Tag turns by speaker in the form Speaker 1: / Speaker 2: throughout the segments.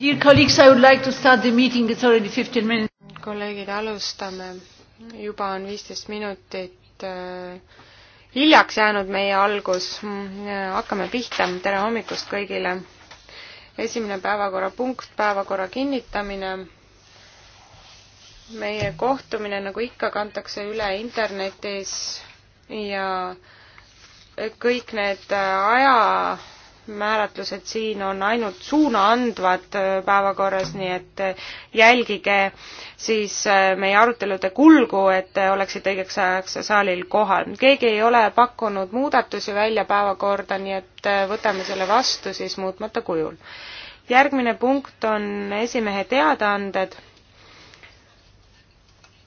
Speaker 1: Dear colleagues, I would like to start the meeting, it's already fifteen minutes. kolleegid, alustame. juba on viisteist minutit äh, hiljaks jäänud meie algus. Mm, äh, hakkame pihta, tere hommikust kõigile. esimene päevakorrapunkt, päevakorra kinnitamine meie kohtumine, nagu ikka, kantakse üle internetis ja kõik need äh, aja määratlused siin on ainult suuna andvad äh, päevakorras, nii et äh, jälgige siis äh, meie arutelude kulgu, et te oleksite õigeks ajaks saalil kohal. keegi ei ole pakkunud muudatusi välja päevakorda, nii et võtame selle vastu siis muutmata kujul. järgmine punkt on esimehe teadaanded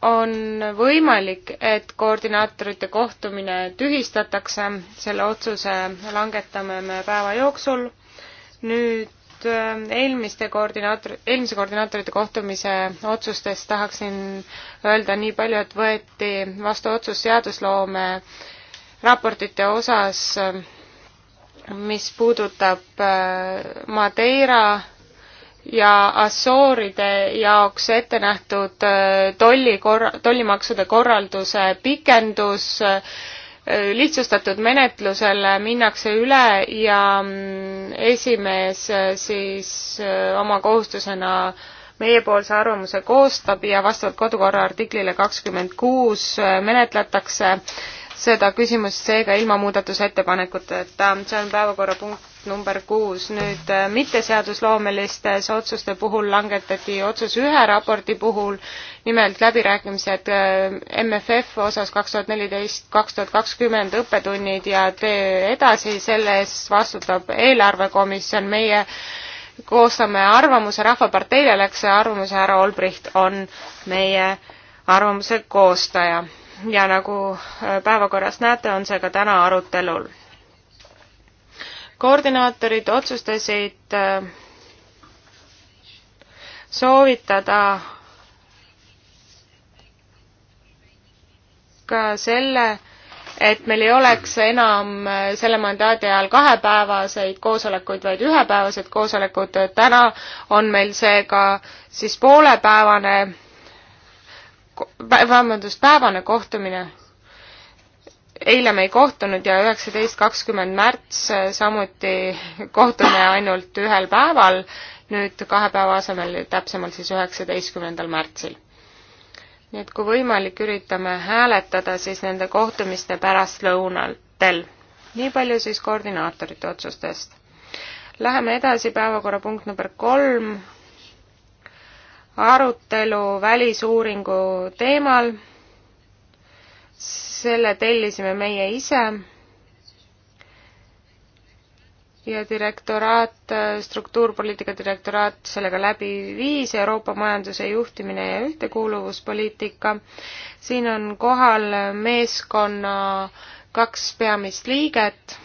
Speaker 1: on võimalik, et koordinaatorite kohtumine tühistatakse, selle otsuse langetame me päeva jooksul. nüüd äh, eelmiste koordinaator, eelmise koordinaatorite kohtumise otsustest tahaksin öelda nii palju, et võeti vastu otsus seadusloome raportite osas, mis puudutab äh, Madeira ja Assooride jaoks ette nähtud äh, tolli korra-, tollimaksude korralduse pikendus, äh, lihtsustatud menetlusele minnakse üle ja mm, esimees äh, siis oma kohustusena meiepoolse arvamuse koostab ja vastavalt kodukorra artiklile kakskümmend kuus menetletakse seda küsimust seega ilma muudatusettepanekuteta. see on päevakorrapunkt number kuus. nüüd äh, mitteseadusloomelistes otsuste puhul langetati otsus ühe raporti puhul, nimelt läbirääkimised äh, MFF osas kaks tuhat neliteist, kaks tuhat kakskümmend õppetunnid ja tee edasi, selle eest vastutab eelarvekomisjon, meie koostame arvamuse, Rahvaparteile läks see arvamus, härra Olbricht on meie arvamuse koostaja ja nagu äh, päevakorrast näete, on see ka täna arutelul koordinaatorid otsustasid äh, soovitada ka selle, et meil ei oleks enam äh, selle mandaadi ajal kahepäevaseid koosolekuid, vaid ühepäevased koosolekud. täna on meil seega siis poolepäevane, vabandust, päevane kohtumine eile me ei kohtunud ja üheksateist kakskümmend märts äh, samuti kohtume ainult ühel päeval, nüüd kahe päeva asemel täpsemalt siis üheksateistkümnendal märtsil. nii et kui võimalik, üritame hääletada siis nende kohtumiste pärastlõunatel. nii palju siis koordinaatorite otsustest. Läheme edasi, päevakorrapunkt number kolm, arutelu välisuuringu teemal selle tellisime meie ise ja direktoraat, struktuurpoliitika direktoraat sellega läbi viis, Euroopa majanduse juhtimine ja ühtekuuluvuspoliitika. siin on kohal meeskonna kaks peamist liiget,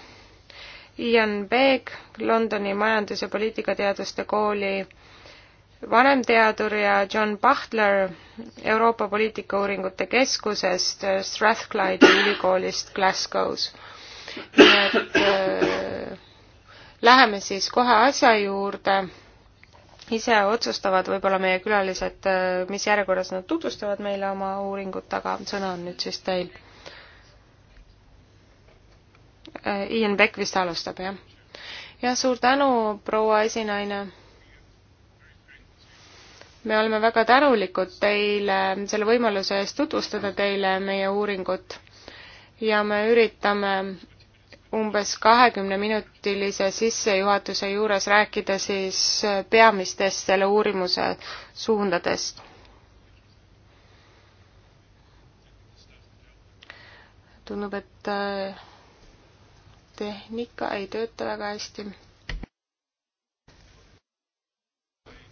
Speaker 1: Ian Beeg Londoni Majandus- ja Poliitikateaduste kooli vanemteadur ja John Butler Euroopa poliitikauuringute keskusest äh, Strathclyde'i ülikoolist Glasgow's. nii et äh, läheme siis kohe asja juurde. ise otsustavad võib-olla meie külalised, äh, mis järjekorras nad tutvustavad meile oma uuringut, aga sõna on nüüd siis teil äh,. Ian Beck vist alustab, jah? jah, suur tänu, proua esinaine me oleme väga tänulikud teile selle võimaluse eest tutvustada teile meie uuringut ja me üritame umbes kahekümneminutilise sissejuhatuse juures rääkida siis peamistest selle uurimuse suundadest. tundub, et äh, tehnika ei tööta väga hästi.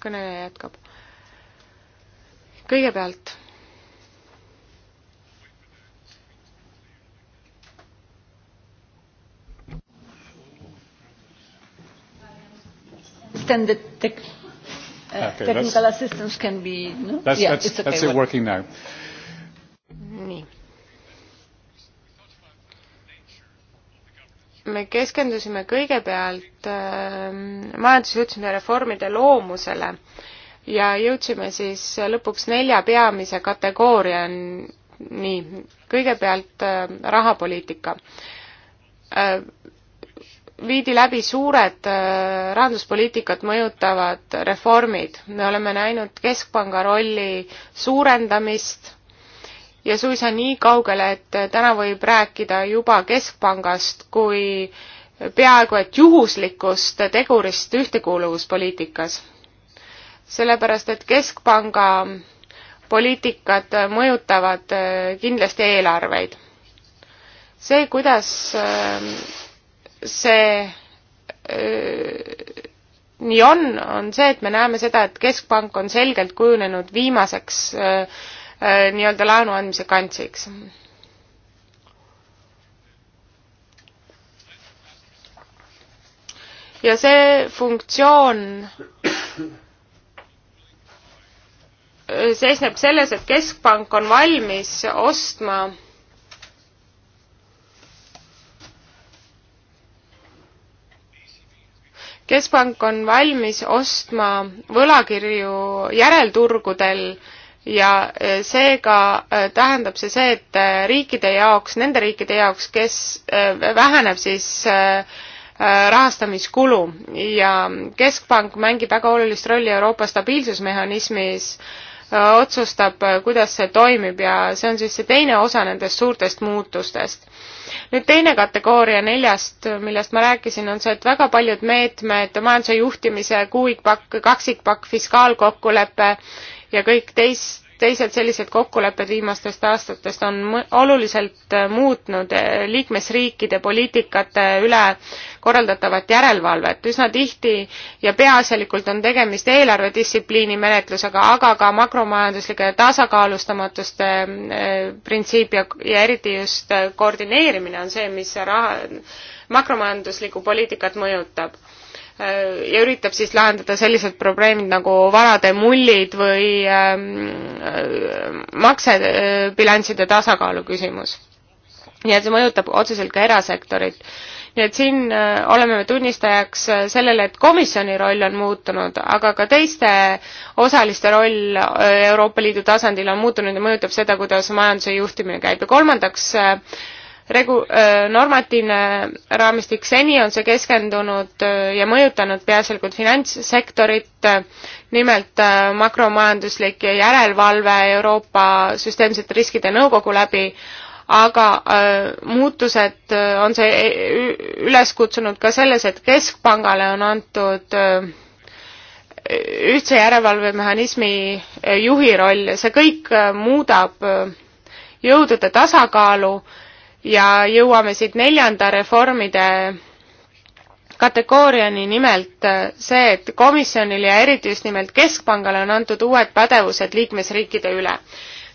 Speaker 1: kõneleja jätkab kõigepealt
Speaker 2: understand that tech, uh, okay, technical assistance can
Speaker 1: be. No? That's, yeah, that's, it's okay. That's it working now. nii. me keskendusime kõigepealt äh, majandusjuhtimise reformide loomusele ja jõudsime siis lõpuks nelja peamise kategooriani. kõigepealt äh, rahapoliitika. Äh, viidi läbi suured äh, rahanduspoliitikat mõjutavad reformid. me oleme näinud keskpanga rolli suurendamist ja suisa nii kaugele, et täna võib rääkida juba keskpangast kui peaaegu et juhuslikust tegurist ühtekuuluvuspoliitikas sellepärast et keskpanga poliitikad mõjutavad äh, kindlasti eelarveid. see, kuidas äh, see äh, nii on, on see, et me näeme seda, et keskpank on selgelt kujunenud viimaseks nii-öelda laenu andmise kantsiks. ja see funktsioon seisneb selles, et keskpank on valmis ostma keskpank on valmis ostma võlakirju järelturgudel ja e, seega e, tähendab see see, et riikide jaoks, nende riikide jaoks, kes e, väheneb siis rahastamiskulu ja keskpank mängib väga olulist rolli Euroopa stabiilsusmehhanismis äh, Äh, otsustab, äh, kuidas see toimib ja see on siis see teine osa nendest suurtest muutustest. nüüd teine kategooria neljast, millest ma rääkisin, on see, et väga paljud meetmed, majanduse juhtimise kuuikpakk, kaksikpakk, fiskaalkokkulepe ja kõik teist, teised sellised kokkulepped viimastest aastatest on oluliselt äh, muutnud äh, liikmesriikide poliitikate üle korraldatavat järelevalvet üsna tihti ja peaasjalikult on tegemist eelarvedistsipliini menetlusega, aga ka makromajanduslike tasakaalustamatuste äh, printsiip ja, ja eriti just koordineerimine on see, mis raha, makromajanduslikku poliitikat mõjutab Äh, ja üritab siis lahendada sellised probleemid nagu varade mullid või ähm, äh, maksebilansside äh, tasakaalu küsimus. nii et see mõjutab otseselt ka erasektorit nii et siin oleme me tunnistajaks sellele, et komisjoni roll on muutunud, aga ka teiste osaliste roll Euroopa Liidu tasandil on muutunud ja mõjutab seda, kuidas majanduse juhtimine käib ja kolmandaks regu-, äh, normatiivne raamistik seni on see keskendunud äh, ja mõjutanud peaasjalikult finantssektorit, äh, nimelt makromajanduslik järelevalve Euroopa Süsteemsete Riskide Nõukogu läbi, aga muutused on see üles kutsunud ka selles, et Keskpangale on antud ühtse järelevalvemehhanismi juhi roll, see kõik muudab jõudude tasakaalu äh, ja jõuame siit neljanda reformide kategooriani, nimelt äh, see, et komisjonile ja eriti just nimelt Keskpangale on antud uued pädevused liikmesriikide üle.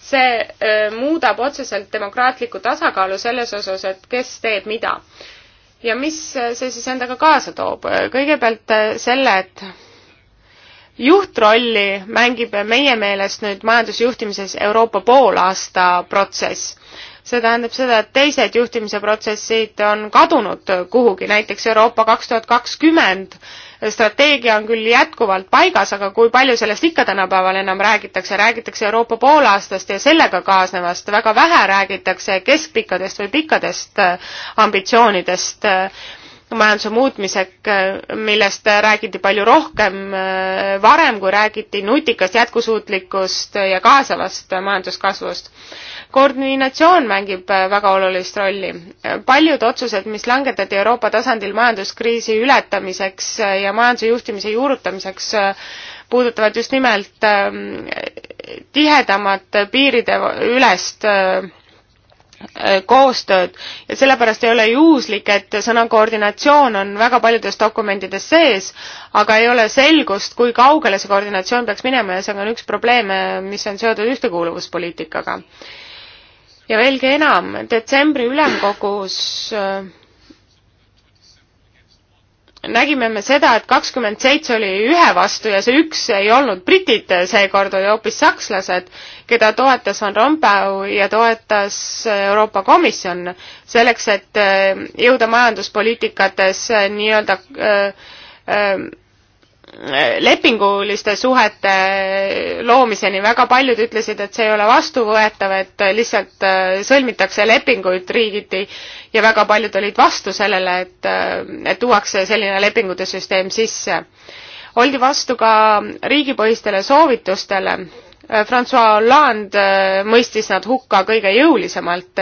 Speaker 1: see öö, äh, muudab otseselt demokraatlikku tasakaalu selles osas, et kes teeb mida. ja mis äh, see siis endaga kaasa toob? kõigepealt selle, et juhtrolli mängib meie meelest nüüd majandusjuhtimises Euroopa poolaasta protsess see tähendab seda, et teised juhtimise protsessid on kadunud kuhugi, näiteks Euroopa kaks tuhat kakskümmend strateegia on küll jätkuvalt paigas, aga kui palju sellest ikka tänapäeval enam räägitakse, räägitakse Euroopa poolaastast ja sellega kaasnevast, väga vähe räägitakse keskpikkadest või pikkadest äh, ambitsioonidest majanduse muutmisega, millest räägiti palju rohkem äh, varem, kui räägiti nutikast jätkusuutlikust ja kaasavast majanduskasvust. koordinatsioon mängib äh, väga olulist rolli. paljud otsused, mis langetati Euroopa tasandil majanduskriisi ületamiseks äh, ja majanduse juhtimise juurutamiseks, puudutavad just nimelt ähm, tihedamat piiride ülest Äh, koostööd ja sellepärast ei ole juhuslik, et sõna koordinatsioon on väga paljudes dokumentides sees, aga ei ole selgust, kui kaugele see koordinatsioon peaks minema ja see on üks probleeme, mis on seotud ühtekuuluvuspoliitikaga. ja veelgi enam, detsembri ülemkogus äh, nägime me seda, et kakskümmend seitse oli ühe vastu ja see üks ei olnud britid, seekord oli hoopis sakslased, keda toetas Van Rompuy ja toetas Euroopa Komisjon selleks, et äh, jõuda majanduspoliitikates äh, nii-öelda äh, äh, lepinguliste suhete loomiseni, väga paljud ütlesid, et see ei ole vastuvõetav, et lihtsalt äh, sõlmitakse lepinguid riigiti ja väga paljud olid vastu sellele, et, äh, et tuuakse selline lepingute süsteem sisse. oldi vastu ka riigipõhistele soovitustele. Äh, Francois Hollande mõistis nad hukka kõige jõulisemalt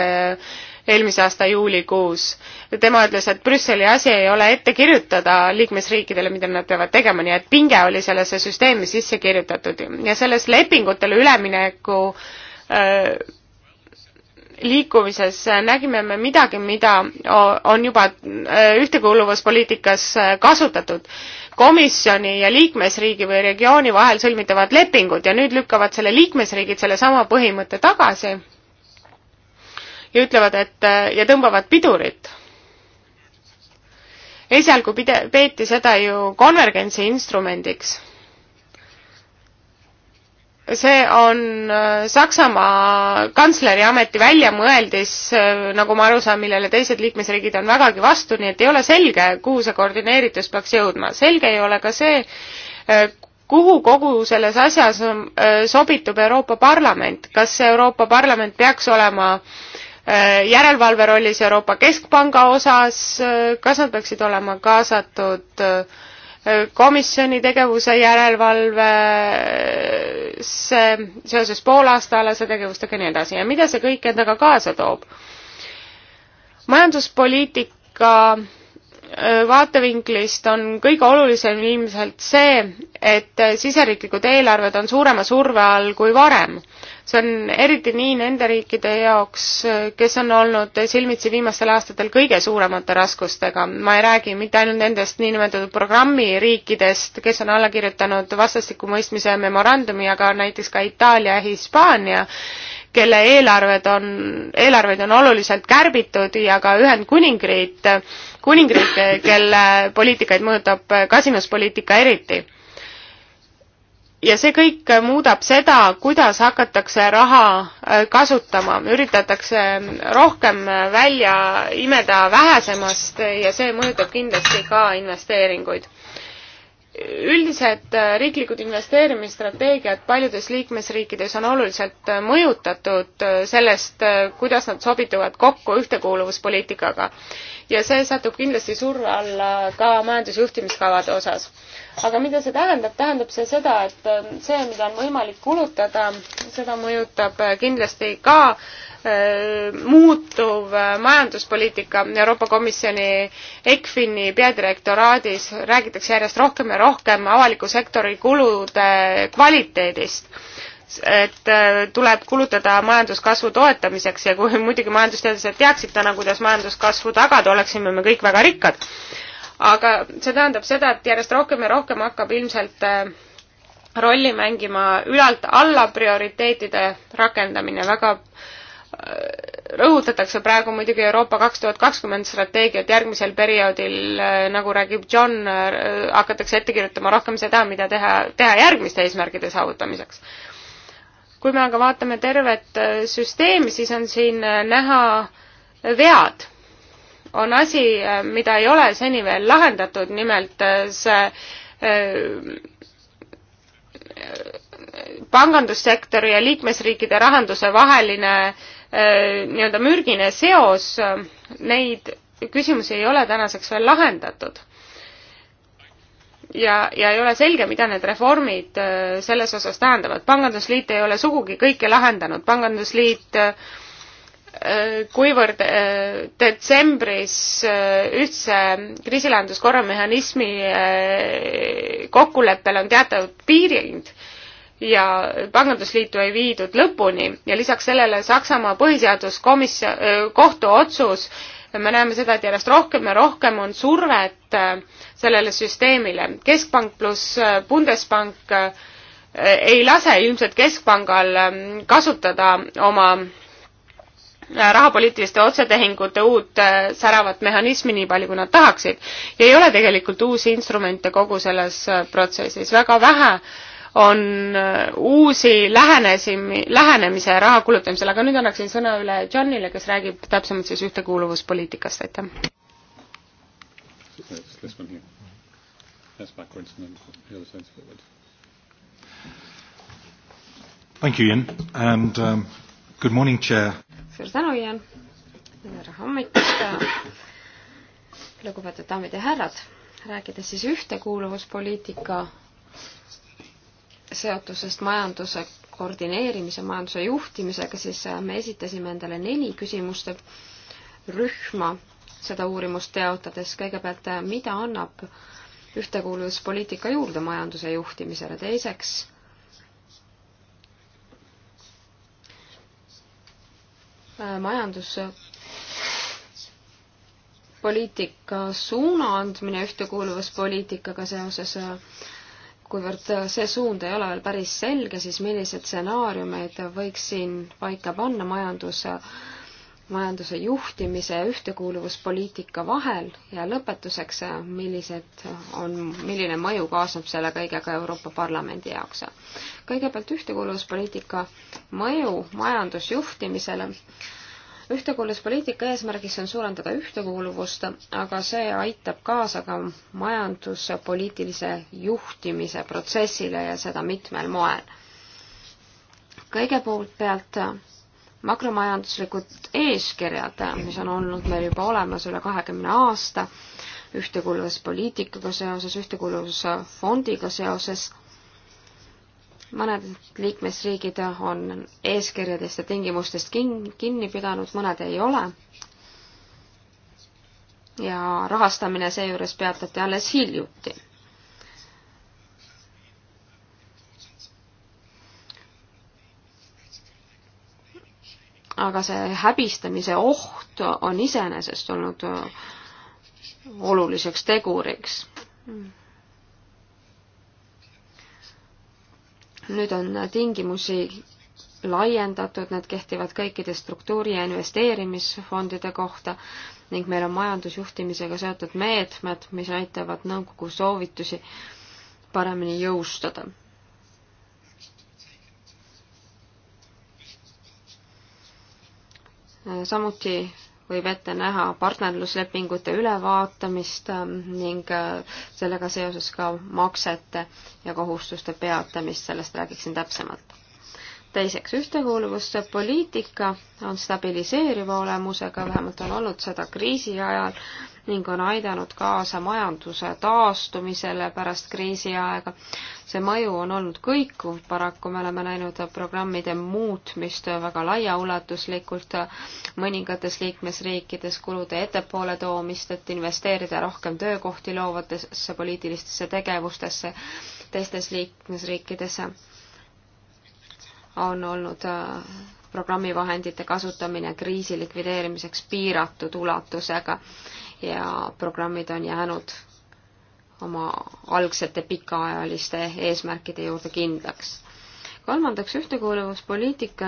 Speaker 1: eelmise aasta juulikuus. tema ütles, et Brüsseli asi ei ole ette kirjutada liikmesriikidele, mida nad peavad tegema, nii et pinge oli sellesse süsteemi sisse kirjutatud ja selles lepingutele ülemineku öö, äh, liikumises nägime me midagi, mida on juba äh, ühtekuuluvuspoliitikas äh, kasutatud. komisjoni ja liikmesriigi või regiooni vahel sõlmitavad lepingud ja nüüd lükkavad selle liikmesriigid sellesama põhimõtte tagasi ja ütlevad, et ja tõmbavad pidurit. esialgu pide-, peeti seda ju konvergentsi instrumendiks. see on äh, Saksamaa kantsleri ameti väljamõeldis, äh, nagu ma aru saan, millele teised liikmesriigid on vägagi vastu, nii et ei ole selge, kuhu see koordineeritus peaks jõudma. selge ei ole ka see, äh, kuhu kogu selles asjas sobitub Euroopa Parlament, kas Euroopa Parlament peaks olema äh, Äh, järelevalve rollis Euroopa Keskpanga osas, äh, kas nad peaksid olema kaasatud äh, komisjoni tegevuse järelevalvesse seoses poolaastaalase tegevustega ja nii edasi ja mida see kõik endaga kaasa toob? majanduspoliitika Äh, vaatevinklist on kõige olulisem ilmselt see, et äh, siseriiklikud eelarved on suurema surve all kui varem. see on eriti nii nende riikide jaoks, äh, kes on olnud silmitsi viimastel aastatel kõige suuremate raskustega. ma ei räägi mitte ainult nendest niinimetatud programmiriikidest, kes on alla kirjutanud vastastikku mõistmise memorandumi, aga näiteks ka Itaalia ja Hispaania, kelle eelarved on, eelarveid on oluliselt kärbitud ja ka Ühendkuningriik kuningriik, kelle poliitikaid mõjutab kasinuspoliitika eriti. ja see kõik muudab seda, kuidas hakatakse raha äh, kasutama, üritatakse rohkem välja imeda vähesemast ja see mõjutab kindlasti ka investeeringuid üldised äh, riiklikud investeerimisstrateegiad paljudes liikmesriikides on oluliselt äh, mõjutatud sellest, kuidas nad sobituvad kokku ühtekuuluvuspoliitikaga ja see satub kindlasti surve alla ka majandusjuhtimiskavade osas. aga mida see tähendab, tähendab see seda, et ähm, see, mida on võimalik kulutada, seda mõjutab äh, kindlasti ka äh, muutuv äh, majanduspoliitika Euroopa Komisjoni ECFIN-i peadirektoraadis räägitakse järjest rohkem ja rohkem avaliku sektori kulude kvaliteedist et äh, tuleb kulutada majanduskasvu toetamiseks ja kui muidugi majandusteadlased teaksid täna, kuidas majanduskasvu tagada, oleksime me kõik väga rikkad. aga see tähendab seda, et järjest rohkem ja rohkem hakkab ilmselt äh, rolli mängima ülalt alla prioriteetide rakendamine, väga äh, rõhutatakse praegu muidugi Euroopa kaks tuhat kakskümmend strateegiat järgmisel perioodil, nagu räägib John, hakatakse ette kirjutama rohkem seda, mida teha, teha järgmiste eesmärgide saavutamiseks kui me aga vaatame tervet äh, süsteemi, siis on siin äh, näha vead. on asi, äh, mida ei ole seni veel lahendatud, nimelt see pangandussektori ja liikmesriikide rahanduse vaheline nii-öelda mürgine seos, neid küsimusi ei ole tänaseks veel lahendatud ja, ja ei ole selge, mida need reformid äh, selles osas tähendavad. pangandusliit ei ole sugugi kõike lahendanud, pangandusliit äh, kuivõrd äh, detsembris ühtse kriisilahenduskorra mehhanismi kokkuleppel on teatavad piirid ja pangandusliitu ei viidud lõpuni ja lisaks sellele Saksamaa põhiseaduskomisjon, kohtu otsus me näeme seda, et järjest rohkem ja rohkem on survet äh, sellele süsteemile. keskpank pluss äh, Bundespank äh, ei lase ilmselt keskpangal ähm, kasutada oma rahapoliitiliste otsetehingute uut säravat mehhanismi nii palju, kui nad tahaksid. ja ei ole tegelikult uusi instrumente kogu selles protsessis, väga vähe äh, on äh, uusi lähenesi, lähenemise raha kulutamisele, aga nüüd annaksin sõna üle Johnile, kes räägib täpsemalt siis ühtekuuluvuspoliitikast, aitäh.
Speaker 2: Thank you, Ian, and um, good morning, chair.
Speaker 3: suur tänu, Ian. tere hommikust, lugupeetud daamid ja härrad. rääkides siis ühtekuuluvuspoliitika seotusest majanduse koordineerimise, majanduse juhtimisega, siis äh, me esitasime endale neli küsimuste rühma seda uurimust teotades. kõigepealt, äh, mida annab ühtekuuluvuspoliitika juurde majanduse juhtimisele, teiseks, äh, majanduspoliitika suuna andmine ühtekuuluvuspoliitikaga seoses kuivõrd see suund ei ole veel päris selge, siis millised stsenaariumeid võiks siin paika panna majanduse, majanduse juhtimise ja ühtekuuluvuspoliitika vahel ja lõpetuseks, millised on, milline mõju kaasneb selle kõigega ka Euroopa Parlamendi jaoks. kõigepealt ühtekuuluvuspoliitika mõju majandusjuhtimisele ühtekuuluvuspoliitika eesmärgiks on suurendada ühtekuuluvust, aga see aitab kaasa ka majanduspoliitilise juhtimise protsessile ja seda mitmel moel. kõigepealt makromajanduslikud eeskirjad, mis on olnud meil juba olemas üle kahekümne aasta, ühtekuuluvuspoliitikaga seoses, ühtekuuluvusfondiga seoses mõned liikmesriigid on eeskirjadest ja tingimustest kin-, kinni pidanud, mõned ei ole. ja rahastamine seejuures peatati alles hiljuti. aga see häbistamise oht on iseenesest olnud oluliseks teguriks hmm. nüüd on tingimusi laiendatud, need kehtivad kõikide struktuuri- ja investeerimisfondide kohta ning meil on majandusjuhtimisega seotud meetmed, mis aitavad nõukogu soovitusi paremini jõustada. samuti võib ette näha partnerluslepingute ülevaatamist ähm, ning äh, sellega seoses ka maksete ja kohustuste peatamist, sellest räägiksin täpsemalt teiseks, ühtekuuluvuspoliitika on stabiliseeriva olemusega, vähemalt on olnud seda kriisi ajal ning on aidanud kaasa majanduse taastumisele pärast kriisiaega. see mõju on olnud kõikuv, paraku me oleme näinud programmide muutmist väga laiaulatuslikult, mõningates liikmesriikides kulude ettepoole toomist, et investeerida rohkem töökohti loovatesse poliitilistesse tegevustesse teistes liikmesriikides on olnud äh, programmi vahendite kasutamine kriisi likvideerimiseks piiratud ulatusega ja programmid on jäänud oma algsete pikaajaliste eesmärkide juurde kindlaks. kolmandaks, ühtekuuluvuspoliitika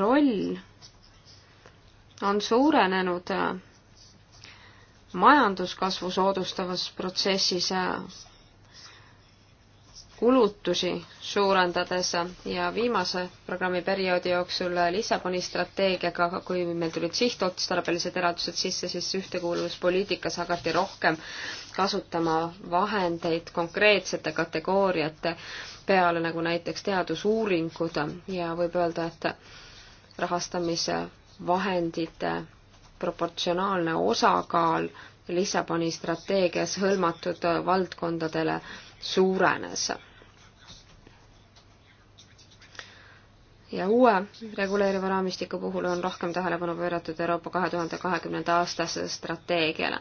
Speaker 3: roll on suurenenud äh, majanduskasvu soodustavas protsessis äh, kulutusi suurendades ja viimase programmiperioodi jooksul Lissaboni strateegiaga, kui meil tulid sihtotstarbelised eraldused sisse, siis ühtekuuluvuspoliitikas hakati rohkem kasutama vahendeid konkreetsete kategooriate peale, nagu näiteks teadusuuringud ja võib öelda, et rahastamise vahendite proportsionaalne osakaal Lissaboni strateegias hõlmatud valdkondadele suurenes ja uue reguleeriva raamistiku puhul on rohkem tähelepanu pööratud Euroopa kahe tuhande kahekümnenda aastase strateegiale.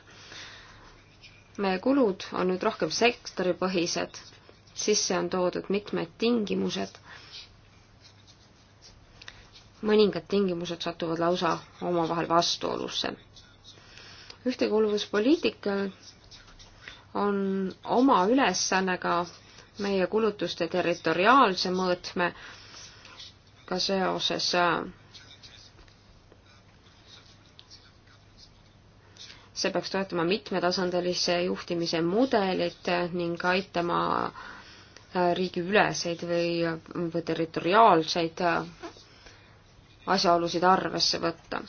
Speaker 3: meie kulud on nüüd rohkem sektoripõhised, sisse on toodud mitmed tingimused, mõningad tingimused satuvad lausa omavahel vastuolusse. ühtekuuluvuspoliitikal on oma ülesanne ka meie kulutuste territoriaalse mõõtme ka seoses äh, see peaks toetama mitmetasandilise juhtimise mudelit ning aitama äh, riigiüleseid või, või territoriaalseid äh, asjaolusid arvesse võtta.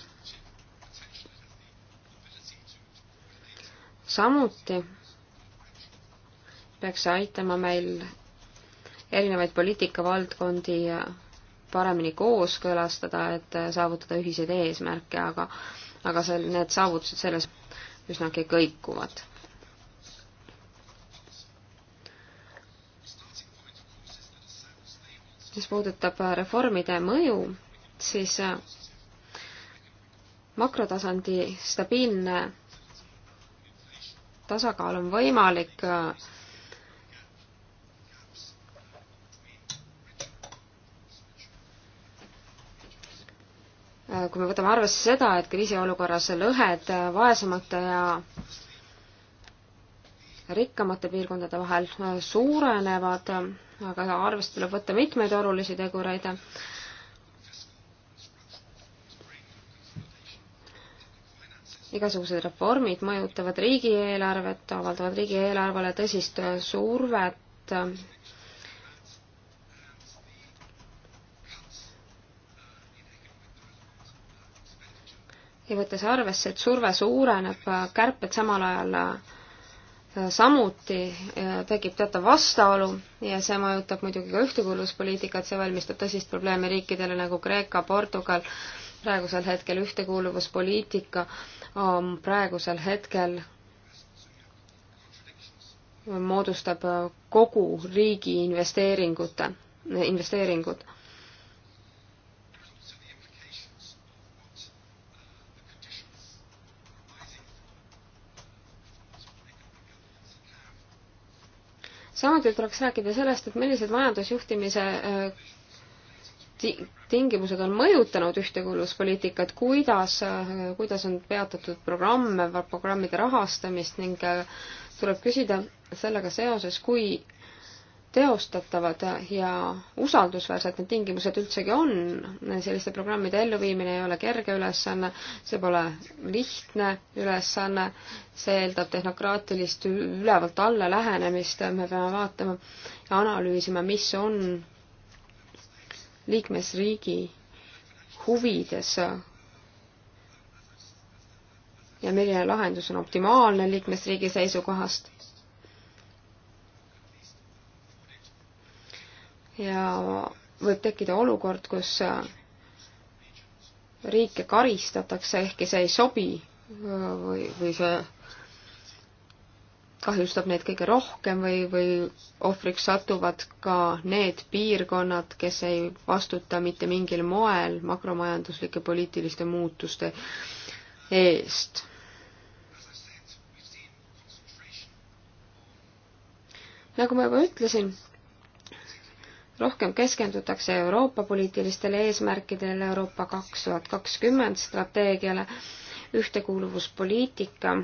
Speaker 3: samuti peaks see aitama meil erinevaid poliitikavaldkondi paremini kooskõlastada, et saavutada ühiseid eesmärke, aga aga seal need saavutused selles üsnagi kõikuvad. mis puudutab reformide mõju, siis äh, makrotasandi stabiilne tasakaal on võimalik äh, Äh, kui me võtame arvesse seda, et kriisiolukorras lõhed äh, vaesemate ja rikkamate piirkondade vahel äh, suurenevad, aga arvesse tuleb võtta mitmeid olulisi tegureid. igasugused reformid mõjutavad riigieelarvet, avaldavad riigieelarvele tõsist survet ja võttes arvesse, et surve suureneb, kärped samal ajal äh, samuti äh, tekib teatav vastuolu ja see mõjutab muidugi ka ühtekuuluvuspoliitikat, see valmistab tõsist probleemi riikidele nagu Kreeka, Portugal, praegusel hetkel ühtekuuluvuspoliitika on praegusel hetkel äh, moodustab kogu riigi investeeringute, investeeringud samuti tuleks rääkida sellest, et millised majandusjuhtimise äh, tingimused on mõjutanud ühtekuuluvuspoliitikat, kuidas, äh, kuidas on peatatud programme, programmide rahastamist ning äh, tuleb küsida sellega seoses, kui teostatavad ja usaldusväärsed need tingimused üldsegi on. selliste programmide elluviimine ei ole kerge ülesanne, see pole lihtne ülesanne, see eeldab tehnokraatilist ülevalt alla lähenemist, me peame vaatama ja analüüsima, mis on liikmesriigi huvides ja milline lahendus on optimaalne liikmesriigi seisukohast ja võib tekkida olukord, kus äh, riike karistatakse, ehkki see ei sobi äh, või, või see kahjustab neid kõige rohkem või, või ohvriks satuvad ka need piirkonnad, kes ei vastuta mitte mingil moel makromajanduslike poliitiliste muutuste eest. nagu ma juba ütlesin, rohkem keskendutakse Euroopa poliitilistele eesmärkidele, Euroopa kaks tuhat kakskümmend strateegiale, ühtekuuluvuspoliitika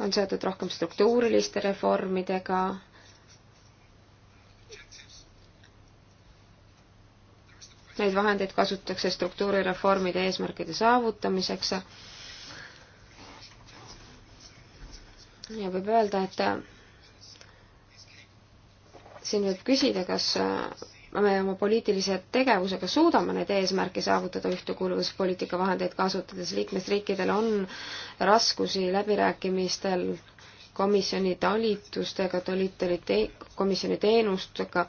Speaker 3: on seotud rohkem struktuuriliste reformidega, Neid vahendeid kasutatakse struktuurireformide eesmärkide saavutamiseks. ja võib öelda, et siin võib küsida, kas äh, me oma poliitilise tegevusega suudame neid eesmärke saavutada ühtekuuluvuspoliitika vahendeid kasutades. liikmesriikidel on raskusi läbirääkimistel komisjoni talitustega, talitali-, komisjoni teenustega,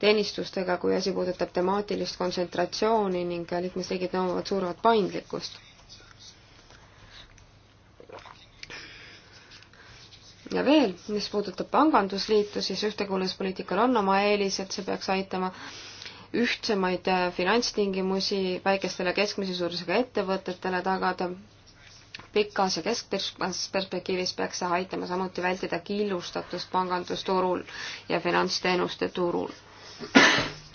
Speaker 3: teenistustega, kui asi puudutab temaatilist kontsentratsiooni ning liikmesriigid nõuavad suuremat paindlikkust. ja veel, mis puudutab pangandusliitu, siis ühtekuuluvuspoliitikal on oma eelised, see peaks aitama ühtsemaid äh, finantstingimusi väikestele keskmise suurusega ettevõtetele tagada. pikas ja keskpikas perspektiivis peaks see aitama samuti vältida killustatust pangandusturul ja finantsteenuste turul.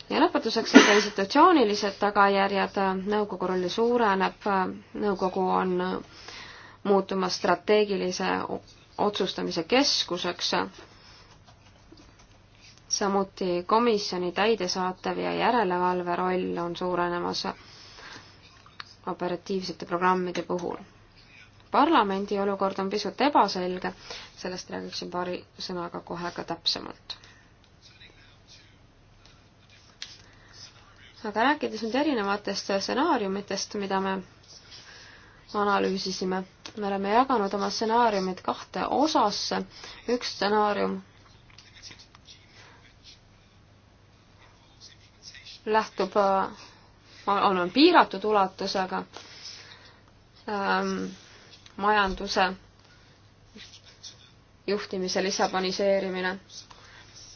Speaker 3: ja lõpetuseks ka institutsioonilised tagajärjed, nõukogu roll suureneb, nõukogu on muutumas strateegilise otsustamise keskuseks, samuti komisjoni täidesaatev ja järelevalve roll on suurenemas operatiivsete programmide puhul. parlamendi olukord on pisut ebaselge, sellest räägiksin paari sõnaga kohe ka täpsemalt. aga rääkides nüüd erinevatest stsenaariumitest, mida me analüüsisime. me oleme jaganud oma stsenaariumid kahte osasse. üks stsenaarium lähtub, äh, on, on piiratud ulatusega ähm, majanduse juhtimise lissaboniseerimine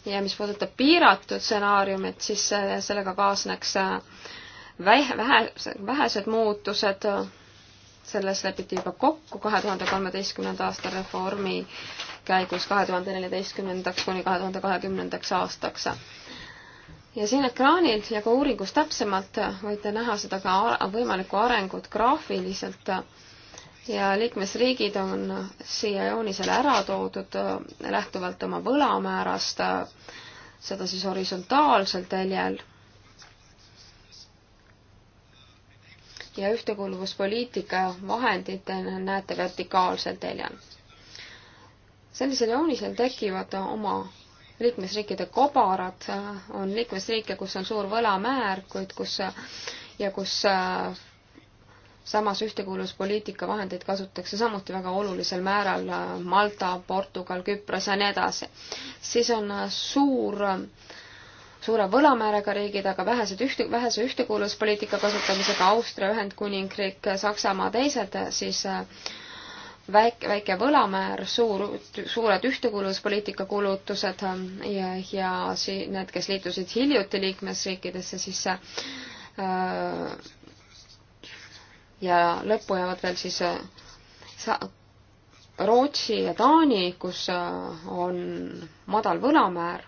Speaker 3: ja mis puudutab piiratud stsenaariumit, siis äh, sellega kaasneks äh, vähe, vähe, vähesed muutused äh, selles lepiti juba kokku kahe tuhande kolmeteistkümnenda aasta reformi käigus kahe tuhande neljateistkümnendaks kuni kahe tuhande kahekümnendaks aastaks. ja siin ekraanil ja ka uuringus täpsemalt võite näha seda ka võimalikku arengut graafiliselt ja liikmesriigid on siia joonisele ära toodud lähtuvalt oma võlamäärast, seda siis horisontaalsel teljel ja ühtekuuluvuspoliitika vahenditena näete vertikaalsel teljel. sellisel joonisel tekivad oma liikmesriikide kobarad, on liikmesriike, kus on suur võlamäär, kuid kus ja kus samas ühtekuuluvuspoliitika vahendeid kasutatakse samuti väga olulisel määral Malta, Portugal, Küpros ja nii edasi. siis on suur suure võlamääraga riigid, aga vähesed ühte, vähese ühtekuuluvuspoliitika kasutamisega Austria, Ühendkuningriik, Saksamaa, teised, siis äh, väike, väike võlamäär, suur, suured ühtekuuluvuspoliitika kulutused ähm, ja, ja si-, need, kes liitusid hiljuti liikmesriikidesse, siis äh, ja lõppu jäävad veel siis äh, sa-, Rootsi ja Taani, kus äh, on madal võlamäär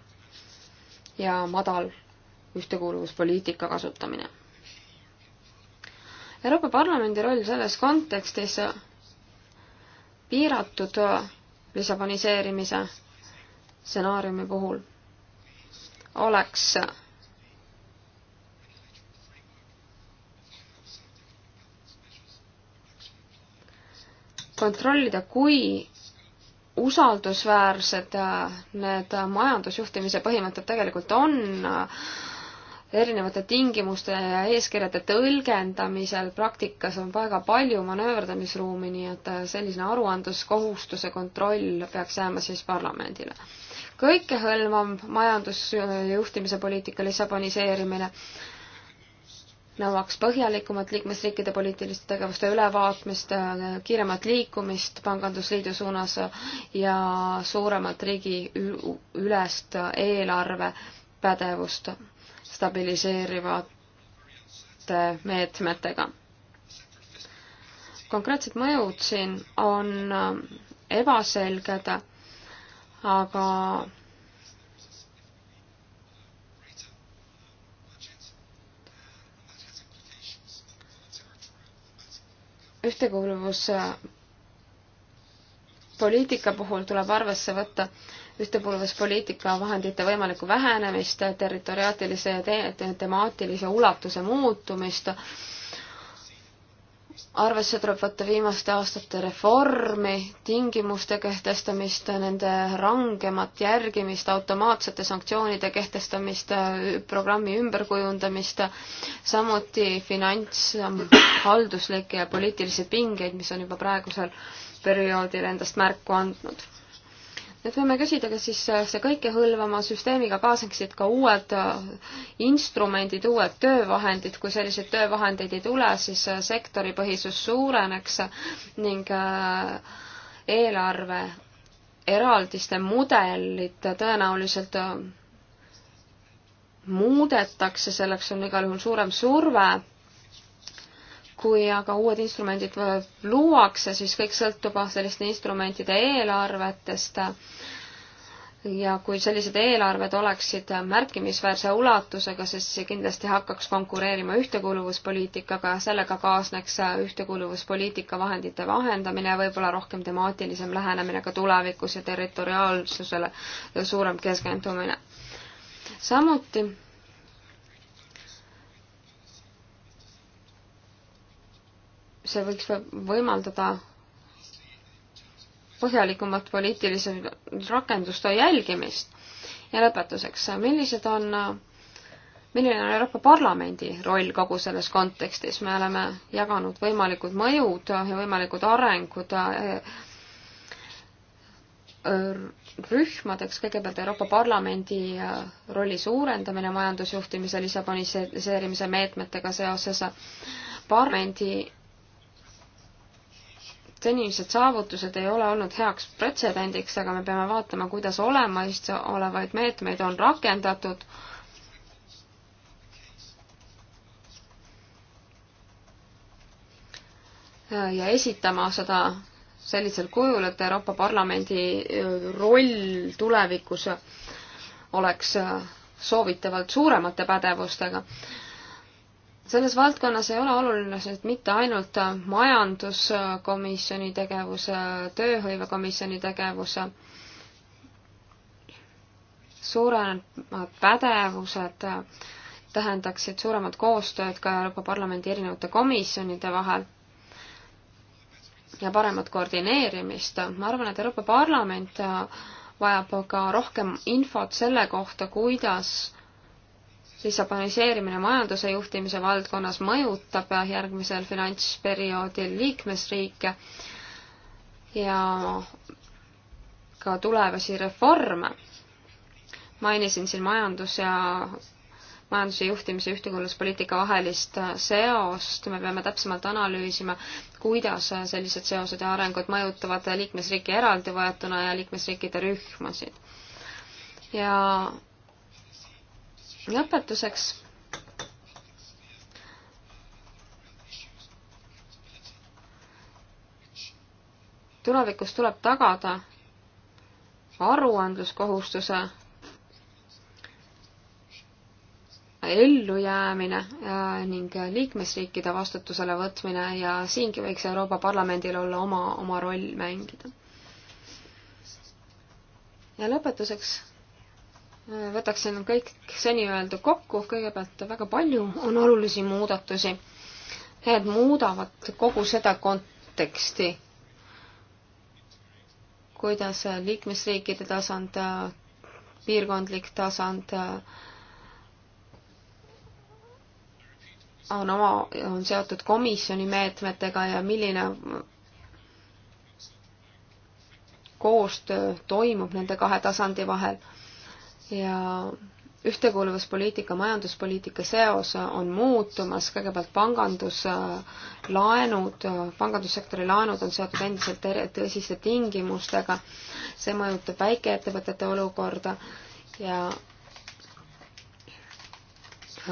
Speaker 3: ja madal ühtekuuluvuspoliitika kasutamine. Euroopa Parlamendi roll selles kontekstis piiratud lisaboniseerimise stsenaariumi puhul oleks kontrollida, kui usaldusväärsed äh, need majandusjuhtimise põhimõtted tegelikult on äh, erinevate tingimuste ja eeskirjade tõlgendamisel praktikas on väga palju manööverdamisruumi, nii et äh, selline aruandluskohustuse kontroll peaks jääma siis parlamendile. kõikehõlmav majandusjuhtimise poliitika lissaboniseerimine nõuaks põhjalikumat liikmesriikide poliitiliste tegevuste ülevaatmist, kiiremat liikumist pangandusliidu suunas ja suuremat riigi ülest eelarvepädevust stabiliseerivate meetmetega. konkreetsed mõjud siin on ebaselged, aga ühtekuuluvuspoliitika puhul tuleb arvesse võtta ühtekuuluvuspoliitika vahendite võimalikku vähenemist, territoriaatilise ja te temaatilise ulatuse muutumist arvesse tuleb võtta viimaste aastate reformi, tingimuste kehtestamist, nende rangemat järgimist, automaatsete sanktsioonide kehtestamist, programmi ümberkujundamist, samuti finantshalduslike ja poliitilisi pingeid, mis on juba praegusel perioodil endast märku andnud et võime küsida, kas siis äh, see kõikehõlvama süsteemiga kaasneksid ka uued äh, instrumendid, uued töövahendid, kui selliseid töövahendeid ei tule, siis äh, sektoripõhisus suureneks ning eelarve eraldiste mudelid tõenäoliselt muudetakse, selleks on igal juhul suurem surve kui aga uued instrumendid luuakse, siis kõik sõltub ah, selliste instrumentide eelarvetest ja kui sellised eelarved oleksid märkimisväärse ulatusega, siis see kindlasti hakkaks konkureerima ühtekuuluvuspoliitikaga, sellega kaasneks ühtekuuluvuspoliitika vahendite vahendamine ja võib-olla rohkem temaatilisem lähenemine ka tulevikus ja territoriaalsusele suurem keskendumine. samuti see võiks võimaldada põhjalikumat poliitilise rakenduste jälgimist. ja lõpetuseks, millised on, milline on Euroopa Parlamendi roll kogu selles kontekstis, me oleme jaganud võimalikud mõjud ja võimalikud arengud äh, rühmadeks, kõigepealt Euroopa Parlamendi äh, rolli suurendamine majandusjuhtimise lisaboniseerimise meetmetega seoses, parlamendi senised saavutused ei ole olnud heaks pretsedendiks, aga me peame vaatama, kuidas olemasolevaid meetmeid on rakendatud. ja esitama seda sellisel kujul, et Euroopa Parlamendi äh, roll tulevikus oleks äh, soovitavalt suuremate pädevustega selles valdkonnas ei ole olulised mitte ainult majanduskomisjoni tegevus, tööhõivekomisjoni tegevus, suuremad pädevused tähendaksid suuremat koostööd ka Euroopa Parlamendi erinevate komisjonide vahel ja paremat koordineerimist. ma arvan, et Euroopa Parlament vajab ka rohkem infot selle kohta, kuidas Lissaboniseerimine majanduse juhtimise valdkonnas mõjutab järgmisel finantsperioodil liikmesriike ja ka tulevasi reforme. mainisin siin majandus ja majanduse juhtimise ühtekuuluvuspoliitika vahelist seost, me peame täpsemalt analüüsima, kuidas sellised seosed ja arengud mõjutavad liikmesriike eraldi võetuna ja liikmesriikide rühmasid. ja lõpetuseks tulevikus tuleb tagada aruandluskohustuse ellujäämine äh, ning liikmesriikide vastutusele võtmine ja siingi võiks Euroopa Parlamendil olla oma, oma roll mängida. ja lõpetuseks võtaksin kõik seni öeldu kokku, kõigepealt väga palju on olulisi muudatusi. Need muudavad kogu seda konteksti, kuidas liikmesriikide tasand, piirkondlik tasand on oma, on seotud komisjoni meetmetega ja milline koostöö toimub nende kahe tasandi vahel ja ühtekuuluvuspoliitika, majanduspoliitika seos on muutumas, kõigepealt panganduslaenud, pangandussektori laenud on seotud endiselt tõsiste tingimustega, see mõjutab väikeettevõtete olukorda ja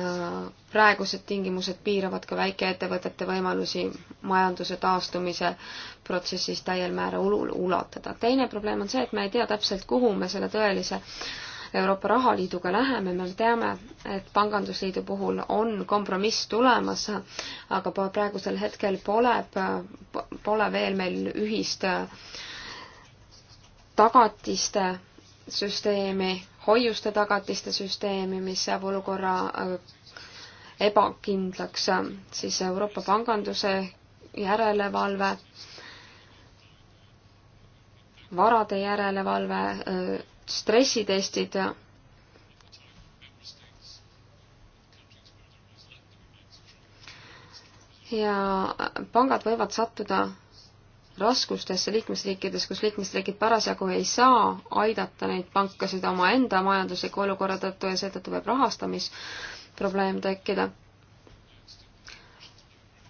Speaker 3: äh, praegused tingimused piiravad ka väikeettevõtete võimalusi majanduse taastumise protsessis täiel määral ulatada. teine probleem on see, et me ei tea täpselt, kuhu me selle tõelise Euroopa Rahaliiduga läheme, me teame, et Pangandusliidu puhul on kompromiss tulemas, aga praegusel hetkel pole, pole veel meil ühist tagatiste süsteemi, hoiuste tagatiste süsteemi, mis jääb olukorra äh, ebakindlaks, siis Euroopa panganduse järelevalve, varade järelevalve äh, stressitestid ja pangad võivad sattuda raskustesse liikmesriikides, kus liikmesriigid parasjagu ei saa aidata neid pankasid omaenda majandusliku olukorra tõttu ja seetõttu võib rahastamisprobleem tekkida.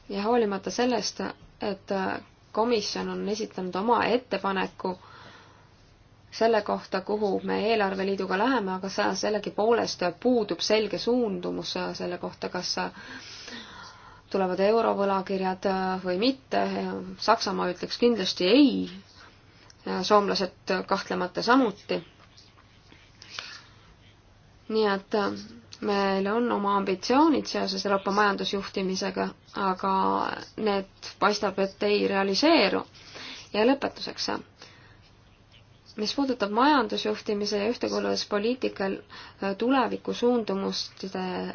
Speaker 3: ja hoolimata sellest, et komisjon on esitanud oma ettepaneku äh, selle kohta, kuhu me eelarveliiduga läheme, aga sa sellegipoolest puudub selge suundumus selle kohta, kas tulevad eurovõlakirjad või mitte. Saksamaa ütleks kindlasti ei, soomlased kahtlemata samuti. nii et meil on oma ambitsioonid seoses Euroopa majandusjuhtimisega, aga need paistab, et ei realiseeru. ja lõpetuseks mis puudutab majandusjuhtimise ja ühtekuuluvuspoliitika äh, tulevikusuundumuste äh,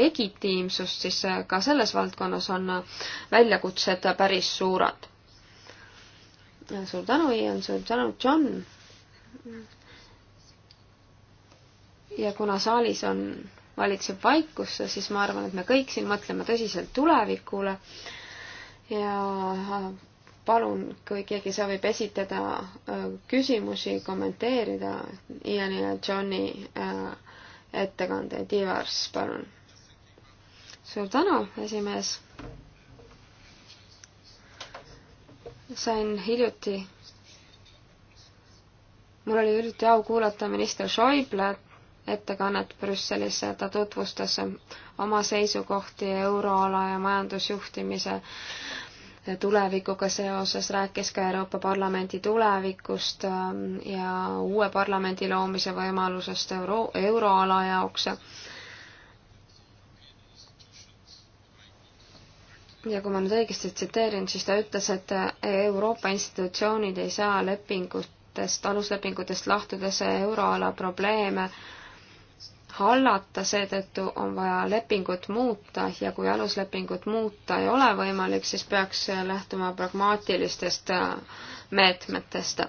Speaker 3: legitiimsust, siis äh, ka selles valdkonnas on väljakutsed päris suured. suur tänu, Ian, suur tänu, John. ja kuna saalis on, valitseb vaikus, siis ma arvan, et me kõik siin mõtleme tõsiselt tulevikule ja palun, kui keegi soovib esitada äh, küsimusi, kommenteerida Iani ja Johni äh, ettekandeid, Ivars, palun. suur tänu, esimees. sain hiljuti, mul oli hiljuti au kuulata minister Schäuble ettekannet Brüsselis, ta tutvustas oma seisukohti euroala ja majandusjuhtimise tulevikuga seoses, rääkis ka Euroopa Parlamendi tulevikust ähm, ja uue parlamendi loomise võimalusest euro, euroala jaoks. ja kui ma nüüd õigesti tsiteerin, siis ta ütles, et Euroopa institutsioonid ei saa lepingutest, aluslepingutest lahtudes euroala probleeme äh, hallata, seetõttu on vaja lepingut muuta ja kui aluslepingut muuta ei ole võimalik, siis peaks lähtuma pragmaatilistest äh, meetmetest.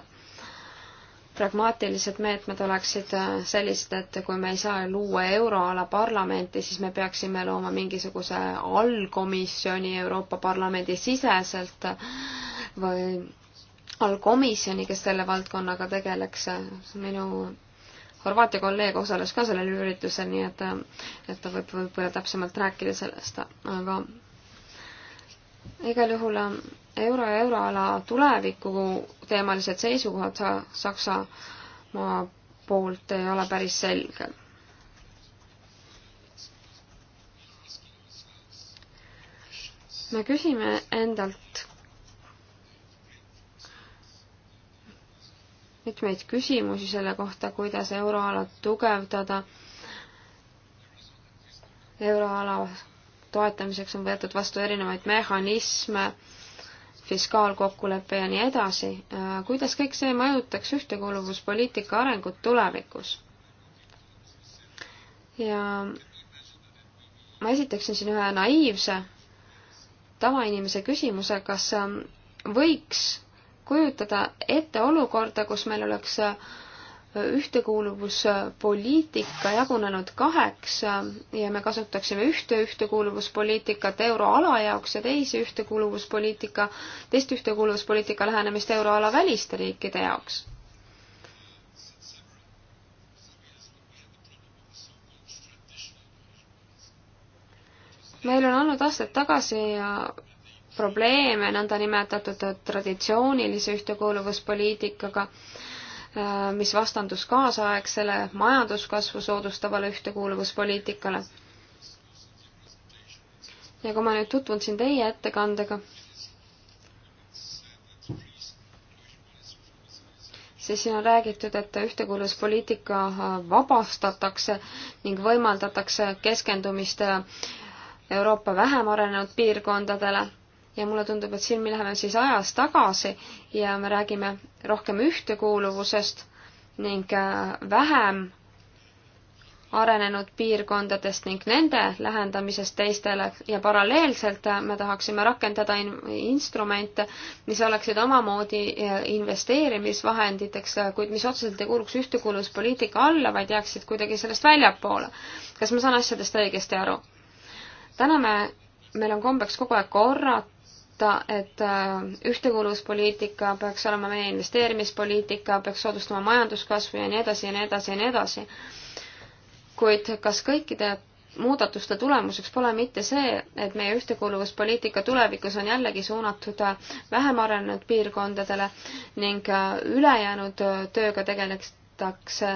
Speaker 3: pragmaatilised meetmed oleksid äh, sellised, et kui me ei saa luua euroala parlamenti, siis me peaksime looma mingisuguse allkomisjoni Euroopa Parlamendi siseselt või allkomisjoni, kes selle valdkonnaga tegeleks. minu Horvaatia kolleeg osales ka sellel üritusel, nii et, äh, et ta võib võib-olla täpsemalt rääkida sellest, aga igal juhul äh, euro ja euroala tuleviku teemalised seisukohad Saksamaa poolt ei ole päris selged me küsime endalt mitmeid küsimusi selle kohta, kuidas euroalat tugevdada. euroala toetamiseks on võetud vastu erinevaid mehhanisme, fiskaalkokkulepe ja nii edasi. kuidas kõik see mõjutaks ühtekuuluvuspoliitika arengut tulevikus? ja ma esitaksin siin ühe naiivse tavainimese küsimuse, kas võiks kujutada ette olukorda, kus meil oleks äh, ühtekuuluvuspoliitika jagunenud kaheks äh, ja me kasutaksime ühte ühtekuuluvuspoliitikat euroala jaoks ja teise ühtekuuluvuspoliitika, teist ühtekuuluvuspoliitika lähenemist euroala väliste riikide jaoks. meil on olnud aastaid tagasi ja äh, probleeme nõndanimetatud traditsioonilise ühtekuuluvuspoliitikaga, äh, mis vastandus kaasaegsele majanduskasvu soodustavale ühtekuuluvuspoliitikale. ja kui ma nüüd tutvun siin teie ettekandega, siis siin on räägitud, et ühtekuuluvuspoliitika äh, vabastatakse ning võimaldatakse keskendumist äh, Euroopa vähem arenenud piirkondadele ja mulle tundub, et siin me läheme siis ajas tagasi ja me räägime rohkem ühtekuuluvusest ning äh, vähem arenenud piirkondadest ning nende lähendamisest teistele ja paralleelselt äh, me tahaksime rakendada in instrumente, mis oleksid omamoodi äh, investeerimisvahenditeks, kuid mis otseselt ei kuuluks ühtekuuluvuspoliitika alla, vaid jääksid kuidagi sellest väljapoole. kas ma saan asjadest õigesti aru? täna me, meil on kombeks kogu aeg korrata, ta, et äh, ühtekuuluvuspoliitika peaks olema meie investeerimispoliitika, peaks soodustama majanduskasvu ja nii edasi ja nii edasi ja nii edasi. kuid kas kõikide muudatuste tulemuseks pole mitte see, et meie ühtekuuluvuspoliitika tulevikus on jällegi suunatud äh, vähem arenenud piirkondadele ning äh, ülejäänud tööga tegeletakse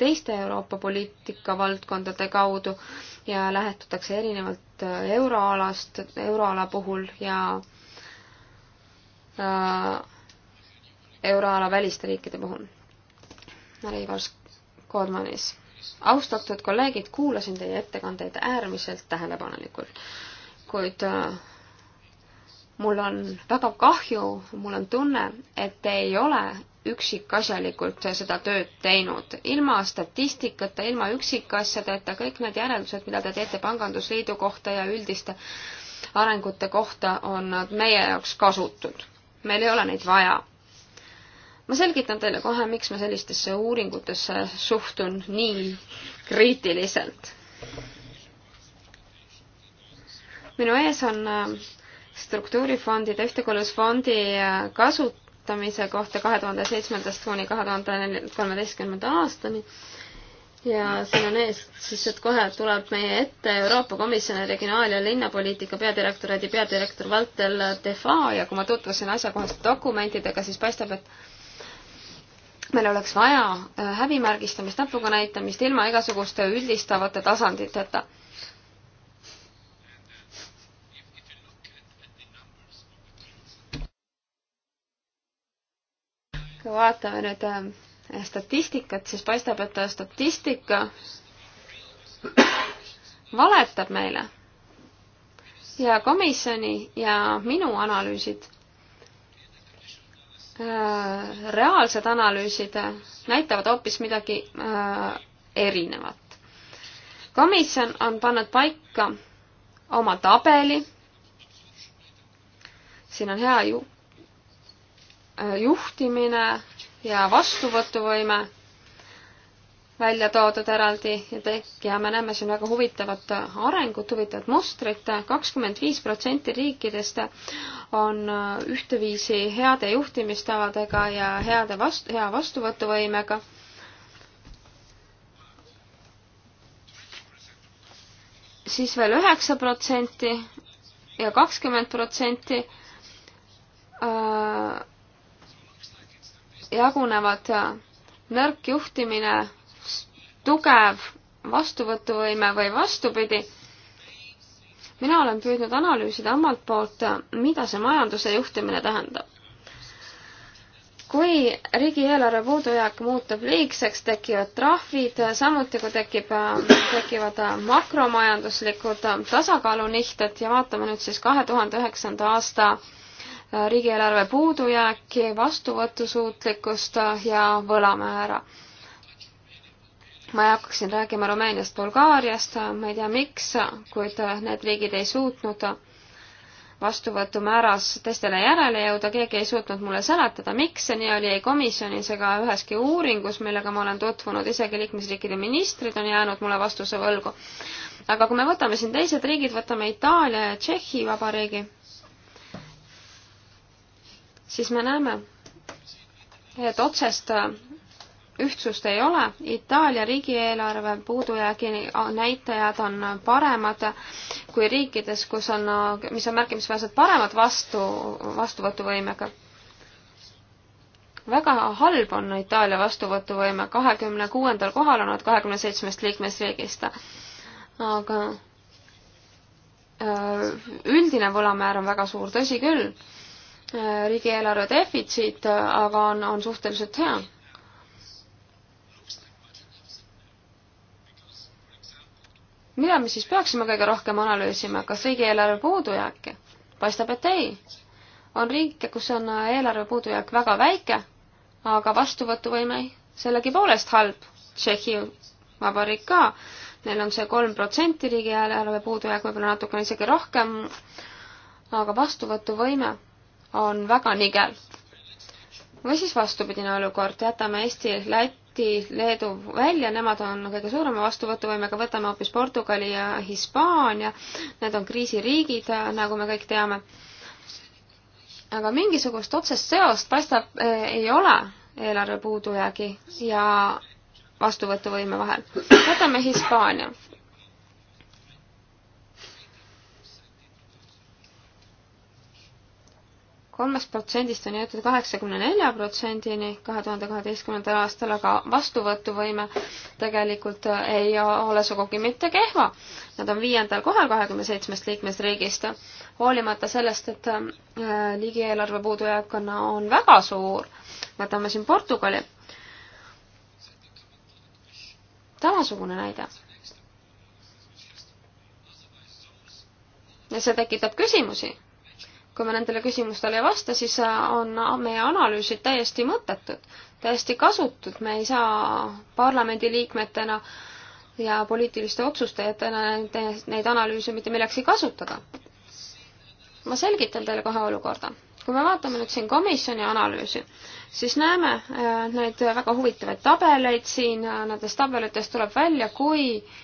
Speaker 3: teiste Euroopa poliitika valdkondade kaudu ja lähetutakse erinevalt äh, euroalast, euroala puhul ja äh, euroala väliste riikide puhul. Marivars Kodmanis. austatud kolleegid, kuulasin teie ettekandeid äärmiselt tähelepanelikult, kuid äh, mul on väga kahju, mul on tunne, et te ei ole üksikasjalikult seda tööd teinud. ilma statistikata, ilma üksikasjadeta, kõik need järeldused, mida te teete Pangandusliidu kohta ja üldiste arengute kohta, on nad meie jaoks kasutud. meil ei ole neid vaja. ma selgitan teile kohe, miks ma sellistesse uuringutesse suhtun nii kriitiliselt. minu ees on äh, struktuurifondide, ühtekuuluvusfondi äh, kasut-, kasutamise kohta kahe tuhande seitsmendast kuni kahe tuhande kolmeteistkümnenda aastani. ja siin on ees siis, et kohe tuleb meie ette Euroopa Komisjoni regionaal- ja linnapoliitika peadirektoraadi peadirektor Valtel Defa ja kui ma tutvusin asjakohaste dokumentidega, siis paistab, et meil oleks vaja äh, häbimärgistamist, näpuga näitamist ilma igasuguste üldistavate tasanditeta kui vaatame nüüd äh, statistikat, siis paistab, et statistika valetab meile. ja komisjoni ja minu analüüsid, äh, reaalsed analüüsid äh, näitavad hoopis midagi erinevat. komisjon on pannud paika oma tabeli, siin on hea ju Äh, juhtimine ja vastuvõtuvõime välja toodud eraldi ja tek- ja me näeme siin väga huvitavat arengut, huvitavat mustrit, kakskümmend viis protsenti riikidest on äh, ühteviisi heade juhtimistavadega ja heade vastu, hea vastuvõtuvõimega. siis veel üheksa protsenti ja kakskümmend protsenti äh, jagunevad nõrk juhtimine, tugev vastuvõtuvõime või vastupidi. mina olen püüdnud analüüsida omalt poolt, mida see majanduse juhtimine tähendab. kui riigieelarve puudujääk muutub liigseks, tekivad trahvid, samuti kui tekib, tekivad makromajanduslikud tasakaalunihted ja vaatame nüüd siis kahe tuhande üheksanda aasta riigieelarve puudujääki, vastuvõtusuutlikkust ja võlamäära. ma ei hakkaks siin rääkima Rumeeniast, Bulgaariast, ma ei tea, miks, kuid need riigid ei suutnud vastuvõtumääras teistele järele jõuda, keegi ei suutnud mulle seletada, miks see nii oli ei komisjonis ega üheski uuringus, millega ma olen tutvunud, isegi liikmesriikide ministrid on jäänud mulle vastuse võlgu. aga kui me võtame siin teised riigid, võtame Itaalia ja Tšehhi Vabariigi siis me näeme, et otsest ühtsust ei ole. Itaalia riigieelarve puudujäägi näitajad on paremad kui riikides, kus on, mis on märkimisväärselt paremad vastu, vastuvõtuvõimega. väga halb on Itaalia vastuvõtuvõime, kahekümne kuuendal kohal on nad kahekümne seitsmest liikmesriigist. aga äh, üldine võlamäär on väga suur, tõsi küll riigieelarve defitsiit aga on, on suhteliselt hea. mida me siis peaksime kõige rohkem analüüsima, kas riigieelarve puudujääke? paistab, et ei. on riike, kus on eelarve puudujääk väga väike, aga vastuvõtuvõime sellegipoolest halb. Tšehhi Vabariik ka, neil on see kolm protsenti riigieelarve puudujääk, võib-olla natukene isegi rohkem, aga vastuvõtuvõime on väga nigel. või siis vastupidine olukord, jätame Eesti, Läti, Leedu välja, nemad on kõige suurema vastuvõtuvõimega, võtame hoopis Portugali ja Hispaania, need on kriisiriigid, nagu me kõik teame. aga mingisugust otsest seost paistab, eh, ei ole eelarve puudujäägi ja vastuvõtuvõime vahel. võtame Hispaania kolmest protsendist on jõutud kaheksakümne nelja protsendini kahe tuhande kaheteistkümnendal aastal, aga vastuvõtuvõime tegelikult ei ole sugugi mitte kehva. Nad on viiendal kohal kahekümne seitsmest liikmesriigist, hoolimata sellest, et äh, riigieelarve puudujääk on, on väga suur. võtame siin Portugali. samasugune näide ja see tekitab küsimusi kui me nendele küsimustele ei vasta, siis äh, on äh, meie analüüsid täiesti mõttetud, täiesti kasutud, me ei saa parlamendiliikmetena ja poliitiliste otsustajatena neid, neid analüüse mitte millekski kasutada. ma selgitan teile kohe olukorda. kui me vaatame nüüd siin komisjoni analüüsi, siis näeme äh, neid väga huvitavaid tabeleid siin, nendest tabelitest tuleb välja, kui äh,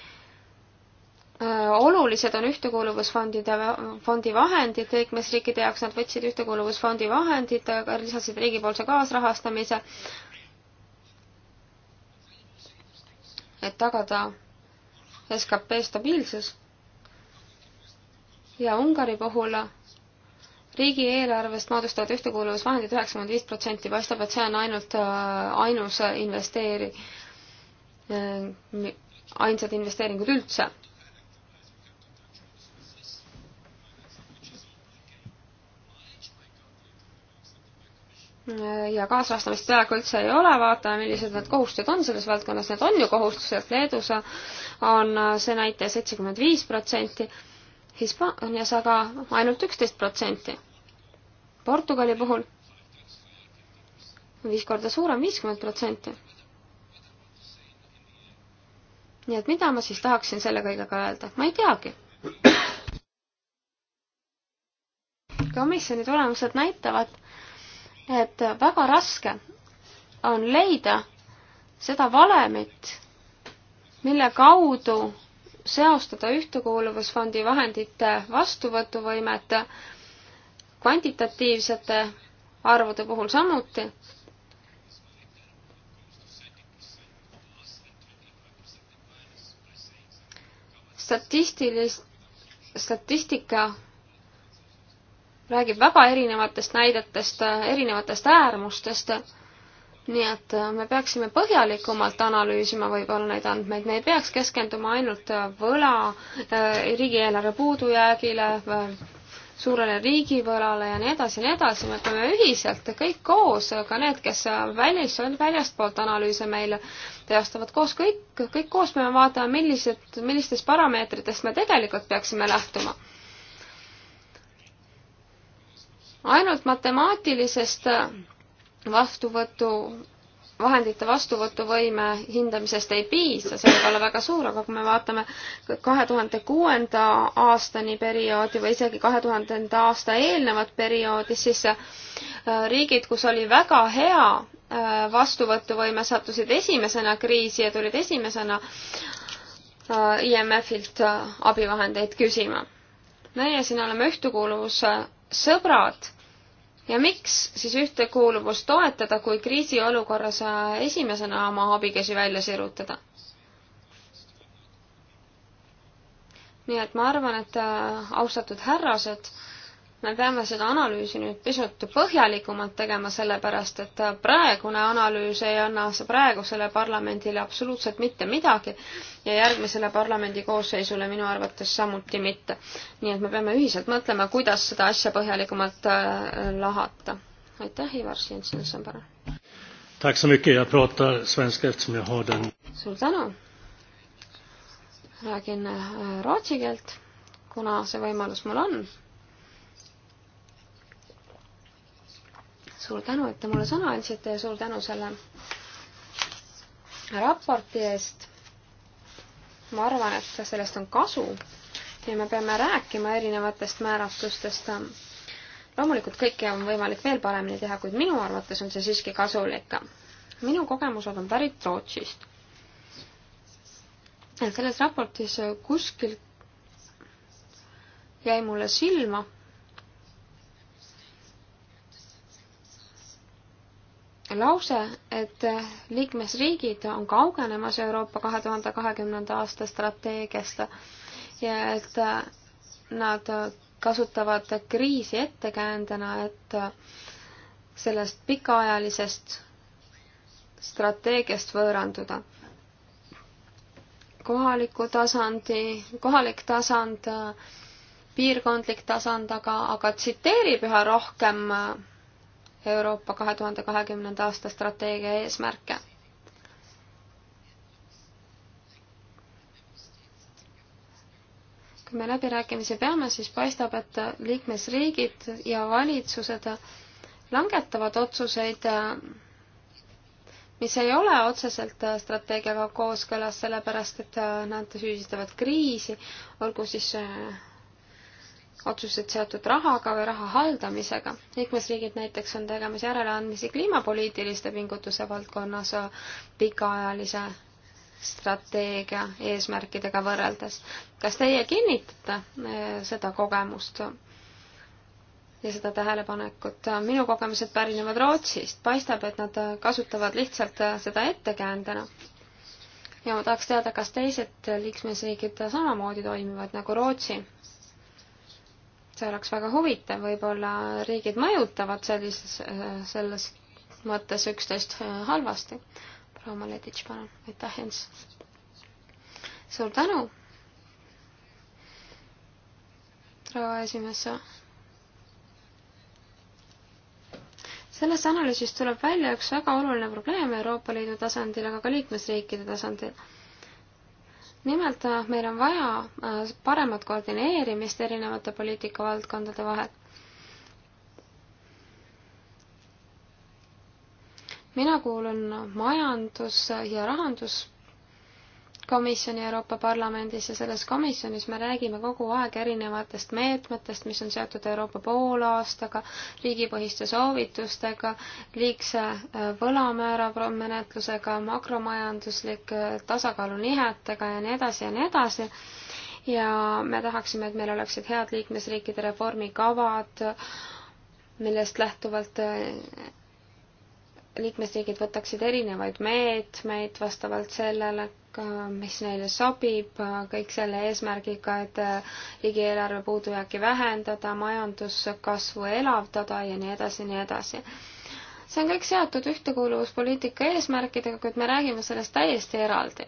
Speaker 3: Äh, olulised on ühtekuuluvusfondide, fondi vahendid liikmesriikide jaoks, nad võtsid ühtekuuluvusfondi vahendid, lisasid riigipoolse kaasrahastamise, et tagada skp stabiilsus. ja Ungari puhul riigieelarvest moodustavad ühtekuuluvusvahendid üheksakümmend viis protsenti, paistab, et see on ainult äh, ainus investeeri, äh, ainsad investeeringud üldse ja kaasrahastamist peaaegu üldse ei ole, vaatame, millised need kohustused on selles valdkonnas, need on ju kohustused, Leedus on see näitaja seitsekümmend viis protsenti, Hispaanias aga ainult üksteist protsenti. Portugali puhul viis korda suurem, viiskümmend protsenti. nii et mida ma siis tahaksin selle kõigega öelda, ma ei teagi komisjoni tulemused näitavad, et väga raske on leida seda valemit, mille kaudu seostada Ühtekuuluvusfondi vahendite vastuvõtuvõimet kvantitatiivsete arvude puhul samuti. statistilist, statistika räägib väga erinevatest näidetest, erinevatest äärmustest, nii et äh, me peaksime põhjalikumalt analüüsima võib-olla neid andmeid, me ei peaks keskenduma ainult äh, võla, äh, riigieelarve puudujäägile, suurele riigivõlale ja nii edasi ja nii edasi, me peame ühiselt kõik koos, ka need, kes välis, väljastpoolt analüüse meile teostavad koos, kõik, kõik koos peame vaatama, millised, millistest parameetritest me tegelikult peaksime lähtuma ainult matemaatilisest vastuvõtu, vahendite vastuvõtuvõime hindamisest ei piisa, see võib olla väga suur, aga kui me vaatame kahe tuhande kuuenda aastani perioodi või isegi kahe tuhandenda aasta eelnevat perioodi, siis äh, riigid, kus oli väga hea äh, vastuvõtuvõime, sattusid esimesena kriisi ja tulid esimesena äh, IMF-ilt abivahendeid küsima. meie siin oleme ühtekuuluvussõbrad ja miks siis ühtekuuluvust toetada, kui kriisiolukorras äh, esimesena oma abikesi välja sirutada? nii et ma arvan, et äh, austatud härrased, me peame seda analüüsi nüüd pisut põhjalikumalt tegema, sellepärast et praegune analüüs ei anna praegusele parlamendile absoluutselt mitte midagi ja järgmisele parlamendi koosseisule minu arvates samuti mitte. nii et me peame ühiselt mõtlema, kuidas seda asja põhjalikumalt äh, lahata. aitäh, Ivar Siensen, palun.
Speaker 2: Tack så mycket. Jag pratar svenska eftersom jag har den.
Speaker 3: Suur tänu. räägin äh, rootsi keelt, kuna see võimalus mul on suur tänu, et te mulle sõna andsite ja suur tänu selle raporti eest. ma arvan, et sellest on kasu ja me peame rääkima erinevatest määratlustest. loomulikult kõike on võimalik veel paremini teha, kuid minu arvates on see siiski kasulik. minu kogemused on pärit Rootsist. selles raportis kuskil jäi mulle silma lause, et liikmesriigid on kaugenemas Euroopa kahe tuhande kahekümnenda aasta strateegiast ja et nad kasutavad kriisi ettekäändena, et sellest pikaajalisest strateegiast võõranduda. kohaliku tasandi, kohalik tasand, piirkondlik tasand aga, aga tsiteerib üha rohkem Euroopa kahe tuhande kahekümnenda aasta strateegia eesmärke. kui me läbirääkimisi peame, siis paistab, et liikmesriigid ja valitsused langetavad otsuseid, mis ei ole otseselt strateegiaga kooskõlas, sellepärast et nad süüdistavad kriisi, olgu siis äh, otsused seotud rahaga või raha haldamisega. liikmesriigid näiteks on tegemas järeleandmisi kliimapoliitiliste pingutuse valdkonnas pikaajalise strateegia eesmärkidega võrreldes. kas teie kinnitate eh, seda kogemust ja seda tähelepanekut? minu kogemused pärinevad Rootsist, paistab, et nad kasutavad lihtsalt eh, seda ettekäändena. ja ma tahaks teada, kas teised liikmesriigid samamoodi toimivad nagu Rootsi see oleks väga huvitav, võib-olla riigid mõjutavad sellises, selles mõttes üksteist äh, halvasti. proua Maletitš, palun, aitäh, Jens! suur tänu! proua esimees, sellest analüüsist tuleb välja üks väga oluline probleem Euroopa Liidu tasandil, aga ka liikmesriikide tasandil nimelt äh, meil on vaja äh, paremat koordineerimist erinevate poliitikavaldkondade vahel. mina kuulun majandus- ja rahandus- komisjoni Euroopa Parlamendis ja selles komisjonis me räägime kogu aeg erinevatest meetmetest, mis on seotud Euroopa poolaastaga, riigipõhiste soovitustega, liigse äh, võlamäära menetlusega, makromajanduslike äh, tasakaalunihetega ja nii edasi ja nii edasi. ja me tahaksime, et meil oleksid head liikmesriikide reformikavad, millest lähtuvalt äh, liikmesriigid võtaksid erinevaid meetmeid vastavalt sellele, mis neile sobib, kõik selle eesmärgiga, et äh, riigieelarve puudujääki vähendada, majanduskasvu elavdada ja nii edasi, nii edasi. see on kõik seotud ühtekuuluvuspoliitika eesmärkidega, kuid me räägime sellest täiesti eraldi.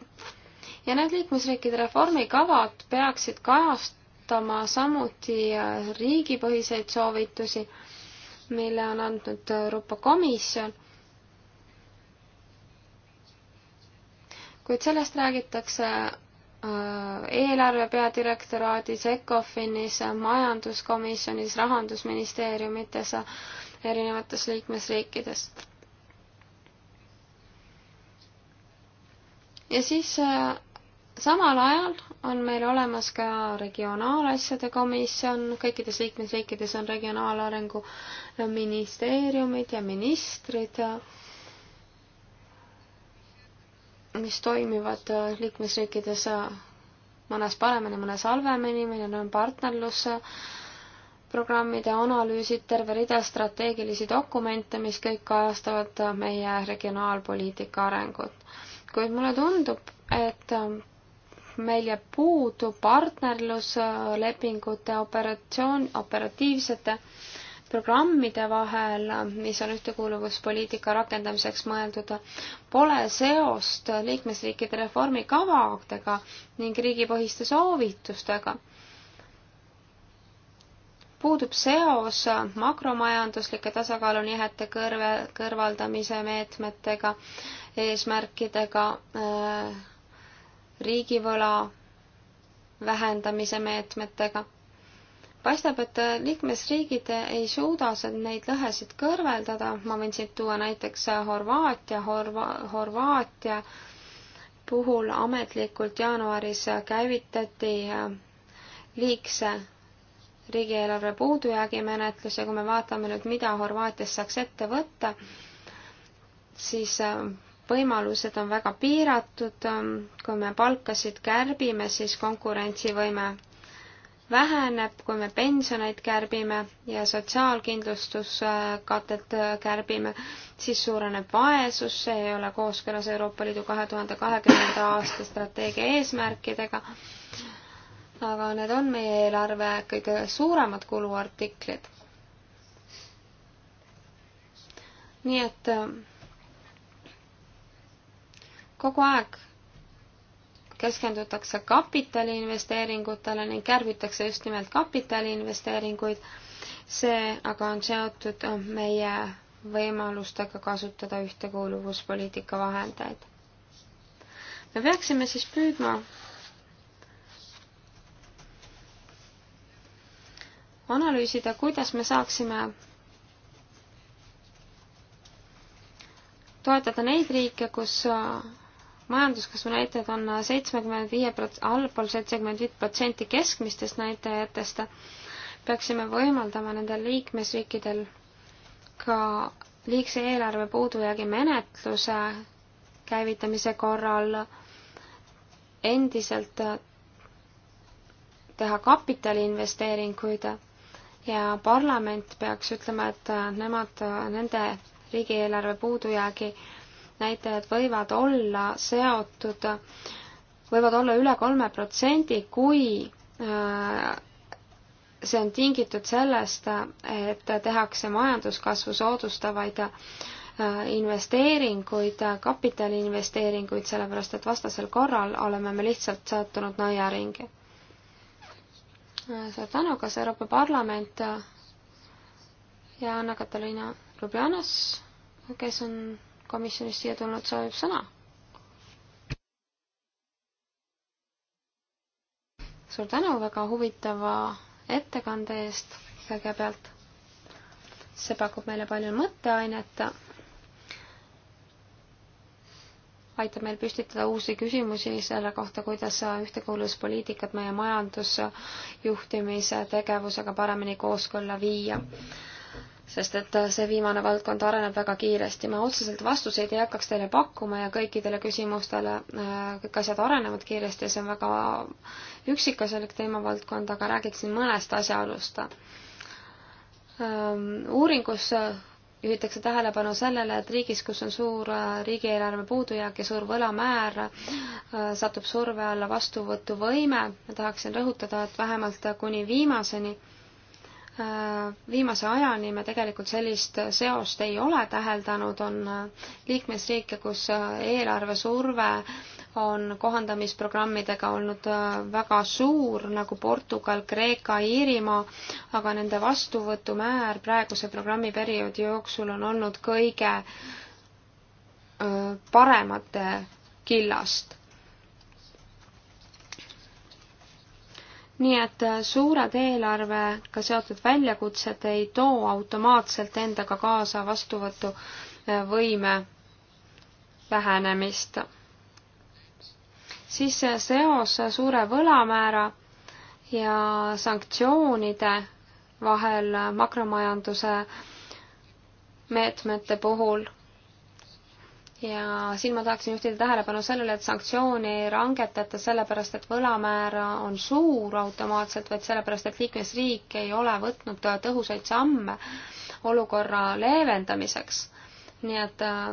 Speaker 3: ja need liikmesriikide reformikavad peaksid kajastama samuti äh, riigipõhiseid soovitusi, mille on andnud Euroopa Komisjon kuid sellest räägitakse äh, eelarve peadirektoraadis, ECOFINis, majanduskomisjonis, rahandusministeeriumites, erinevates liikmesriikides. ja siis äh, samal ajal on meil olemas ka regionaalasjade komisjon, kõikides liikmesriikides on regionaalarengu ministeeriumid ja ministrid mis toimivad äh, liikmesriikides äh, mõnes paremini, mõnes halvemini, meil on partnerlusprogrammide analüüsid, terve rida strateegilisi dokumente, mis kõik kajastavad äh, meie regionaalpoliitika arengut. kuid mulle tundub, et meil jääb puudu partnerluslepingute operatsioon, operatiivsete äh, programmide vahel, mis on ühtekuuluvuspoliitika rakendamiseks mõeldud, pole seost liikmesriikide reformikavadega ning riigipõhiste soovitustega. puudub seos makromajanduslike tasakaalunihete kõrve, kõrvaldamise meetmetega, eesmärkidega äh,, riigivõla vähendamise meetmetega paistab, et liikmesriigid ei suuda neid lõhesid kõrveldada, ma võin siit tuua näiteks Horvaatia, Horva-, Horvaatia puhul ametlikult jaanuaris käivitati äh, liigse riigieelarve puudujäägi menetlus ja kui me vaatame nüüd, mida Horvaatias saaks ette võtta, siis äh, võimalused on väga piiratud, äh, kui me palkasid kärbime, siis konkurentsivõime väheneb, kui me pensioneid kärbime ja sotsiaalkindlustuskatet äh, kärbime, siis suureneb vaesus, see ei ole kooskõlas Euroopa Liidu kahe tuhande kahekümnenda aasta strateegia eesmärkidega. aga need on meie eelarve kõige suuremad kuluartiklid. nii et äh, kogu aeg keskendutakse kapitaliinvesteeringutele ning kärbitakse just nimelt kapitaliinvesteeringuid. see aga on seotud meie võimalustega kasutada ühtekuuluvuspoliitika vahendeid. me peaksime siis püüdma analüüsida, kuidas me saaksime toetada neid riike, kus majanduskasvu näitajad on seitsmekümmend viie prots-, allpool seitsekümmend viit protsenti keskmistest näitajatest, peaksime võimaldama nendel liikmesriikidel ka liigse eelarve puudujäägi menetluse käivitamise korral endiselt teha kapitaliinvesteeringuid ja parlament peaks ütlema, et nemad, nende riigieelarve puudujäägi näitajad võivad olla seotud, võivad olla üle kolme protsendi, kui äh, see on tingitud sellest, et tehakse majanduskasvu soodustavaid äh, investeeringuid, kapitaliinvesteeringuid, sellepärast et vastasel korral oleme me lihtsalt sattunud nõiaringi. Äh, suur tänu, kas Euroopa Parlament ja Anna-Katariina Lubjanas, kes on komisjonist siia tulnud soovib sõna. suur tänu väga huvitava ettekande eest kõigepealt. see pakub meile palju mõtteainet. aitab meil püstitada uusi küsimusi selle kohta, kuidas ühtekuuluvuspoliitikat meie majandusjuhtimise tegevusega paremini kooskõlla viia sest et see viimane valdkond areneb väga kiiresti. ma otseselt vastuseid ei hakkaks teile pakkuma ja kõikidele küsimustele, äh, kõik asjad arenevad kiiresti ja see on väga üksikasjalik teemavaldkond, aga räägiksin mõnest asjaolust. Ähm, uuringus äh, juhitakse tähelepanu sellele, et riigis, kus on suur äh, riigieelarve puudujääk ja suur võlamäär, satub surve alla vastuvõtuvõime. ma tahaksin rõhutada, et vähemalt kuni viimaseni Äh, viimase ajani me tegelikult sellist seost ei ole täheldanud, on äh, liikmesriike, kus äh, eelarvesurve on kohandamisprogrammidega olnud väga suur, nagu Portugal, Kreeka, Iirimaa, aga nende vastuvõtumäär praeguse programmiperioodi jooksul on olnud kõige paremate killast nii et äh, suured eelarvega seotud väljakutsed ei too automaatselt endaga kaasa vastuvõtuvõime äh, vähenemist. siis äh, seos suure võlamäära ja sanktsioonide vahel makromajanduse meetmete puhul ja siin ma tahaksin juhtida tähelepanu sellele, et sanktsiooni ei rangetata sellepärast, et võlamäär on suur automaatselt, vaid sellepärast, et liikmesriik ei ole võtnud tõhusaid samme olukorra leevendamiseks. nii et äh,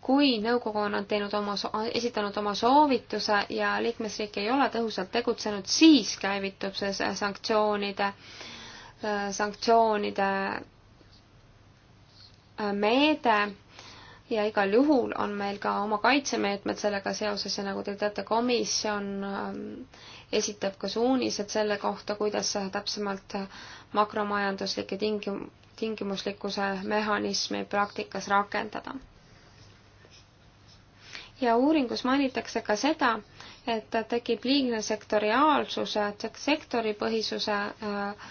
Speaker 3: kui nõukogu on teinud oma, esitanud oma soovituse ja liikmesriik ei ole tõhusalt tegutsenud, siis käivitub see sanktsioonide, äh, sanktsioonide äh, meede ja igal juhul on meil ka oma kaitsemeetmed sellega seoses ja nagu te teate, komisjon ähm, esitab ka suunised selle kohta, kuidas täpsemalt makromajanduslike tingim-, tingimuslikkuse mehhanismi praktikas rakendada. ja uuringus mainitakse ka seda, et tekib liigne sektoriaalsuse, sektoripõhisuse äh,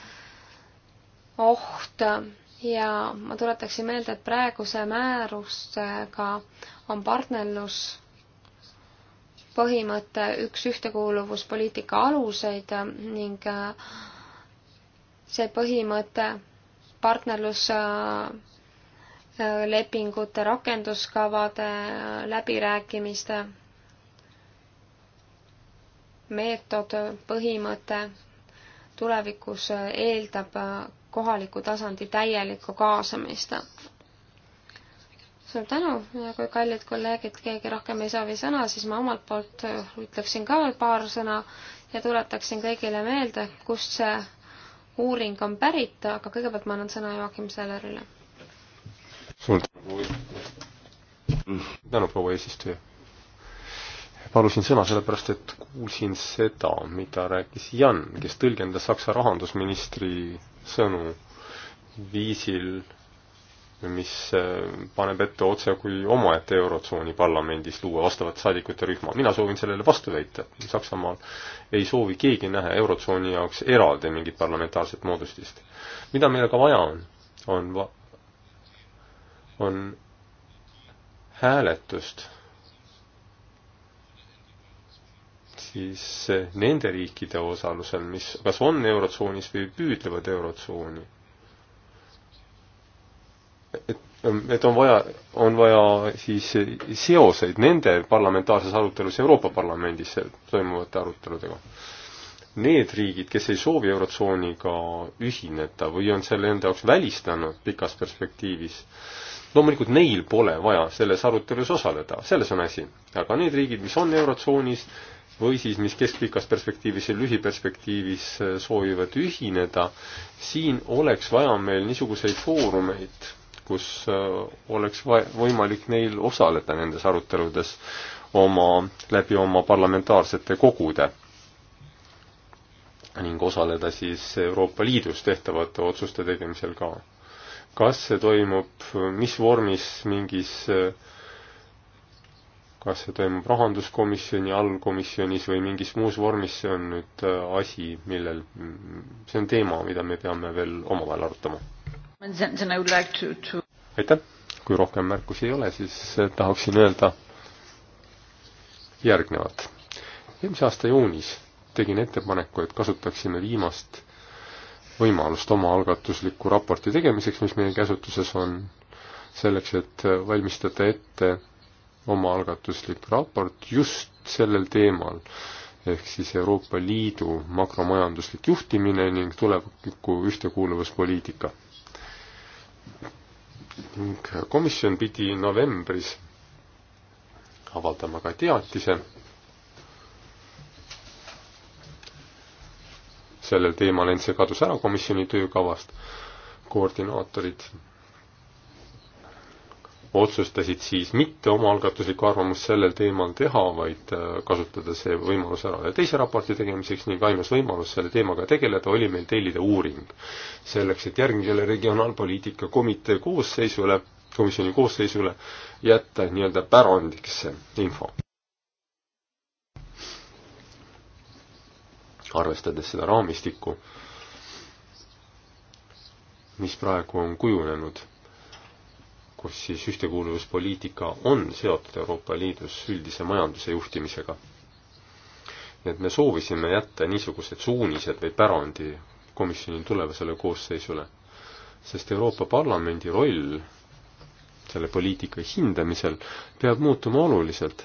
Speaker 3: oht ja ma tuletaksin meelde, et praeguse määrusega on partnerlus põhimõte üks ühtekuuluvuspoliitika aluseid ning äh, see põhimõte partnerluslepingute äh, rakenduskavade äh, läbirääkimiste meetod, põhimõte tulevikus eeldab kohaliku tasandi täielikku kaasamist. suur tänu ja nagu kui kallid kolleegid, keegi rohkem ei soovi sõna, siis ma omalt poolt ütleksin ka veel paar sõna ja tuletaksin kõigile meelde, kust see uuring on pärit, aga kõigepealt ma annan sõna Joakim Sellerile.
Speaker 2: suur tänu, proua eesistuja. palusin sõna sellepärast, et kuulsin seda, mida rääkis Jan, kes tõlgendas Saksa rahandusministri sõnu viisil, mis äh, paneb ette otse kui omaette Eurotsooni parlamendis luua vastavat saadikute rühma. mina soovin sellele vastu väita. Saksamaal ei soovi keegi näha Eurotsooni jaoks eraldi mingit parlamentaarset moodustist. mida meil aga vaja on, on, on hääletust siis nende riikide osalusel, mis kas on Eurotsoonis või püüdlevad Eurotsooni. et, et on vaja, on vaja siis seoseid nende parlamentaarses arutelus Euroopa Parlamendis toimuvate aruteludega. Need riigid, kes ei soovi Eurotsooniga ühineda või on selle enda jaoks välistanud pikas perspektiivis, loomulikult neil pole vaja selles arutelus osaleda, selles on asi. aga need riigid, mis on Eurotsoonis, või siis, mis keskpikas perspektiivis ja lühiperspektiivis äh, soovivad ühineda, siin oleks vaja meil niisuguseid foorumeid, kus äh, oleks võimalik neil osaleda nendes aruteludes oma, läbi oma parlamentaarsete kogude ning osaleda siis Euroopa Liidus tehtavate otsuste tegemisel ka. kas see toimub, äh, mis vormis, mingis äh, kas see toimub rahanduskomisjoni allkomisjonis või mingis muus vormis, see on nüüd äh, asi, millel, mm, see on teema, mida me peame veel omavahel arutama. aitäh, kui rohkem märkusi ei ole, siis äh, tahaksin öelda järgnevat. eelmise aasta juunis tegin ettepaneku, et kasutaksime viimast võimalust omaalgatusliku raporti tegemiseks, mis meie käsutuses on, selleks, et äh, valmistada ette omaalgatuslik raport just sellel teemal, ehk siis Euroopa Liidu makromajanduslik juhtimine ning tuleviku ühtekuuluvuspoliitika. ning komisjon pidi novembris avaldama ka teatise sellel teemal, ent see kadus ära komisjoni töökavast, koordinaatorid otsustasid siis mitte omaalgatuslikku arvamust sellel teemal teha, vaid äh, kasutada see võimalus ära. ja teise raporti tegemiseks ning ainus võimalus selle teemaga tegeleda oli meil tellida uuring. selleks, et järgmisele regionaalpoliitika komitee koosseisule, komisjoni koosseisule jätta nii-öelda pärandiks see info. arvestades seda raamistikku, mis praegu on kujunenud kus siis ühtekuuluvuspoliitika on seotud Euroopa Liidus üldise majanduse juhtimisega. nii et me soovisime jätta niisugused suunised või pärandi komisjoni tulevasele koosseisule, sest Euroopa Parlamendi roll selle poliitika hindamisel peab muutuma oluliselt.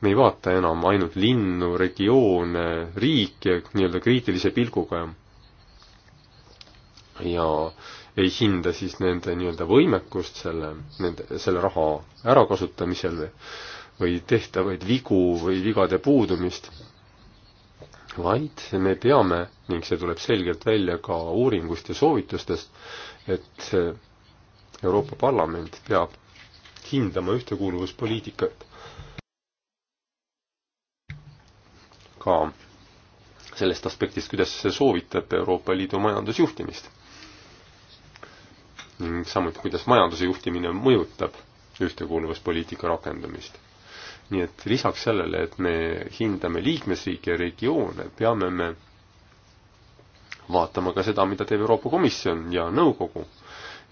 Speaker 2: me ei vaata enam ainult linnu, regioone, riike nii-öelda kriitilise pilguga ja ja ei hinda siis nende nii-öelda võimekust selle, nende, selle raha ärakasutamisel või, või tehtavaid vigu või vigade puudumist, vaid me peame, ning see tuleb selgelt välja ka uuringust ja soovitustest, et Euroopa Parlament peab hindama ühtekuuluvuspoliitikat ka sellest aspektist, kuidas see soovitab Euroopa Liidu majandusjuhtimist ning samuti, kuidas majanduse juhtimine mõjutab ühtekuuluvuspoliitika rakendamist. nii et lisaks sellele, et me hindame liikmesriike ja regioone, peame me vaatama ka seda, mida teeb Euroopa Komisjon ja nõukogu.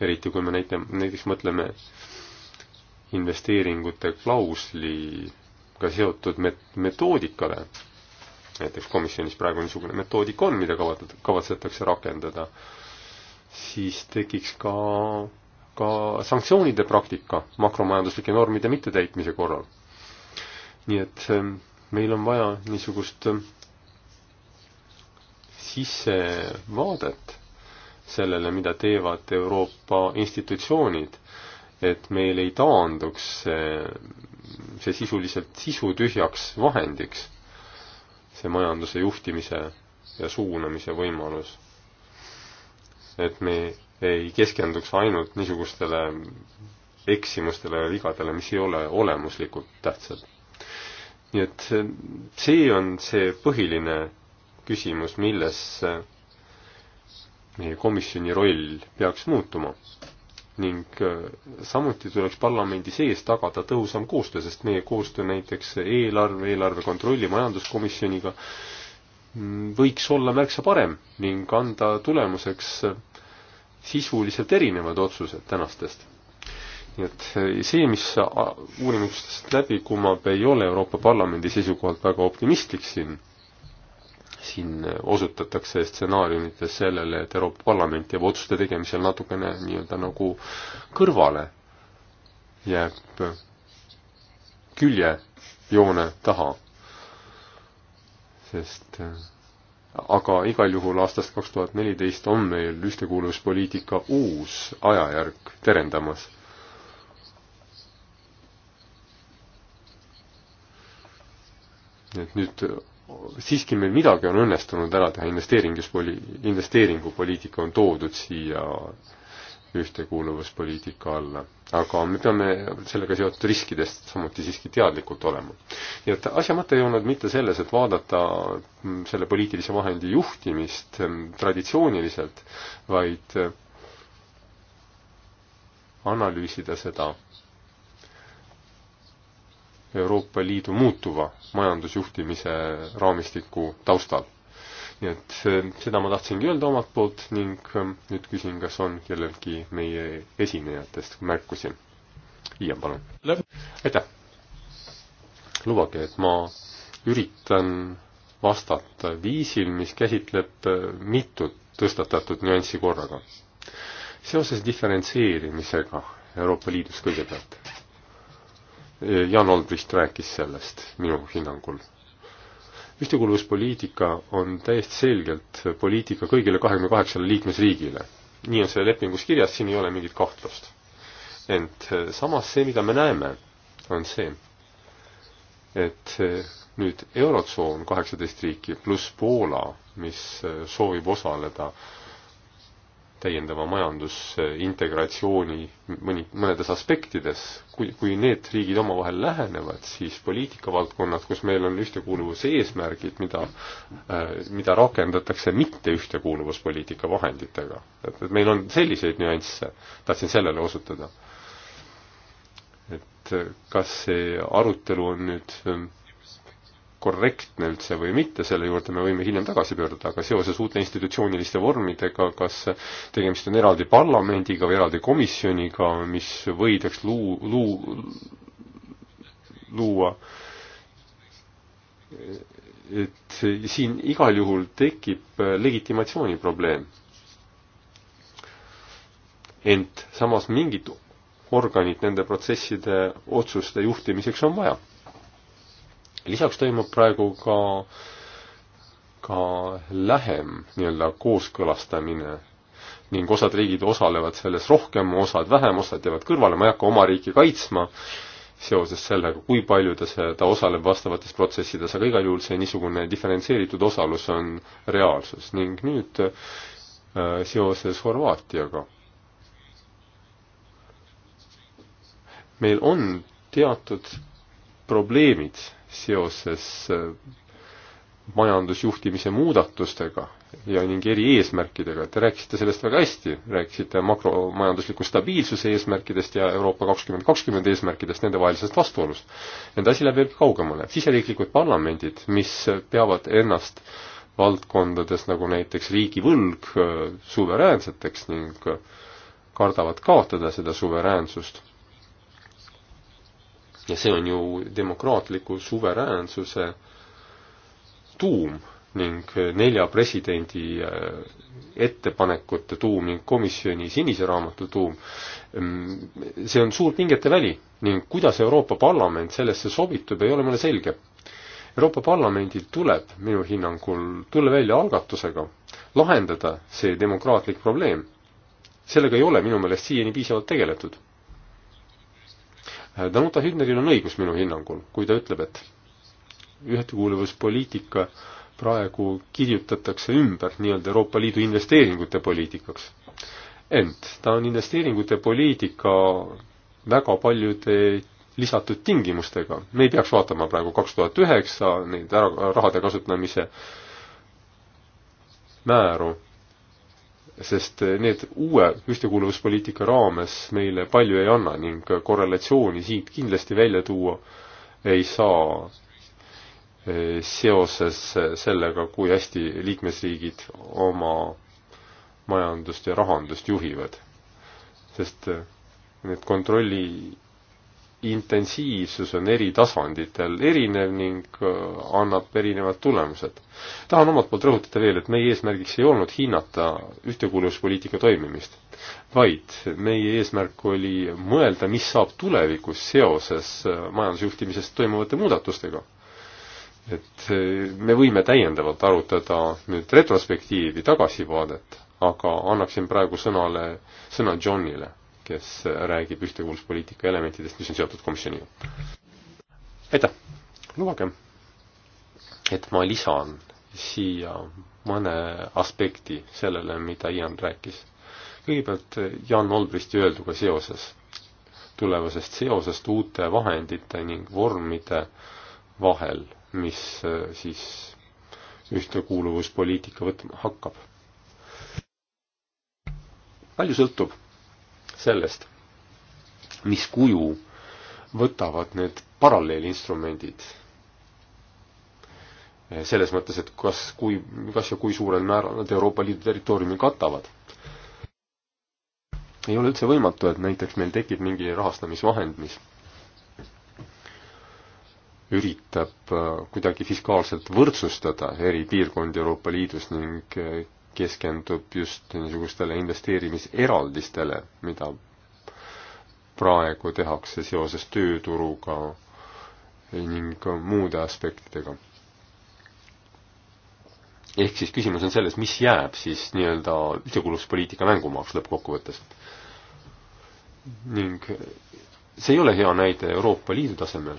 Speaker 2: eriti kui me näite-, näiteks mõtleme investeeringute klausliga seotud met-, metoodikale, näiteks komisjonis praegu niisugune metoodika on, mida kavat-, kavatsetakse rakendada äh, siis tekiks ka, ka sanktsioonide praktika makromajanduslike normide mittetäitmise korral. nii et ähm, meil on vaja niisugust ähm, sissevaadet sellele, mida teevad Euroopa institutsioonid, et meil ei taanduks see, see sisuliselt sisutühjaks vahendiks, see majanduse juhtimise ja suunamise võimalus et me ei keskenduks ainult niisugustele eksimustele ja vigadele, mis ei ole olemuslikult tähtsad. nii et see on see põhiline küsimus, milles meie komisjoni roll peaks muutuma. ning samuti tuleks parlamendi sees tagada tõhusam koostöö, sest meie koostöö näiteks eelarve, eelarve kontrolli majanduskomisjoniga äh, võiks olla märksa parem ning anda tulemuseks sisuliselt erinevad otsused tänastest. nii et eh, see, mis uurimustest läbi kumab, ei ole Euroopa Parlamendi seisukohalt väga optimistlik siin. siin eh, osutatakse stsenaariumites sellele, et Euroopa Parlament jääb otsuste tegemisel natukene nii-öelda nagu kõrvale, jääb eh, küljejoone taha sest äh, aga igal juhul aastast kaks tuhat neliteist on meil ühtekuuluvuspoliitika uus ajajärk terendamas. et nüüd siiski meil midagi on õnnestunud ära teha, investeeringus, investeeringupoliitika on toodud siia äh, ühtekuuluvuspoliitika alla. aga me peame sellega seotud riskidest samuti siiski teadlikult olema. nii et asja mõte ei olnud mitte selles, et vaadata selle poliitilise vahendi juhtimist ehm, traditsiooniliselt, vaid ehm, analüüsida seda Euroopa Liidu muutuva majandusjuhtimise raamistiku taustal nii et äh, seda ma tahtsingi öelda omalt poolt ning äh, nüüd küsin, kas on kellelgi meie esinejatest märkusi. Iian, palun. aitäh. lubage, et ma üritan vastata viisil, mis käsitleb äh, mitut tõstatatud nüanssi korraga. seoses diferentseerimisega Euroopa Liidus kõigepealt. Jan Olbrist rääkis sellest minu hinnangul ühtekuuluvuspoliitika on täiesti selgelt poliitika kõigile kahekümne kaheksale liikmesriigile. nii on see lepingus kirjas, siin ei ole mingit kahtlust. ent äh, samas see, mida me näeme, on see, et äh, nüüd Eurotsoon kaheksateist riiki pluss Poola, mis äh, soovib osaleda äh, täiendava majandusintegratsiooni mõni, mõnedes aspektides, kui, kui need riigid omavahel lähenevad, siis poliitikavaldkonnad, kus meil on ühtekuuluvuse eesmärgid, mida äh,, mida rakendatakse mitte ühtekuuluvuspoliitika vahenditega. et, et meil on selliseid nüansse, tahtsin sellele osutada. et kas see arutelu on nüüd ähm, korrektne üldse või mitte, selle juurde me võime hiljem tagasi pöörduda, aga seoses uute institutsiooniliste vormidega, kas tegemist on eraldi parlamendiga või eraldi komisjoniga, mis võidaks luu-, luu-, luua, et siin igal juhul tekib legitimatsiooni probleem. ent samas mingit organit nende protsesside otsuste juhtimiseks on vaja lisaks toimub praegu ka, ka lähem nii-öelda kooskõlastamine ning osad riigid osalevad selles rohkem, osad vähem, osad jäävad kõrvale, ma ei hakka oma riiki kaitsma seoses sellega, kui palju ta see, ta osaleb vastavates protsessides, aga igal juhul see niisugune diferentseeritud osalus on reaalsus ning nüüd äh, seoses Horvaatiaga. meil on teatud probleemid seoses äh, majandusjuhtimise muudatustega ja ning eri eesmärkidega, te rääkisite sellest väga hästi, rääkisite makromajandusliku stabiilsuse eesmärkidest ja Euroopa kakskümmend kakskümmend eesmärkidest, nendevahelisest vastuolust. ent asi läheb veelgi kaugemale, siseriiklikud parlamendid, mis peavad ennast valdkondades nagu näiteks riigivõlg äh, suveräänseteks ning äh, kardavad kaotada seda suveräänsust ja see on ju demokraatliku suveräänsuse tuum ning nelja presidendi äh, ettepanekute tuum ning komisjoni sinise raamatu tuum, mm, see on suur pingete väli ning kuidas Euroopa Parlament sellesse sobitub, ei ole mulle selge. Euroopa Parlamendil tuleb minu hinnangul tulla välja algatusega, lahendada see demokraatlik probleem. sellega ei ole minu meelest siiani piisavalt tegeletud Äh, Danuta Hübneril on õigus minu hinnangul, kui ta ütleb, et ühtekuuluvuspoliitika praegu kirjutatakse ümber nii-öelda Euroopa Liidu investeeringute poliitikaks. ent ta on investeeringute poliitika väga paljude lisatud tingimustega. me ei peaks vaatama praegu kaks tuhat üheksa neid ära, rahade kasutamise määru sest eh, need uue ühtekuuluvuspoliitika raames meile palju ei anna ning korrelatsiooni siit kindlasti välja tuua ei saa eh, seoses eh, sellega, kui hästi liikmesriigid oma majandust ja rahandust juhivad. sest need kontrolli intensiivsus on eri tasanditel erinev ning äh, annab erinevad tulemused. tahan omalt poolt rõhutada veel, et meie eesmärgiks ei olnud hinnata ühtekuuluvuspoliitika toimimist, vaid meie eesmärk oli mõelda, mis saab tulevikus seoses äh, majandusjuhtimises toimuvate muudatustega. et äh, me võime täiendavalt arutada nüüd retrospektiivi, tagasivaadet, aga annaksin praegu sõnale, sõna Johnile kes räägib ühtekuuluvuspoliitika elementidest, mis on seotud komisjoniga. aitäh, lubage, et ma lisan siia mõne aspekti sellele, mida Ian rääkis. kõigepealt Jan Olbristi öelduga seoses, tulevasest seosest uute vahendite ning vormide vahel, mis äh, siis ühtekuuluvuspoliitika võtma hakkab. palju sõltub sellest, mis kuju võtavad need paralleelinstrumendid. selles mõttes, et kas, kui, kas ja kui suurel määral nad Euroopa Liidu territooriumi katavad. ei ole üldse võimatu, et näiteks meil tekib mingi rahastamisvahend, mis üritab äh, kuidagi fiskaalselt võrdsustada eri piirkondi Euroopa Liidus ning äh, keskendub just niisugustele investeerimiseraldistele, mida praegu tehakse seoses tööturuga ning muude aspektidega. ehk siis küsimus on selles, mis jääb siis nii-öelda ühtekuuluvuspoliitika mängumaaks lõppkokkuvõttes. ning see ei ole hea näide Euroopa Liidu tasemel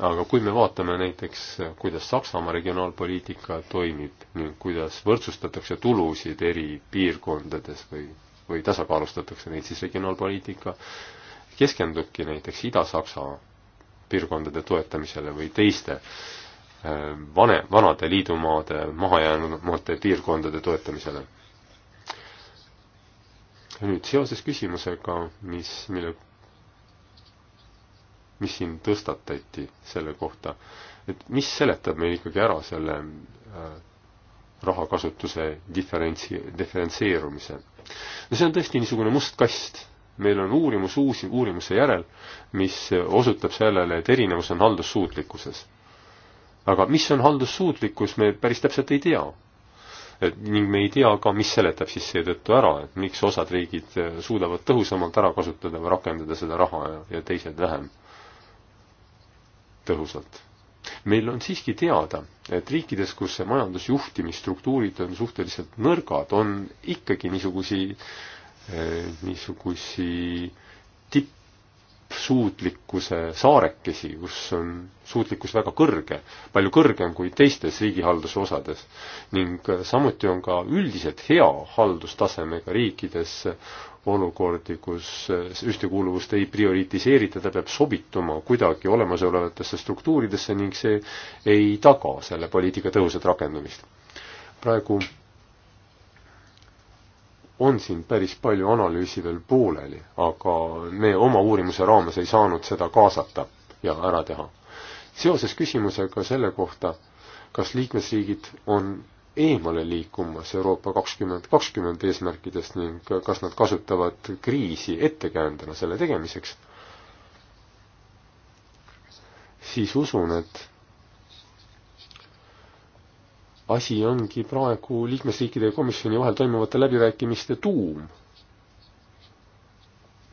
Speaker 2: aga kui me vaatame näiteks, kuidas Saksamaa regionaalpoliitika toimib ning kuidas võrdsustatakse tulusid eri piirkondades või, või tasakaalustatakse neid, siis regionaalpoliitika keskendubki näiteks Ida-Saksa piirkondade toetamisele või teiste äh, vane, vanade liidumaade, mahajäänumate piirkondade toetamisele. nüüd seoses küsimusega, mis, mille mis siin tõstatati selle kohta, et mis seletab meil ikkagi ära selle äh, rahakasutuse diferentsi-, diferentseerumise. no see on tõesti niisugune must kast. meil on uurimus uusi, uurimuse järel, mis osutab sellele, et erinevus on haldussuutlikkuses. aga mis on haldussuutlikkus, me päris täpselt ei tea. et ning me ei tea ka, mis seletab siis seetõttu ära, et miks osad riigid äh, suudavad tõhusamalt ära kasutada või rakendada seda raha ja, ja teised vähem tõhusalt. meil on siiski teada, et riikides, kus see majandusjuhtimisstruktuurid on suhteliselt nõrgad, on ikkagi niisugusi, eh, niisugusi tipp, suutlikkuse saarekesi, kus on suutlikkus väga kõrge, palju kõrgem kui teistes riigihalduse osades. ning äh, samuti on ka üldiselt hea haldustasemega riikides olukordi, kus äh, ühtekuuluvust ei prioritiseerita, ta peab sobituma kuidagi olemasolevatesse struktuuridesse ning see ei taga selle poliitika tõhusat rakendamist. praegu on siin päris palju analüüsi veel pooleli, aga me oma uurimuse raames ei saanud seda kaasata ja ära teha. seoses küsimusega selle kohta, kas liikmesriigid on eemale liikumas Euroopa kakskümmend kakskümmend eesmärkidest ning kas nad kasutavad kriisi ettekäändena selle tegemiseks, siis usun, et asi ongi praegu liikmesriikide ja komisjoni vahel toimuvate läbirääkimiste tuum.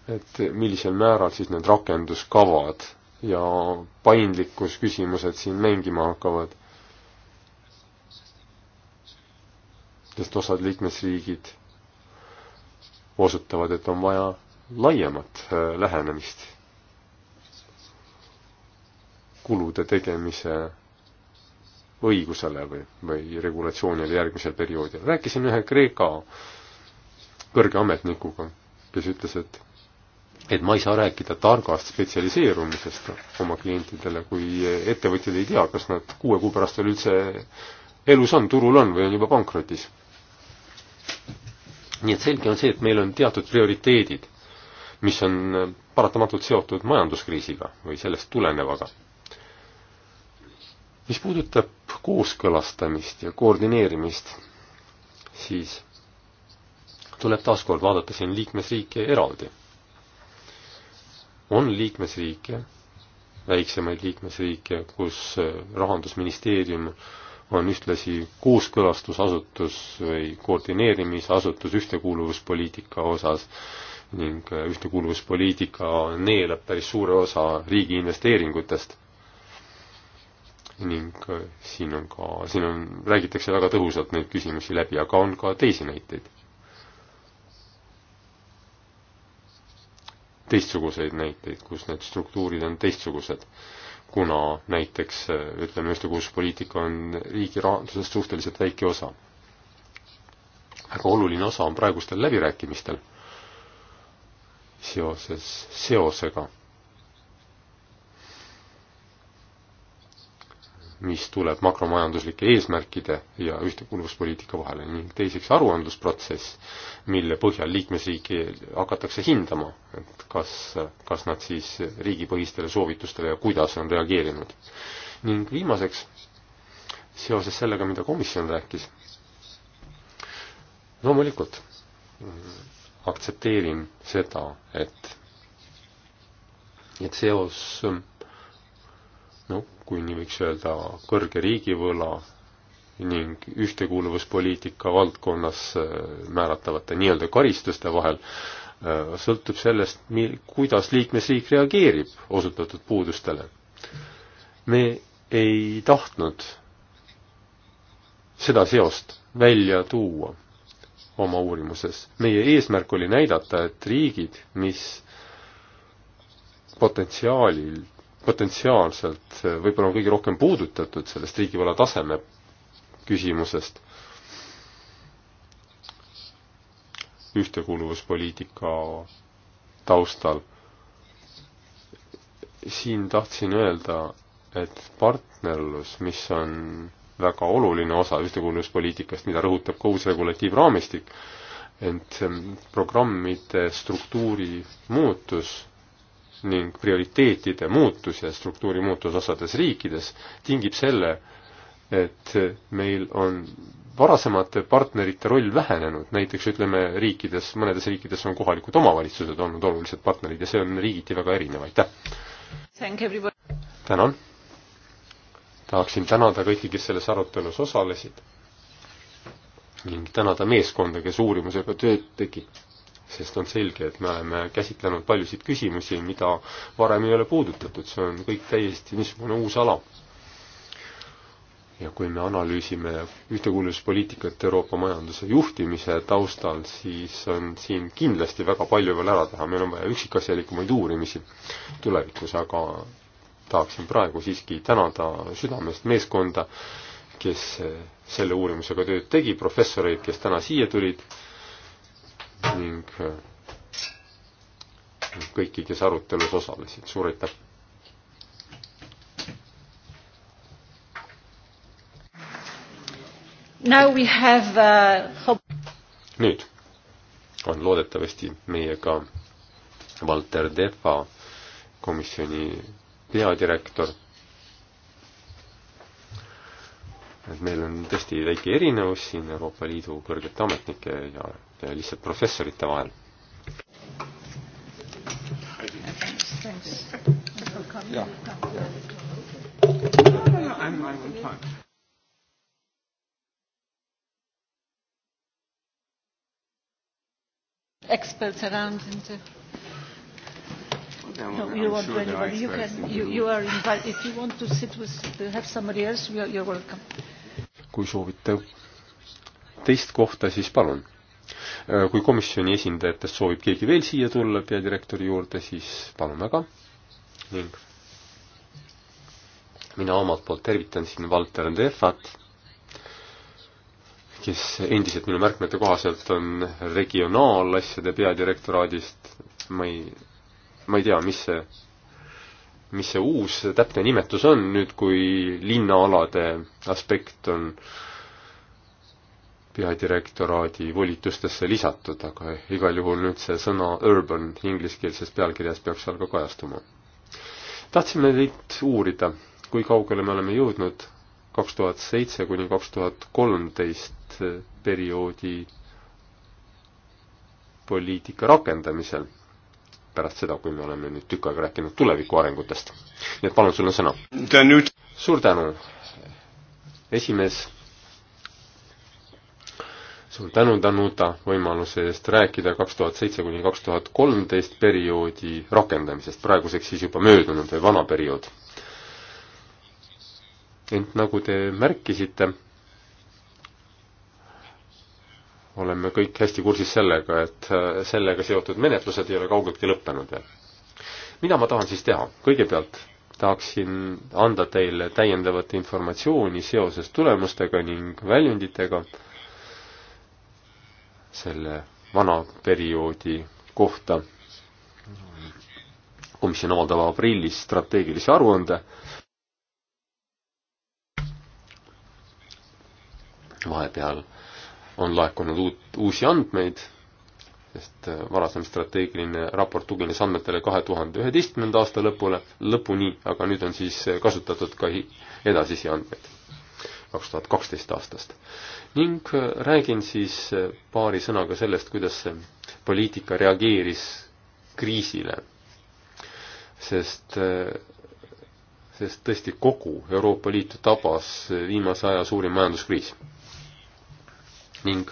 Speaker 2: et millisel määral siis need rakenduskavad ja paindlikkusküsimused siin mängima hakkavad. sest osad liikmesriigid osutavad, et on vaja laiemat äh, lähenemist kulude tegemise õigusele või, või regulatsioonile järgmisel perioodil. rääkisin ühe Kreeka kõrge ametnikuga, kes ütles, et et ma ei saa rääkida targast spetsialiseerumisest oma klientidele, kui ettevõtjad ei tea, kas nad kuue kuu pärast veel üldse elus on, turul on või on juba pankrotis. nii et selge on see, et meil on teatud prioriteedid, mis on paratamatult seotud majanduskriisiga või sellest tulenevaga. mis puudutab kooskõlastamist ja koordineerimist, siis tuleb taaskord vaadata siin liikmesriike eraldi. on liikmesriike, väiksemaid liikmesriike, kus äh, rahandusministeerium on ühtlasi kooskõlastusasutus või koordineerimisasutus ühtekuuluvuspoliitika osas ning äh, ühtekuuluvuspoliitika neelab päris suure osa riigi investeeringutest ning äh, siin on ka, siin on, räägitakse väga tõhusalt neid küsimusi läbi, aga on ka teisi näiteid. teistsuguseid näiteid, kus need struktuurid on teistsugused, kuna näiteks äh, ütleme, ühtekuuluvuspoliitika nagu on riigi rahandusest suhteliselt väike osa. väga oluline osa on praegustel läbirääkimistel seoses seosega mis tuleb makromajanduslike eesmärkide ja ühtekuuluvuspoliitika vahele ning teiseks aruandlusprotsess, mille põhjal liikmesriiki hakatakse hindama, et kas, kas nad siis riigipõhistele soovitustele ja kuidas on reageerinud. ning viimaseks, seoses sellega, mida komisjon rääkis, loomulikult aktsepteerin seda, et et seos kui nii võiks öelda, kõrge riigivõla ning ühtekuuluvuspoliitika valdkonnas äh, määratavate nii-öelda karistuste vahel, äh, sõltub sellest, mil-, kuidas liikmesriik reageerib osutatud puudustele. me ei tahtnud seda seost välja tuua oma uurimuses. meie eesmärk oli näidata, et riigid, mis potentsiaalilt potentsiaalselt võib-olla on kõige rohkem puudutatud sellest riigivõla taseme küsimusest. ühtekuuluvuspoliitika taustal. siin tahtsin öelda, et partnerlus, mis on väga oluline osa ühtekuuluvuspoliitikast, mida rõhutab ka uus regulatiivraamistik, ent programmide struktuuri muutus ning prioriteetide muutus ja struktuuri muutus osades riikides tingib selle, et meil on varasemate partnerite roll vähenenud, näiteks ütleme riikides, mõnedes riikides on kohalikud omavalitsused olnud olulised partnerid ja see on riigiti väga erinev, aitäh! tänan! tahaksin tänada kõiki, kes selles arutelus osalesid ning tänada meeskonda, kes uurimusega tööd tegi sest on selge, et me oleme käsitlenud paljusid küsimusi, mida varem ei ole puudutatud, see on kõik täiesti niisugune uus ala. ja kui me analüüsime ühtekuuluvuspoliitikat Euroopa majanduse juhtimise taustal, siis on siin kindlasti väga palju veel ära teha, meil on vaja üksikasjalikumaid uurimisi tulevikus, aga tahaksin praegu siiski tänada südamest meeskonda, kes selle uurimusega tööd tegi, professoreid, kes täna siia tulid ning äh, kõiki, kes arutelus osalesid, suur aitäh!
Speaker 1: Uh...
Speaker 2: nüüd on loodetavasti meiega Valter Defa, komisjoni peadirektor. et meil on tõesti väike erinevus siin Euroopa Liidu kõrgete ametnike ja Äh, lihtsalt professorite vahel.
Speaker 1: jah, jah. experts around and uh, them. No, you I'm want sure anybody. You can. You, you are invited. If you want to sit with, have somebody else, you are, you are welcome.
Speaker 2: kui soovite teist kohta, siis palun Äh, kui komisjoni esindajatest soovib keegi veel siia tulla peadirektori juurde, siis palun väga ning mina omalt poolt tervitan siin Valter Tehvat, kes endiselt minu märkmete kohaselt on regionaalasjade peadirektoraadist, ma ei, ma ei tea, mis see, mis see uus täpne nimetus on nüüd, kui linnaalade aspekt on äh, peadirektoraadi volitustesse lisatud, aga igal juhul nüüd see sõna urban ingliskeelses pealkirjas peaks seal ka kajastuma. tahtsime teilt uurida, kui kaugele me oleme jõudnud kaks tuhat seitse kuni kaks tuhat kolmteist perioodi poliitika rakendamisel, pärast seda, kui me oleme nüüd tükk aega rääkinud tuleviku arengutest. nii et palun, sul on sõna. suur tänu, esimees suur tänu, Danuta, võimaluse eest rääkida kaks tuhat seitse kuni kaks tuhat kolmteist perioodi rakendamisest, praeguseks siis juba möödunud või vana periood. ent nagu te märkisite, oleme kõik hästi kursis sellega, et sellega seotud menetlused ei ole kaugeltki lõppenud veel. mida ma tahan siis teha? kõigepealt tahaksin anda teile täiendavat informatsiooni seoses tulemustega ning väljunditega selle vana perioodi kohta. komisjon avaldab aprillis strateegilise aruande. vahepeal on laekunud uut, uusi andmeid, sest äh, varasem strateegiline raport tugines andmetele kahe tuhande üheteistkümnenda aasta lõpule, lõpuni, aga nüüd on siis kasutatud ka edasisi andmeid kaks tuhat kaksteist aastast. ning äh, räägin siis äh, paari sõnaga sellest, kuidas see poliitika reageeris kriisile. sest, äh, sest tõesti kogu Euroopa Liitu tabas viimase aja suurim majanduskriis. ning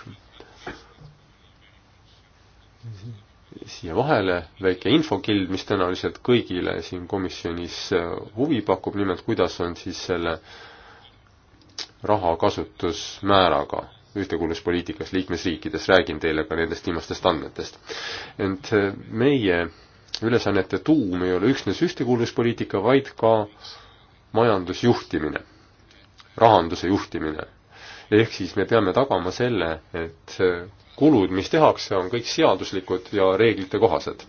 Speaker 2: siia vahele väike infokild, mis tõenäoliselt kõigile siin komisjonis huvi pakub, nimelt kuidas on siis selle äh, rahakasutusmääraga ühtekuuluvuspoliitikas liikmesriikides, räägin teile ka nendest viimastest andmetest. ent äh, meie ülesannete tuum ei ole üksnes ühtekuuluvuspoliitika, vaid ka majandusjuhtimine, rahanduse juhtimine. ehk siis me peame tagama selle, et äh, kulud, mis tehakse, on kõik seaduslikud ja reeglite kohased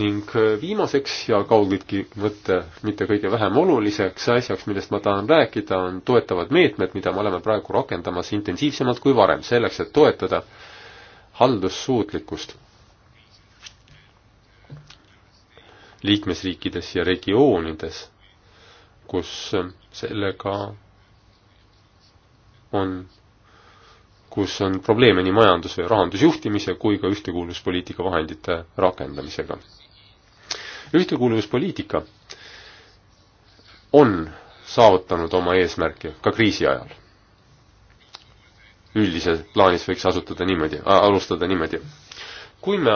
Speaker 2: ning äh, viimaseks ja kaugeltki mõtte mitte kõige vähem oluliseks asjaks, millest ma tahan rääkida, on toetavad meetmed, mida me oleme praegu rakendamas intensiivsemalt kui varem, selleks et toetada haldussuutlikkust liikmesriikides ja regioonides, kus sellega on, kus on probleeme nii majandus- või rahandusjuhtimise kui ka ühtekuuluvuspoliitika vahendite rakendamisega ühtekuuluvuspoliitika on saavutanud oma eesmärki ka kriisi ajal. üldises plaanis võiks asutada niimoodi, alustada niimoodi. kui me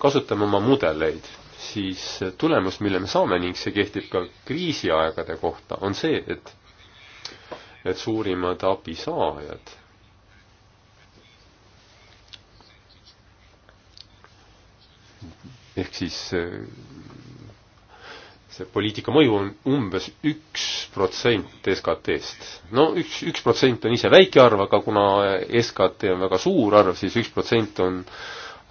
Speaker 2: kasutame oma mudeleid, siis tulemus, mille me saame ning see kehtib ka kriisiaegade kohta, on see, et et suurimad abisaajad ehk siis see poliitika mõju on umbes üks protsent SKT-st. no üks, üks protsent on ise väike arv, aga kuna SKT on väga suur arv siis, siis üks protsent on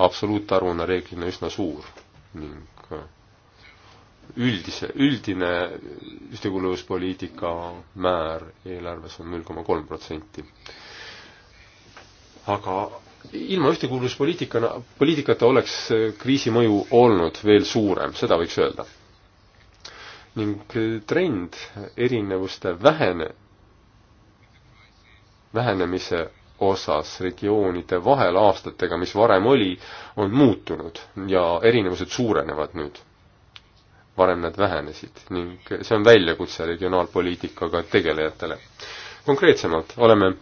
Speaker 2: absoluutarvuna reeglina üsna suur ning äh, üldise, üldine ühtekuuluvuspoliitika määr eelarves on null koma kolm protsenti. aga ilma ühtekuuluvuspoliitikana, poliitikata oleks kriisi mõju olnud veel suurem, seda võiks öelda ning trend erinevuste vähene, vähenemise osas regioonide vahel aastatega, mis varem oli, on muutunud ja erinevused suurenevad nüüd. varem nad vähenesid ning see on väljakutse regionaalpoliitikaga tegelejatele. konkreetsemalt oleme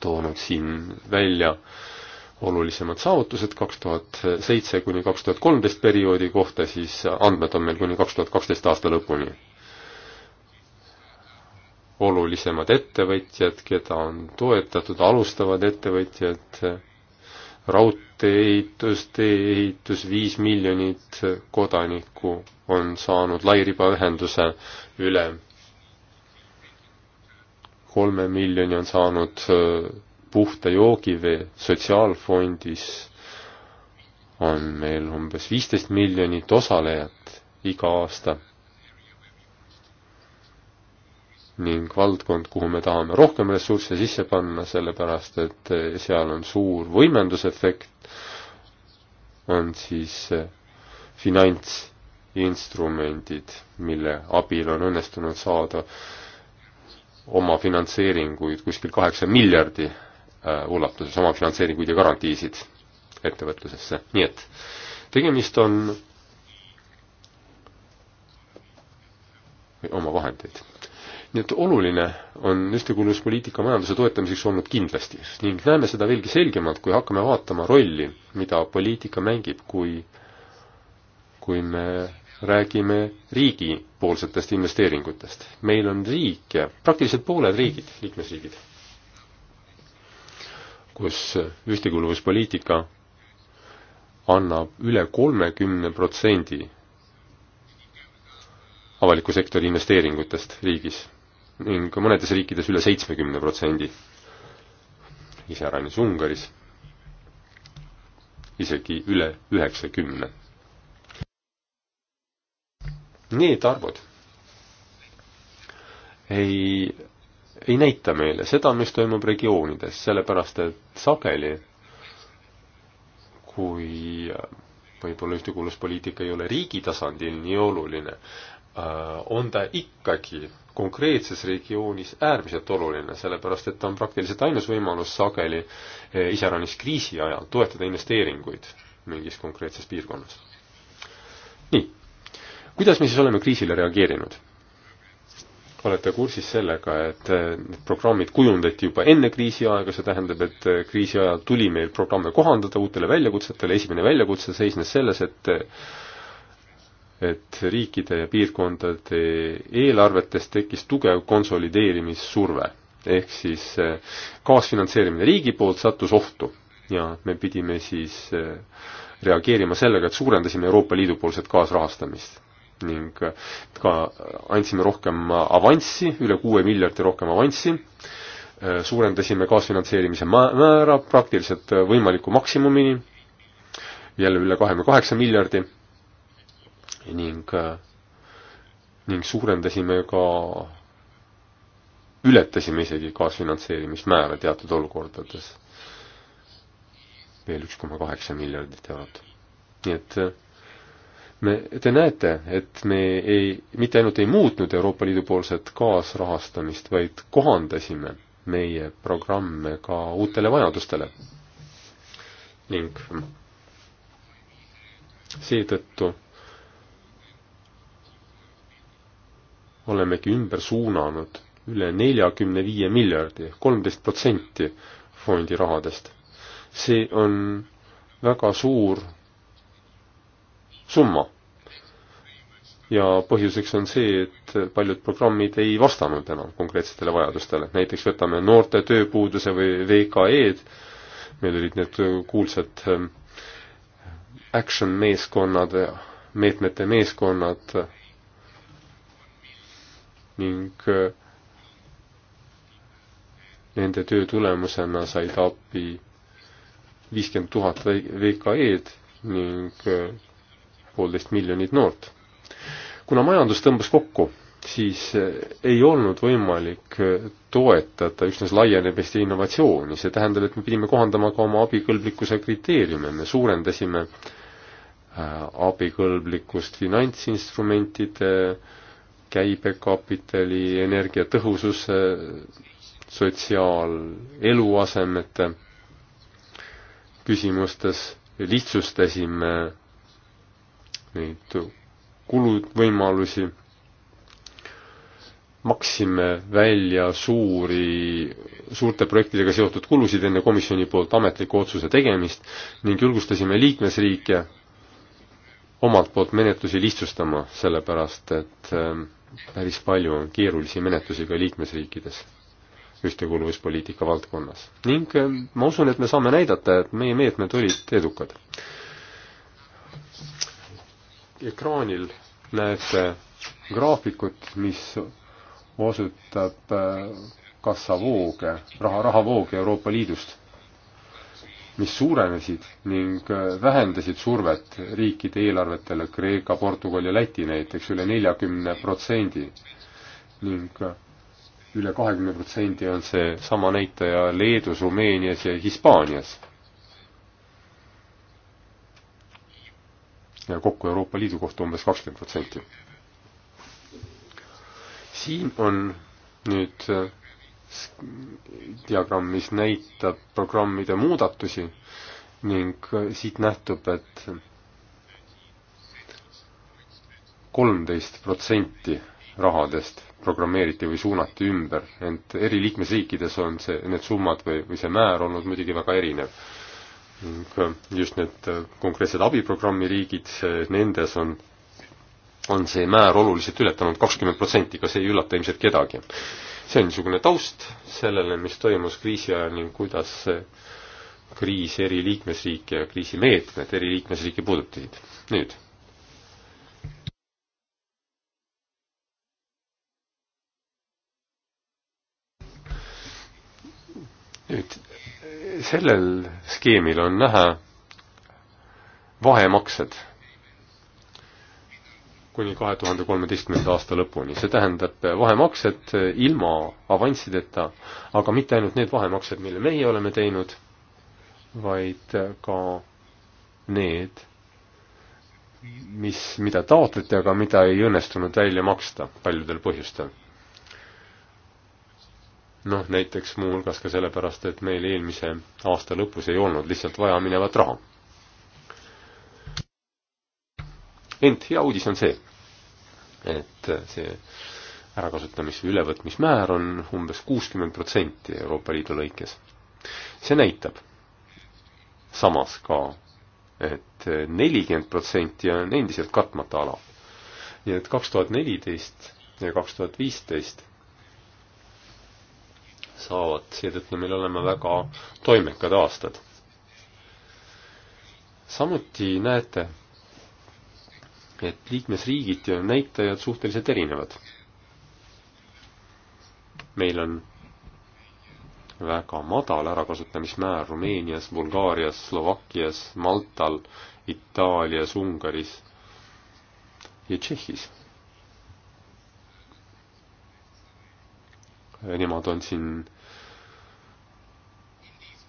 Speaker 2: toonud siin välja äh, olulisemad saavutused kaks tuhat seitse kuni kaks tuhat kolmteist perioodi kohta, siis andmed on meil kuni kaks tuhat kaksteist aasta lõpuni. olulisemad ettevõtjad, keda on toetatud, alustavad ettevõtjad, raudtee-ehitus, tee-ehitus, viis miljonit kodanikku on saanud lairibaühenduse üle kolme miljoni on saanud puhta joogivee sotsiaalfondis on meil umbes viisteist miljonit osalejat iga aasta. ning valdkond, kuhu me tahame rohkem ressursse sisse panna, sellepärast et seal on suur võimendusefekt, on siis finantsinstrumendid, mille abil on õnnestunud saada oma finantseeringuid kuskil kaheksa miljardi Äh, ulatuses omafinantseeringuid ja garantiisid ettevõtlusesse. nii et tegemist on oma vahendeid. nii et oluline on ühtekuuluvuspoliitika majanduse toetamiseks olnud kindlasti ning näeme seda veelgi selgemalt, kui hakkame vaatama rolli, mida poliitika mängib, kui, kui me räägime riigipoolsetest investeeringutest. meil on riike, praktiliselt pooled riigid, liikmesriigid kus ühtekuuluvuspoliitika annab üle kolmekümne protsendi avaliku sektori investeeringutest riigis ning mõnedes riikides üle seitsmekümne protsendi, iseäranis Ungaris isegi üle üheksakümne. Need arvud ei ei näita meile seda, mis toimub regioonides, sellepärast et sageli, kui võib-olla ühtekuuluvuspoliitika ei ole riigi tasandil nii oluline, äh, on ta ikkagi konkreetses regioonis äärmiselt oluline, sellepärast et ta on praktiliselt ainus võimalus sageli eh, iseäranis kriisi ajal toetada investeeringuid mingis konkreetses piirkonnas. nii, kuidas me siis oleme kriisile reageerinud? olete kursis sellega, et eh, need programmid kujundati juba enne kriisiaega, see tähendab, et eh, kriisi ajal tuli meil programme kohandada uutele väljakutsetele, esimene väljakutse seisnes selles, et eh, et riikide ja piirkondade eelarvetes tekkis tugev konsolideerimissurve. ehk siis kaasfinantseerimine riigi poolt sattus ohtu ja me pidime siis reageerima sellega, et suurendasime Euroopa Liidu poolset kaasrahastamist ning ka andsime rohkem avanssi, üle kuue miljardi rohkem avanssi, suurendasime kaasfinantseerimise määra praktiliselt võimaliku maksimumini, jälle üle kahekümne kaheksa miljardi ning, ning suurendasime ka ületasime isegi kaasfinantseerimismäära teatud olukordades. veel üks koma kaheksa miljardit eurot. nii et me, te näete, et me ei, mitte ainult ei muutnud Euroopa Liidu poolset kaasrahastamist, vaid kohandasime meie programme ka uutele vajadustele. ning seetõttu olemegi ümber suunanud üle neljakümne viie miljardi ehk kolmteist protsenti fondi rahadest. see on väga suur summa. ja põhjuseks on see, et paljud programmid ei vastanud enam konkreetsetele vajadustele, näiteks võtame noorte tööpuuduse või VKE-d, meil olid need kuulsad ähm, action meeskonnad, meetmete meeskonnad ning äh, nende töö tulemusena said appi viiskümmend tuhat VKE-d ning äh, poolteist miljonit noort. kuna majandus tõmbas kokku, siis eh, ei olnud võimalik eh, toetada üksnes laienemist ja innovatsiooni, see tähendab, et me pidime kohandama ka oma abikõlblikkuse kriteeriume, me suurendasime eh, abikõlblikkust finantsinstrumentide käibekapitali, energiatõhususe, sotsiaal, eluasemete küsimustes, lihtsustasime neid kulud, võimalusi, maksime välja suuri, suurte projektidega seotud kulusid enne komisjoni poolt ametliku otsuse tegemist ning julgustasime liikmesriike omalt poolt menetlusi lihtsustama, sellepärast et äh, päris palju on keerulisi menetlusi ka liikmesriikides ühtekuuluvuspoliitika valdkonnas. ning äh, ma usun, et me saame näidata, et meie meetmed olid edukad ekraanil näete graafikut, mis osutab äh, kassavooge, raha, rahavooge Euroopa Liidust, mis suurenesid ning äh, vähendasid survet riikide eelarvetele, Kreeka, Portugal ja Läti näiteks üle neljakümne protsendi ning äh, üle kahekümne protsendi on see sama näitaja Leedus, Rumeenias ja Hispaanias ja kokku Euroopa Liidu kohta umbes kakskümmend protsenti. siin on nüüd äh, diagramm, mis näitab programmide muudatusi ning äh, siit nähtub et, et kolmteist protsenti rahadest programmeeriti või suunati ümber, ent eri liikmesriikides on see, need summad või, või see määr olnud muidugi väga erinev ning just need äh, konkreetsed abiprogrammi riigid, nendes on, on see määr oluliselt ületanud kakskümmend protsenti, ka see ei üllata ilmselt kedagi. see on niisugune taust sellele, mis toimus kriisi ajal ning kuidas kriis eri liikmesriike ja kriisimeetmed eri liikmesriike puudutasid. nüüd nüüd sellel skeemil on näha vahemaksed kuni kahe tuhande kolmeteistkümnenda aasta lõpuni, see tähendab vahemaksed ilma avanssideta, aga mitte ainult need vahemaksed, mille meie oleme teinud, vaid ka need, mis, mida taotleti, aga mida ei õnnestunud välja maksta paljudel põhjustel noh, näiteks muuhulgas ka sellepärast, et meil eelmise aasta lõpus ei olnud lihtsalt vajaminevat raha. ent hea uudis on see, et see ärakasutamise ülevõtmismäär on umbes kuuskümmend protsenti Euroopa Liidu lõikes. see näitab samas ka et, et nelikümmend protsenti on endiselt katmata ala. nii et kaks tuhat neliteist ja kaks tuhat viisteist saavad, seetõttu meil oleme väga toimekad aastad. samuti näete, et liikmesriigiti on näitajad suhteliselt erinevad. meil on väga madal ärakasutamismäär Rumeenias, Bulgaarias, Slovakkias, Maltal, Itaalias, Ungaris ja Tšehhis nemad on siin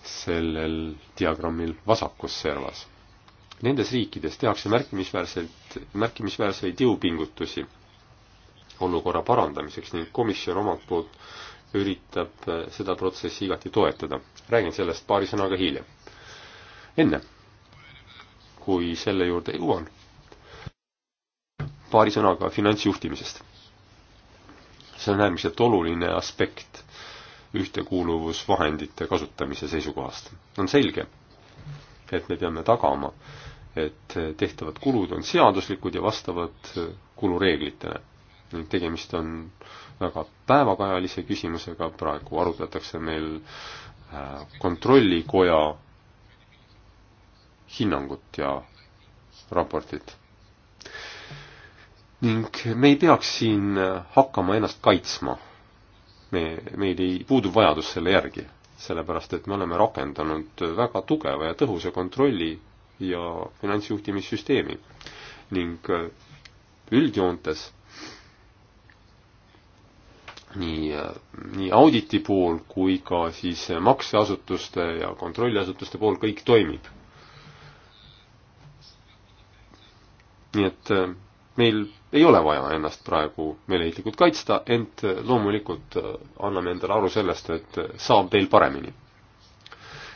Speaker 2: sellel diagrammil vasakus servas. Nendes riikides tehakse märkimisväärselt, märkimisväärseid jõupingutusi olukorra parandamiseks ning komisjon omalt poolt üritab äh, seda protsessi igati toetada. räägin sellest paari sõnaga hiljem. enne, kui selle juurde jõuan, paari sõnaga finantsjuhtimisest see on äärmiselt oluline aspekt ühtekuuluvusvahendite kasutamise seisukohast. on selge, et me peame tagama, et tehtavad kulud on seaduslikud ja vastavad kulureeglitele. ning tegemist on väga päevakajalise küsimusega, praegu arutatakse meil äh, kontrollikoja hinnangut ja raportit ning me ei peaks siin äh, hakkama ennast kaitsma. me, meil ei, puudub vajadus selle järgi, sellepärast et me oleme rakendanud äh, väga tugeva ja tõhusa kontrolli ja finantsjuhtimissüsteemi ning äh, üldjoontes nii, nii auditi pool kui ka siis makseasutuste ja kontrolliasutuste pool kõik toimib. nii et meil ei ole vaja ennast praegu meeleheitlikult kaitsta, ent loomulikult äh, anname endale aru sellest, et äh, saab veel paremini.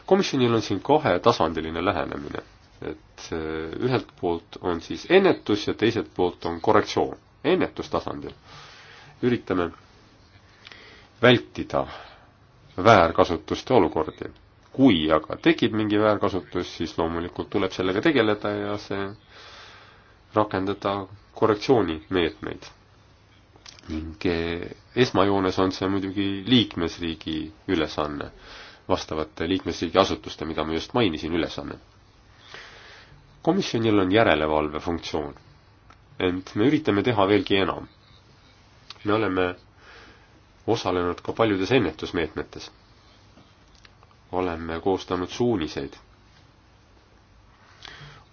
Speaker 2: komisjonil on siin kahetasandiline lähenemine, et äh, ühelt poolt on siis ennetus ja teiselt poolt on korrektsioon, ennetustasandil. üritame vältida väärkasutuste olukordi. kui aga tekib mingi väärkasutus, siis loomulikult tuleb sellega tegeleda ja see rakendada korrektsioonimeetmeid. ning eh, esmajoones on see muidugi liikmesriigi ülesanne, vastavate liikmesriigi asutuste, mida ma just mainisin, ülesanne. komisjonil on järelevalve funktsioon, ent me üritame teha veelgi enam. me oleme osalenud ka paljudes ennetusmeetmetes. oleme koostanud suuniseid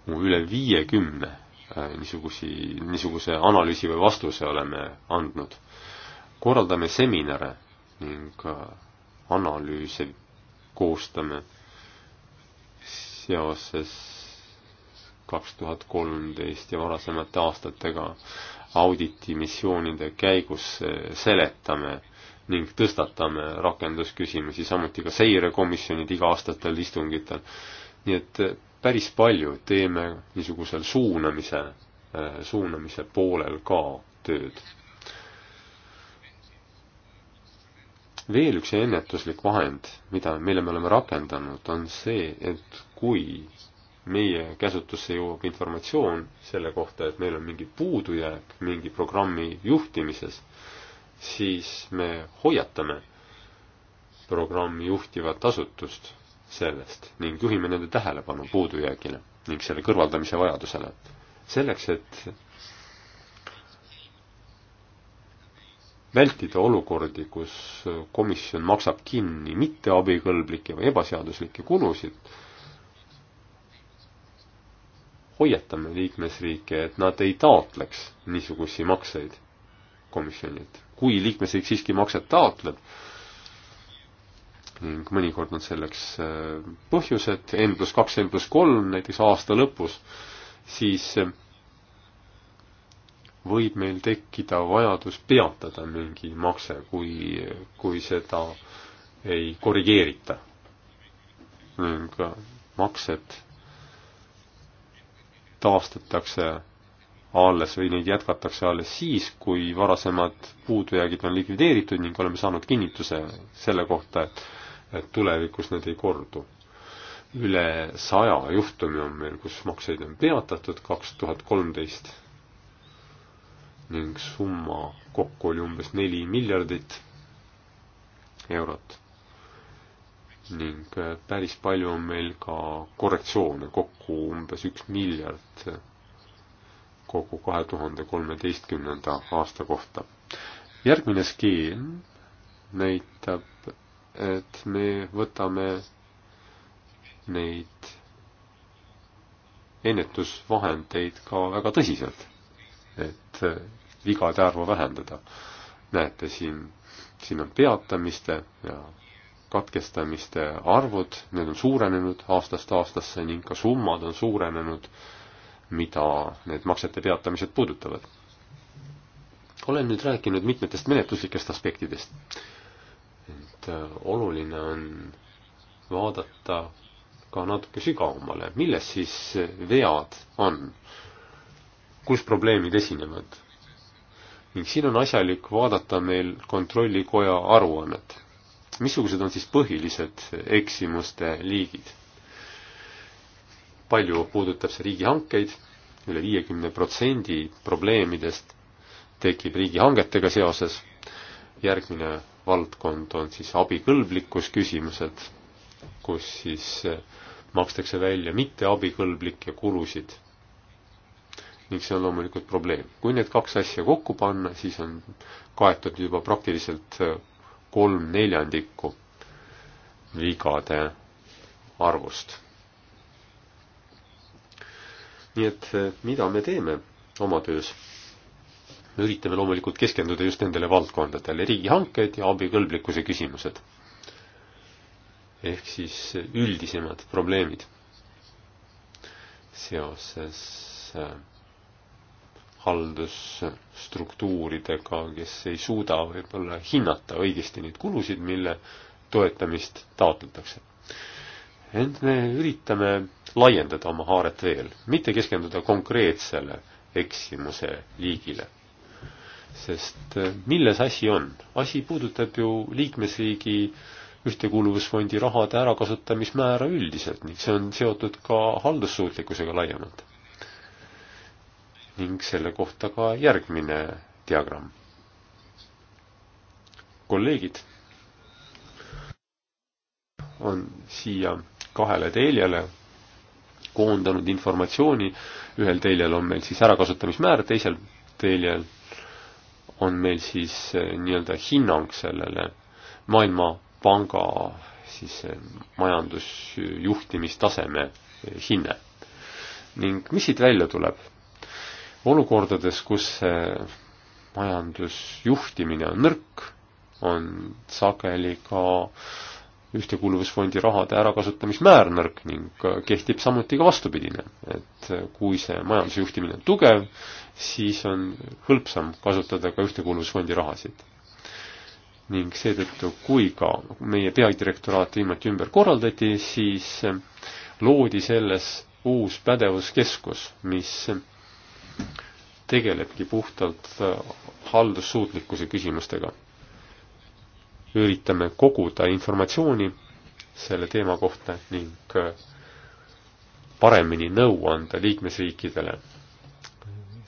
Speaker 2: üle viiekümne Äh, niisugusi, niisuguse analüüsi või vastuse oleme andnud. korraldame seminare ning äh, analüüse koostame seoses kaks tuhat kolmteist ja varasemate aastatega auditimissioonide käigus äh, seletame ning tõstatame rakendusküsimusi, samuti ka seirekomisjonid iga-aastatel istungitel. nii et päris palju teeme niisugusel suunamise, suunamise poolel ka tööd. veel üks ennetuslik vahend, mida, mille me oleme rakendanud, on see, et kui meie käsutusse jõuab informatsioon selle kohta, et meil on mingi puudujääk mingi programmi juhtimises, siis me hoiatame programmi juhtivat asutust sellest ning juhime nende tähelepanu puudujäägile ning selle kõrvaldamise vajadusele. selleks, et vältida olukordi, kus komisjon maksab kinni mitteabikõlblikke või ebaseaduslikke kulusid, hoiatame liikmesriike, et nad ei taotleks niisugusi makseid komisjonilt. kui liikmesriik siiski makset taotleb, ning mõnikord on selleks äh, põhjused N pluss kaks, N pluss kolm näiteks aasta lõpus, siis äh, võib meil tekkida vajadus peatada mingi makse, kui, kui seda ei korrigeerita. ning äh, maksed taastatakse alles või neid jätkatakse alles siis, kui varasemad puudujäägid on likvideeritud ning oleme saanud kinnituse selle kohta, et et tulevikus need ei kordu. üle saja juhtumi on meil, kus makseid on peatatud kaks tuhat kolmteist ning summa kokku oli umbes neli miljardit eurot. ning äh, päris palju on meil ka korrektsioone, kokku umbes üks miljard kogu kahe tuhande kolmeteistkümnenda aasta kohta. järgmine skeem näitab et me võtame neid ennetusvahendeid ka väga tõsiselt, et vigade arvu vähendada. näete siin, siin on peatamiste ja katkestamiste arvud, need on suurenenud aastast aastasse ning ka summad on suurenenud, mida need maksete peatamised puudutavad. olen nüüd rääkinud mitmetest menetluslikest aspektidest et äh, oluline on vaadata ka natuke sügavamale, milles siis vead on, kus probleemid esinevad. ning siin on asjalik vaadata meil Kontrollikoja aruannet. missugused on siis põhilised eksimuste liigid? palju puudutab see riigihankeid üle, üle viiekümne protsendi probleemidest tekib riigihangetega seoses, järgmine valdkond on siis abikõlblikkusküsimused, kus siis eh, makstakse välja mitte abikõlblikke kulusid. ning see on loomulikult probleem. kui need kaks asja kokku panna, siis on kaetud juba praktiliselt eh, kolm neljandikku vigade arvust. nii et eh, mida me teeme oma töös? me üritame loomulikult keskenduda just nendele valdkondadele, riigihanked ja abikõlblikkuse küsimused. ehk siis üldisemad probleemid seoses äh, haldusstruktuuridega, kes ei suuda võib-olla hinnata õigesti neid kulusid, mille toetamist taotletakse. ent me üritame laiendada oma haaret veel, mitte keskenduda konkreetsele eksimuse liigile sest eh, milles asi on? asi puudutab ju liikmesriigi ühtekuuluvusfondi rahade ärakasutamismäära üldiselt ning see on seotud ka haldussuutlikkusega laiemalt. ning selle kohta ka järgmine diagramm. kolleegid on siia kahele teljele koondanud informatsiooni, ühel teljel on meil siis ärakasutamismäär, teisel teljel on meil siis eh, nii-öelda hinnang sellele Maailmapanga siis eh, majandusjuhtimistaseme eh, hinne. ning mis siit välja tuleb? olukordades, kus majandusjuhtimine on nõrk, on sageli ka äh, ühtekuuluvusfondi rahade ärakasutamismäär nõrk ning kehtib samuti ka vastupidine, et kui see majandusjuhtimine on tugev, siis on hõlpsam kasutada ka ühtekuuluvusfondi rahasid. ning seetõttu, kui ka meie peadirektoraat viimati ümber korraldati, siis loodi selles uus pädevuskeskus, mis tegelebki puhtalt haldussuutlikkuse küsimustega üritame koguda informatsiooni selle teema kohta ning äh, paremini nõu anda liikmesriikidele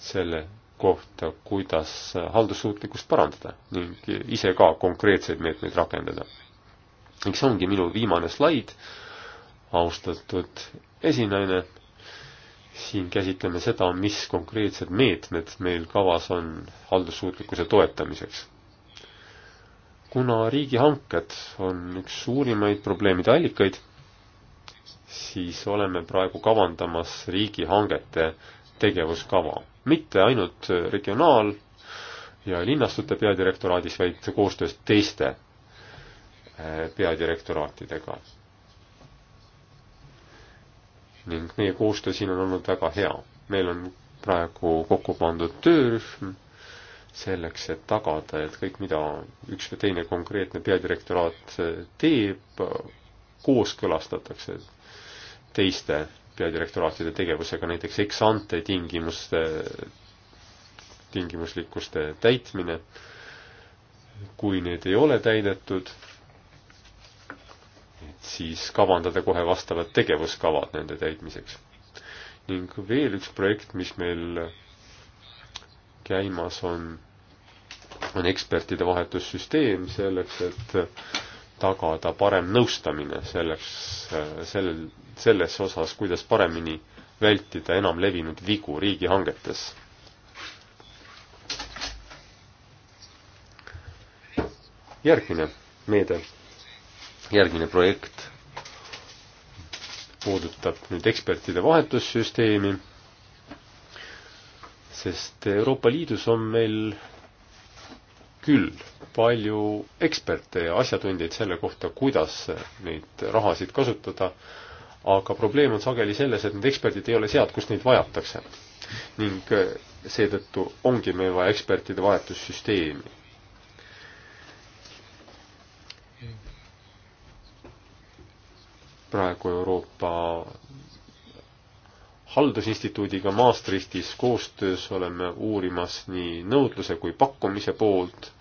Speaker 2: selle kohta, kuidas äh, haldussuutlikkust parandada ning ise ka konkreetseid meetmeid rakendada. eks see ongi minu viimane slaid, austatud esinaine, siin käsitleme seda, mis konkreetsed meetmed meil kavas on haldussuutlikkuse toetamiseks kuna riigihanked on üks suurimaid probleemide allikaid, siis oleme praegu kavandamas riigihangete tegevuskava. mitte ainult regionaal- ja linnastute peadirektoraadis, vaid koostöös teiste eh, peadirektoraatidega. ning meie koostöö siin on olnud väga hea. meil on praegu kokku pandud töörühm selleks, et tagada, et kõik, mida üks või teine konkreetne peadirektoraat eh, teeb, kooskõlastatakse teiste peadirektoraatide tegevusega, näiteks eksante tingimuste, tingimuslikkuste täitmine. kui need ei ole täidetud, et siis kavandada kohe vastavad tegevuskavad nende täitmiseks. ning veel üks projekt, mis meil käimas on on ekspertide vahetussüsteem selleks, et tagada parem nõustamine selleks, sellel, selles osas, kuidas paremini vältida enam levinud vigu riigihangetes. järgmine meede, järgmine projekt puudutab nüüd ekspertide vahetussüsteemi, sest Euroopa Liidus on meil küll palju eksperte ja asjatundjaid selle kohta, kuidas neid rahasid kasutada, aga probleem on sageli selles, et need eksperdid ei ole sealt, kus neid vajatakse. ning äh, seetõttu ongi meil vaja ekspertide vahetussüsteemi. praegu Euroopa haldusinstituudiga Maastrichtis koostöös oleme uurimas nii nõudluse kui pakkumise poolt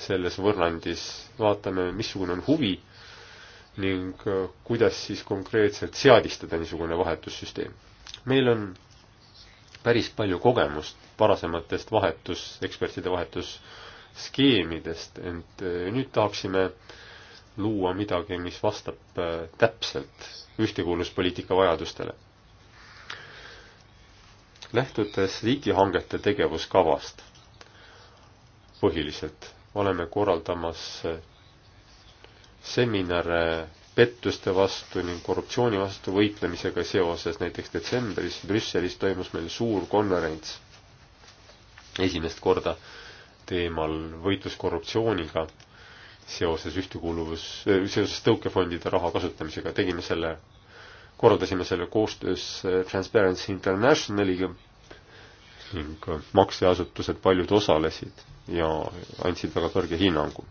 Speaker 2: selles võrrandis, vaatame, missugune on huvi ning äh, kuidas siis konkreetselt seadistada niisugune vahetussüsteem. meil on päris palju kogemust varasematest vahetus, ekspertide vahetusskeemidest, ent äh, nüüd tahaksime luua midagi, mis vastab äh, täpselt ühtekuuluvuspoliitika vajadustele. lähtudes riigihangete tegevuskavast põhiliselt oleme korraldamas seminare pettuste vastu ning korruptsiooni vastu võitlemisega seoses. näiteks detsembris Brüsselis toimus meil suur konverents esimest korda teemal võitlus korruptsiooniga seoses ühtekuuluvus, seoses tõukefondide raha kasutamisega. tegime selle, korraldasime selle koostöös Transparency Internationaliga siin ka makseasutused paljud osalesid ja andsid väga kõrge hinnangu.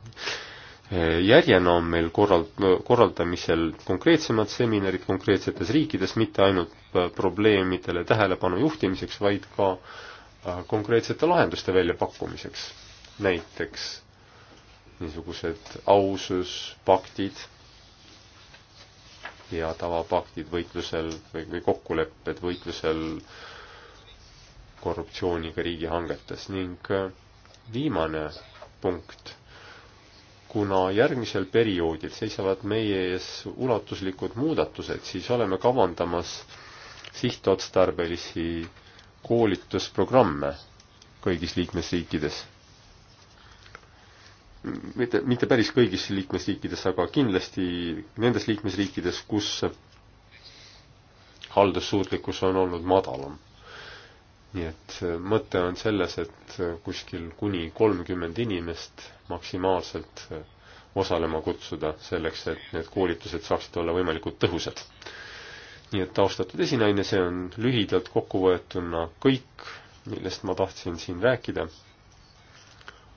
Speaker 2: järjena on meil korrald-, korraldamisel konkreetsemad seminarid konkreetsetes riikides, mitte ainult probleemidele tähelepanu juhtimiseks, vaid ka äh, konkreetsete lahenduste väljapakkumiseks. näiteks niisugused aususpaktid ja tavapaktid võitlusel või, või kokkulepped võitlusel äh, korruptsiooniga riigihangetes ning äh, viimane punkt, kuna järgmisel perioodil seisavad meie ees ulatuslikud muudatused, siis oleme kavandamas sihtotstarbelisi koolitusprogramme kõigis liikmesriikides. mitte, mitte päris kõigis liikmesriikides, aga kindlasti nendes liikmesriikides, kus haldussuutlikkus on olnud madalam nii et äh, mõte on selles, et äh, kuskil kuni kolmkümmend inimest maksimaalselt äh, osalema kutsuda, selleks et need koolitused saaksid olla võimalikult tõhusad. nii et austatud esinaine, see on lühidalt kokkuvõetuna kõik, millest ma tahtsin siin rääkida.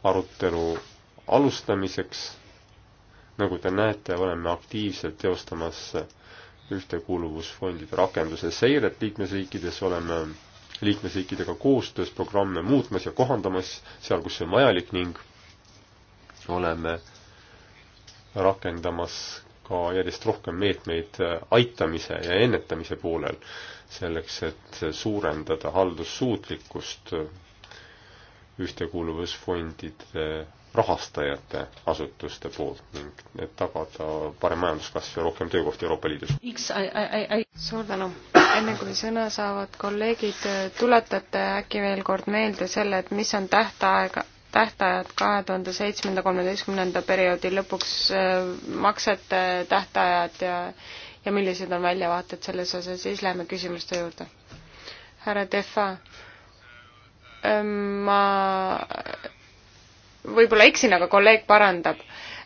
Speaker 2: arutelu alustamiseks, nagu te näete, oleme aktiivselt teostamas ühtekuuluvusfondide rakenduse seiret liikmesriikides, oleme liikmesriikidega koostöös programme muutmas ja kohandamas seal, kus see on vajalik ning oleme rakendamas ka järjest rohkem meetmeid aitamise ja ennetamise poolel, selleks et suurendada haldussuutlikkust ühtekuuluvusfondide rahastajate asutuste poolt ning et tagada parem majanduskasv ja rohkem töökohti Euroopa Liidus.
Speaker 1: suur tänu enne kui sõna saavad kolleegid, tuletate äkki veel kord meelde selle, et mis on tähtaeg, tähtajad kahe tuhande seitsmenda, kolmeteistkümnenda perioodi lõpuks äh, maksete tähtajad ja ja millised on väljavaated selles osas, siis läheme küsimuste juurde. härra Tehva, ähm, ma võib-olla eksin, aga kolleeg parandab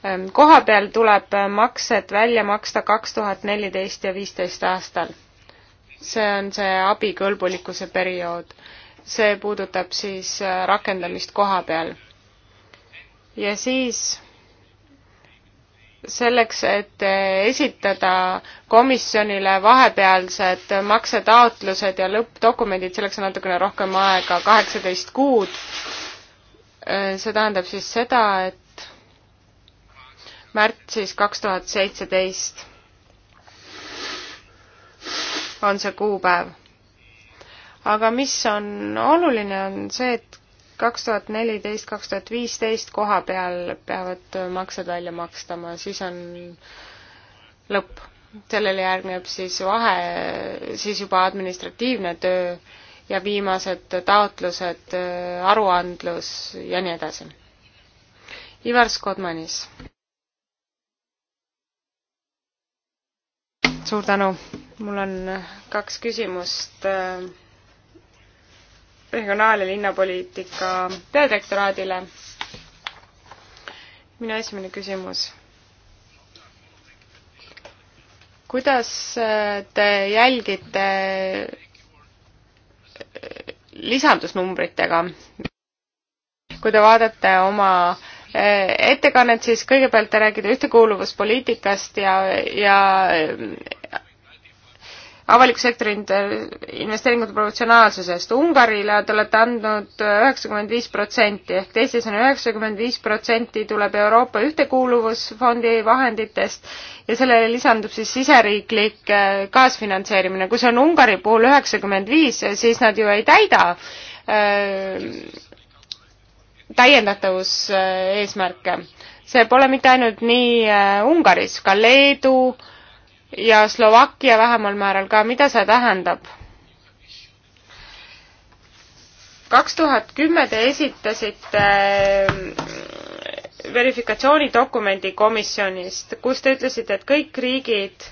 Speaker 1: ähm, koha peal tuleb maksed välja maksta kaks tuhat neliteist ja viisteist aastal see on see abikõlbulikkuse periood. see puudutab siis äh, rakendamist koha peal. ja siis selleks, et äh, esitada komisjonile vahepealsed maksetaotlused ja lõppdokumendid, selleks on natukene rohkem aega, kaheksateist kuud. Äh, see tähendab siis seda, et märtsis kaks tuhat seitseteist on see kuupäev. aga mis on oluline, on see, et kaks tuhat neliteist, kaks tuhat viisteist koha peal peavad maksed välja makstama, siis on lõpp. sellele järgneb siis vahe, siis juba administratiivne töö ja viimased taotlused, aruandlus ja nii edasi. Ivar Skodmanis. suur tänu, mul on äh, kaks küsimust äh, regionaal- ja linnapoliitika peadirektoraadile. minu esimene küsimus. kuidas äh, te jälgite lisandusnumbritega? kui te vaatate oma ettekannet, siis kõigepealt te räägite ühtekuuluvuspoliitikast ja, ja avaliku sektori investeeringute proportsionaalsusest. Ungarile te olete andnud üheksakümmend viis protsenti ehk teisisõnu üheksakümmend viis protsenti tuleb Euroopa Ühtekuuluvusfondi vahenditest ja sellele lisandub siis siseriiklik äh, kaasfinantseerimine. kui see on Ungari puhul üheksakümmend viis, siis nad ju ei täida äh, täiendatavuse eesmärke. see pole mitte ainult nii äh, Ungaris, ka Leedu äh,, ja Slovakkia vähemal määral ka, mida see tähendab? kaks tuhat kümme te esitasite mm, verifikatsioonidokumendi komisjonist, kus te ütlesite, et kõik riigid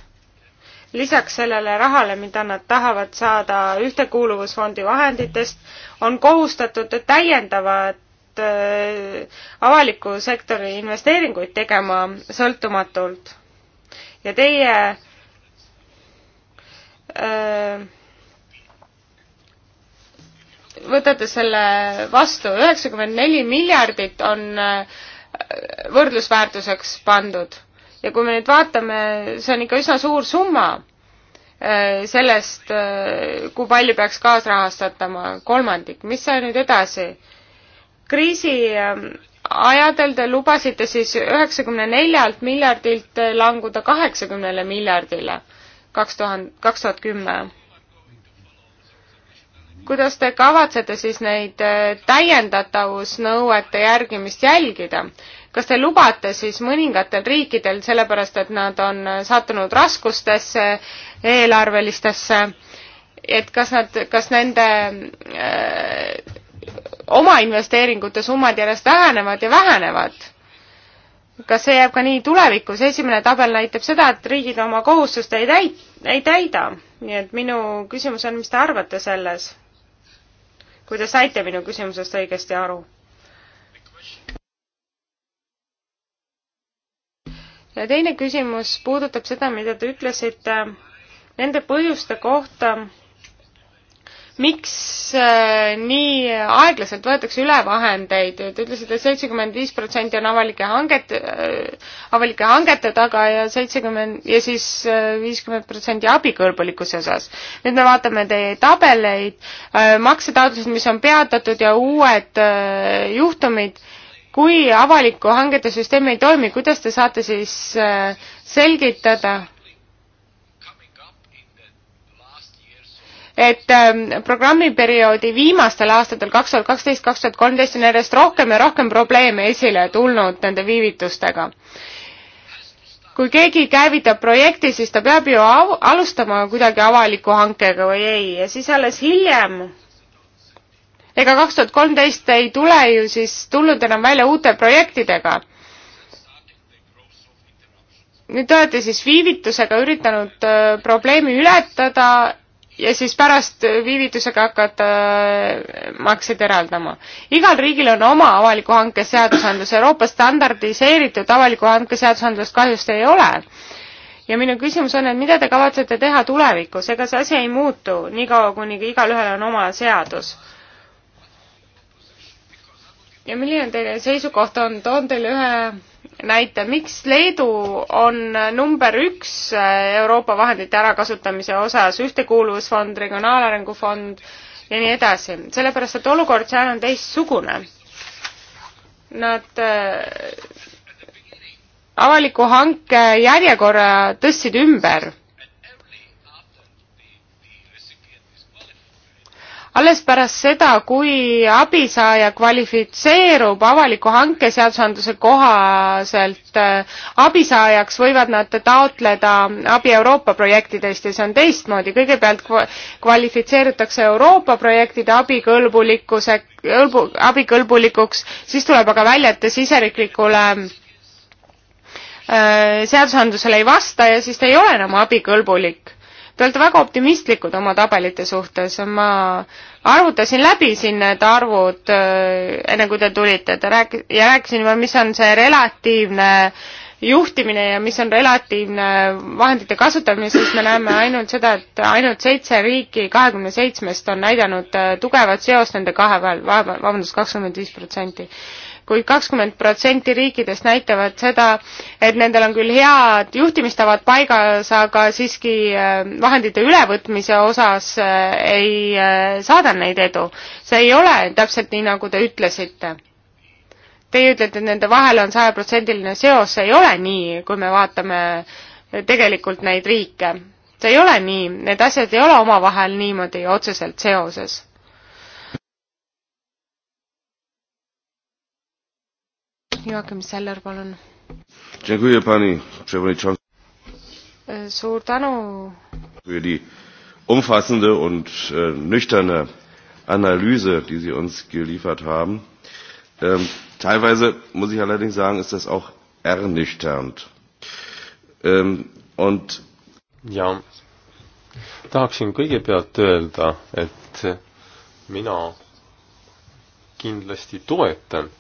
Speaker 1: lisaks sellele rahale, mida nad tahavad saada Ühtekuuluvusfondi vahenditest, on kohustatud täiendavat äh, avaliku sektori investeeringuid tegema sõltumatult. ja teie Äh, võtate selle vastu, üheksakümmend neli miljardit on äh, võrdlusväärtuseks pandud ja kui me nüüd vaatame, see on ikka üsna suur summa äh, sellest, kui palju peaks kaasrahastatama, kolmandik, mis sai nüüd edasi? kriisi ähm, ajadel te lubasite siis üheksakümne neljalt miljardilt languda kaheksakümnele miljardile kaks tuhat, kaks tuhat kümme. kuidas te kavatsete siis neid äh, täiendatavusnõuete järgimist jälgida? kas te lubate siis mõningatel riikidel, sellepärast et nad on äh, sattunud raskustesse, eelarvelistesse, et kas nad, kas nende öö, äh, oma investeeringute summad järjest vähenevad ja vähenevad? kas see jääb ka nii tulevikus, esimene tabel näitab seda, et riigid oma kohustust ei täi-, ei täida. nii et minu küsimus on, mis te arvate selles? kui te saite minu küsimusest õigesti aru? ja teine küsimus puudutab seda, mida te ütlesite nende põhjuste kohta, miks äh, nii aeglaselt võetakse üle vahendeid, te ütlesite, et seitsekümmend viis protsenti on avalike hangete, äh, avalike hangete taga ja seitsekümmend ja siis äh, viiskümmend protsenti abikõlbulikkuse osas. nüüd me vaatame teie tabeleid, maksetaotlused, mis on peatatud ja uued juhtumid kui avalikku hangete süsteem ei toimi, kuidas te saate siis selgitada et ähm, programmiperioodi viimastel aastatel, kaks tuhat kaksteist, kaks tuhat kolmteist, on järjest rohkem ja rohkem probleeme esile tulnud nende viivitustega kui keegi käivitab projekti, siis ta peab ju av alustama kuidagi avaliku hankega või ei ja siis alles hiljem ega kaks tuhat kolmteist ei tule ju siis tulnud enam välja uute projektidega. nüüd te olete siis viivitusega üritanud öö, äh, probleemi ületada ja siis pärast viivitusega hakata äh, makseid eraldama. igal riigil on oma avaliku hanke seadusandlus, Euroopas standardiseeritud avaliku hanke seadusandlust kahjuks ei ole. ja minu küsimus on, et mida te kavatsete teha tulevikus, ega see asi ei muutu niikaua, kuni igalühel on oma seadus? ja milline teie seisukoht on, toon teile ühe näite, miks Leedu on number üks äh, Euroopa vahendite ärakasutamise osas, Ühtekuuluvusfond, Regionaalarengu Fond ja nii edasi, sellepärast et olukord seal on teistsugune. Nad äh, avaliku hanke järjekorra tõstsid ümber alles pärast seda, kui abisaaja kvalifitseerub avaliku hanke seadusandluse kohaselt äh, abisaajaks, võivad nad taotleda abi Euroopa projektidest ja see on teistmoodi. kõigepealt kvalifitseerutakse Euroopa projektide abikõlbulikkuse, abikõlbulikuks, siis tuleb aga välja, et siseriiklikule äh, seadusandlusele ei vasta ja siis ta ei ole enam abikõlbulik te olete väga optimistlikud oma tabelite suhtes, ma arvutasin läbi siin need arvud, äh, enne kui te tulite, te rääk-, ja rääkisin juba, mis on see relatiivne juhtimine ja mis on relatiivne vahendite kasutamine, siis me näeme ainult seda, et ainult seitse riiki kahekümne seitsmest on näidanud äh, tugevat seost nende kahe vahel, vabandust, kakskümmend viis protsenti kuid kakskümmend protsenti riikidest näitavad seda, et nendel on küll head juhtimistavad paigas, aga siiski äh, vahendite ülevõtmise osas äh, ei äh, saada neid edu. see ei ole täpselt nii, nagu te ütlesite. Teie ütlete, et nende vahel on sajaprotsendiline seos, see ei ole nii, kui me vaatame tegelikult neid riike. see ei ole nii, need asjad ei ole omavahel niimoodi otseselt seoses Joakim Seller, palun. E, suur tänu.
Speaker 2: umfassende und äh, nüchterne Analyse, die Sie uns geliefert haben. Ähm, teilweise muss ich allerdings sagen, ist das auch ernüchternd. Ähm, und ja, tahaksin kõigepealt öelda, et mina kindlasti toetan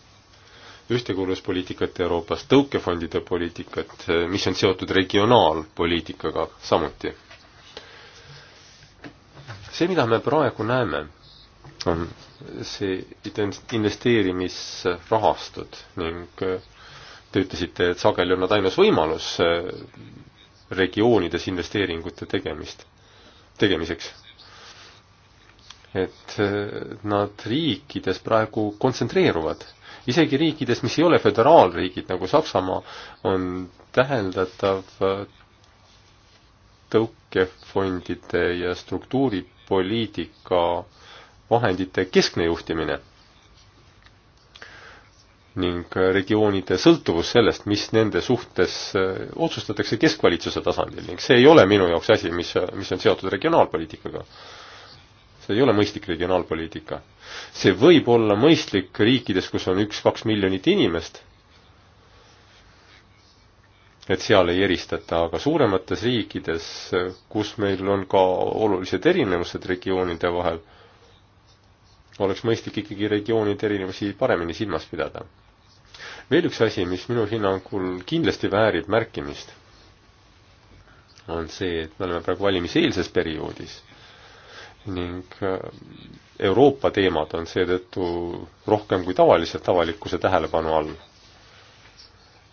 Speaker 2: ühtekuuluvuspoliitikat Euroopas, tõukefondide poliitikat, mis on seotud regionaalpoliitikaga samuti. see, mida me praegu näeme, on see investeerimisrahastud ning äh, te ütlesite, et sageli on nad ainus võimalus äh, regioonides investeeringute tegemist, tegemiseks et äh, nad riikides praegu kontsentreeruvad isegi riikides, mis ei ole föderaalriigid, nagu Saksamaa, on täheldatav tõukefondide ja struktuuripoliitika vahendite keskne juhtimine ning regioonide sõltuvus sellest, mis nende suhtes äh, otsustatakse keskvalitsuse tasandil ning see ei ole minu jaoks asi, mis, mis on seotud regionaalpoliitikaga see ei ole mõistlik regionaalpoliitika. see võib olla mõistlik riikides, kus on üks-kaks miljonit inimest, et seal ei eristata, aga suuremates riikides, kus meil on ka olulised erinevused regioonide vahel, oleks mõistlik ikkagi regioonide erinevusi paremini silmas pidada. veel üks asi, mis minu hinnangul kindlasti väärib märkimist, on see, et me oleme praegu valimiseelses perioodis ning äh, Euroopa teemad on seetõttu rohkem kui tavaliselt avalikkuse tähelepanu all.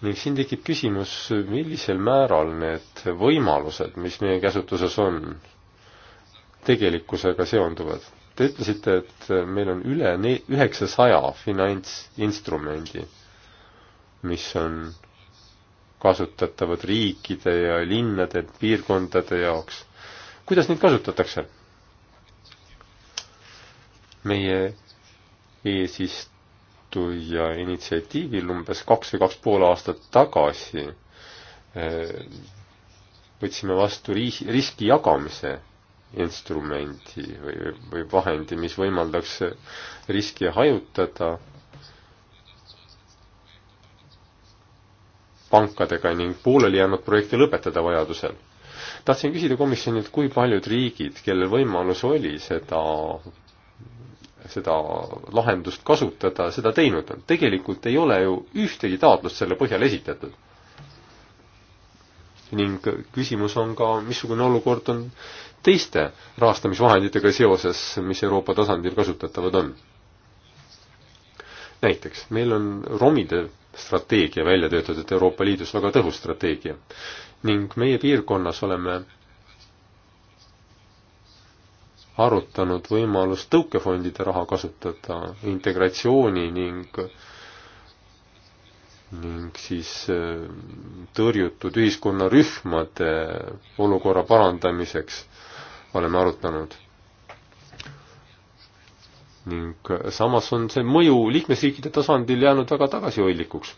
Speaker 2: ning siin tekib küsimus, millisel määral need võimalused, mis meie käsutuses on, tegelikkusega seonduvad. Te ütlesite, et meil on üle üheksasaja finantsinstrumendi, mis on kasutatavad riikide ja linnade, piirkondade jaoks. kuidas neid kasutatakse? meie eesistuja initsiatiivil umbes kaks või kaks pool aastat tagasi eh, võtsime vastu riis-, riski jagamise instrumendi või, või vahendi, mis võimaldaks riski hajutada pankadega ning pooleli jäänud projekte lõpetada vajadusel. tahtsin küsida komisjonilt, kui paljud riigid, kellel võimalus oli seda seda lahendust kasutada, seda teinud on. tegelikult ei ole ju ühtegi taotlust selle põhjal esitatud. ning küsimus on ka, missugune olukord on teiste rahastamisvahenditega seoses, mis Euroopa tasandil kasutatavad on. näiteks, meil on romide strateegia välja töötatud Euroopa Liidus, väga tõhus strateegia. ning meie piirkonnas oleme arutanud võimalust tõukefondide raha kasutada integratsiooni ning ning siis äh, tõrjutud ühiskonnarühmade olukorra parandamiseks oleme arutanud. ning samas on see mõju liikmesriikide tasandil jäänud väga tagasihoidlikuks.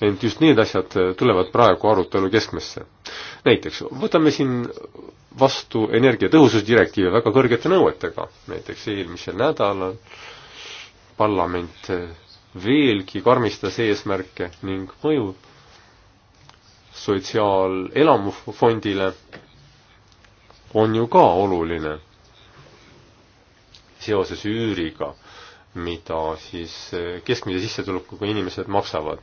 Speaker 2: ent just need asjad tulevad praegu arutelu keskmesse näiteks võtame siin vastu energiatõhususdirektiivi väga kõrgete nõuetega, näiteks eelmisel nädalal parlament veelgi karmistas eesmärke ning mõju sotsiaalelamufondile on ju ka oluline seoses üüriga, mida siis keskmise sissetulekuga inimesed maksavad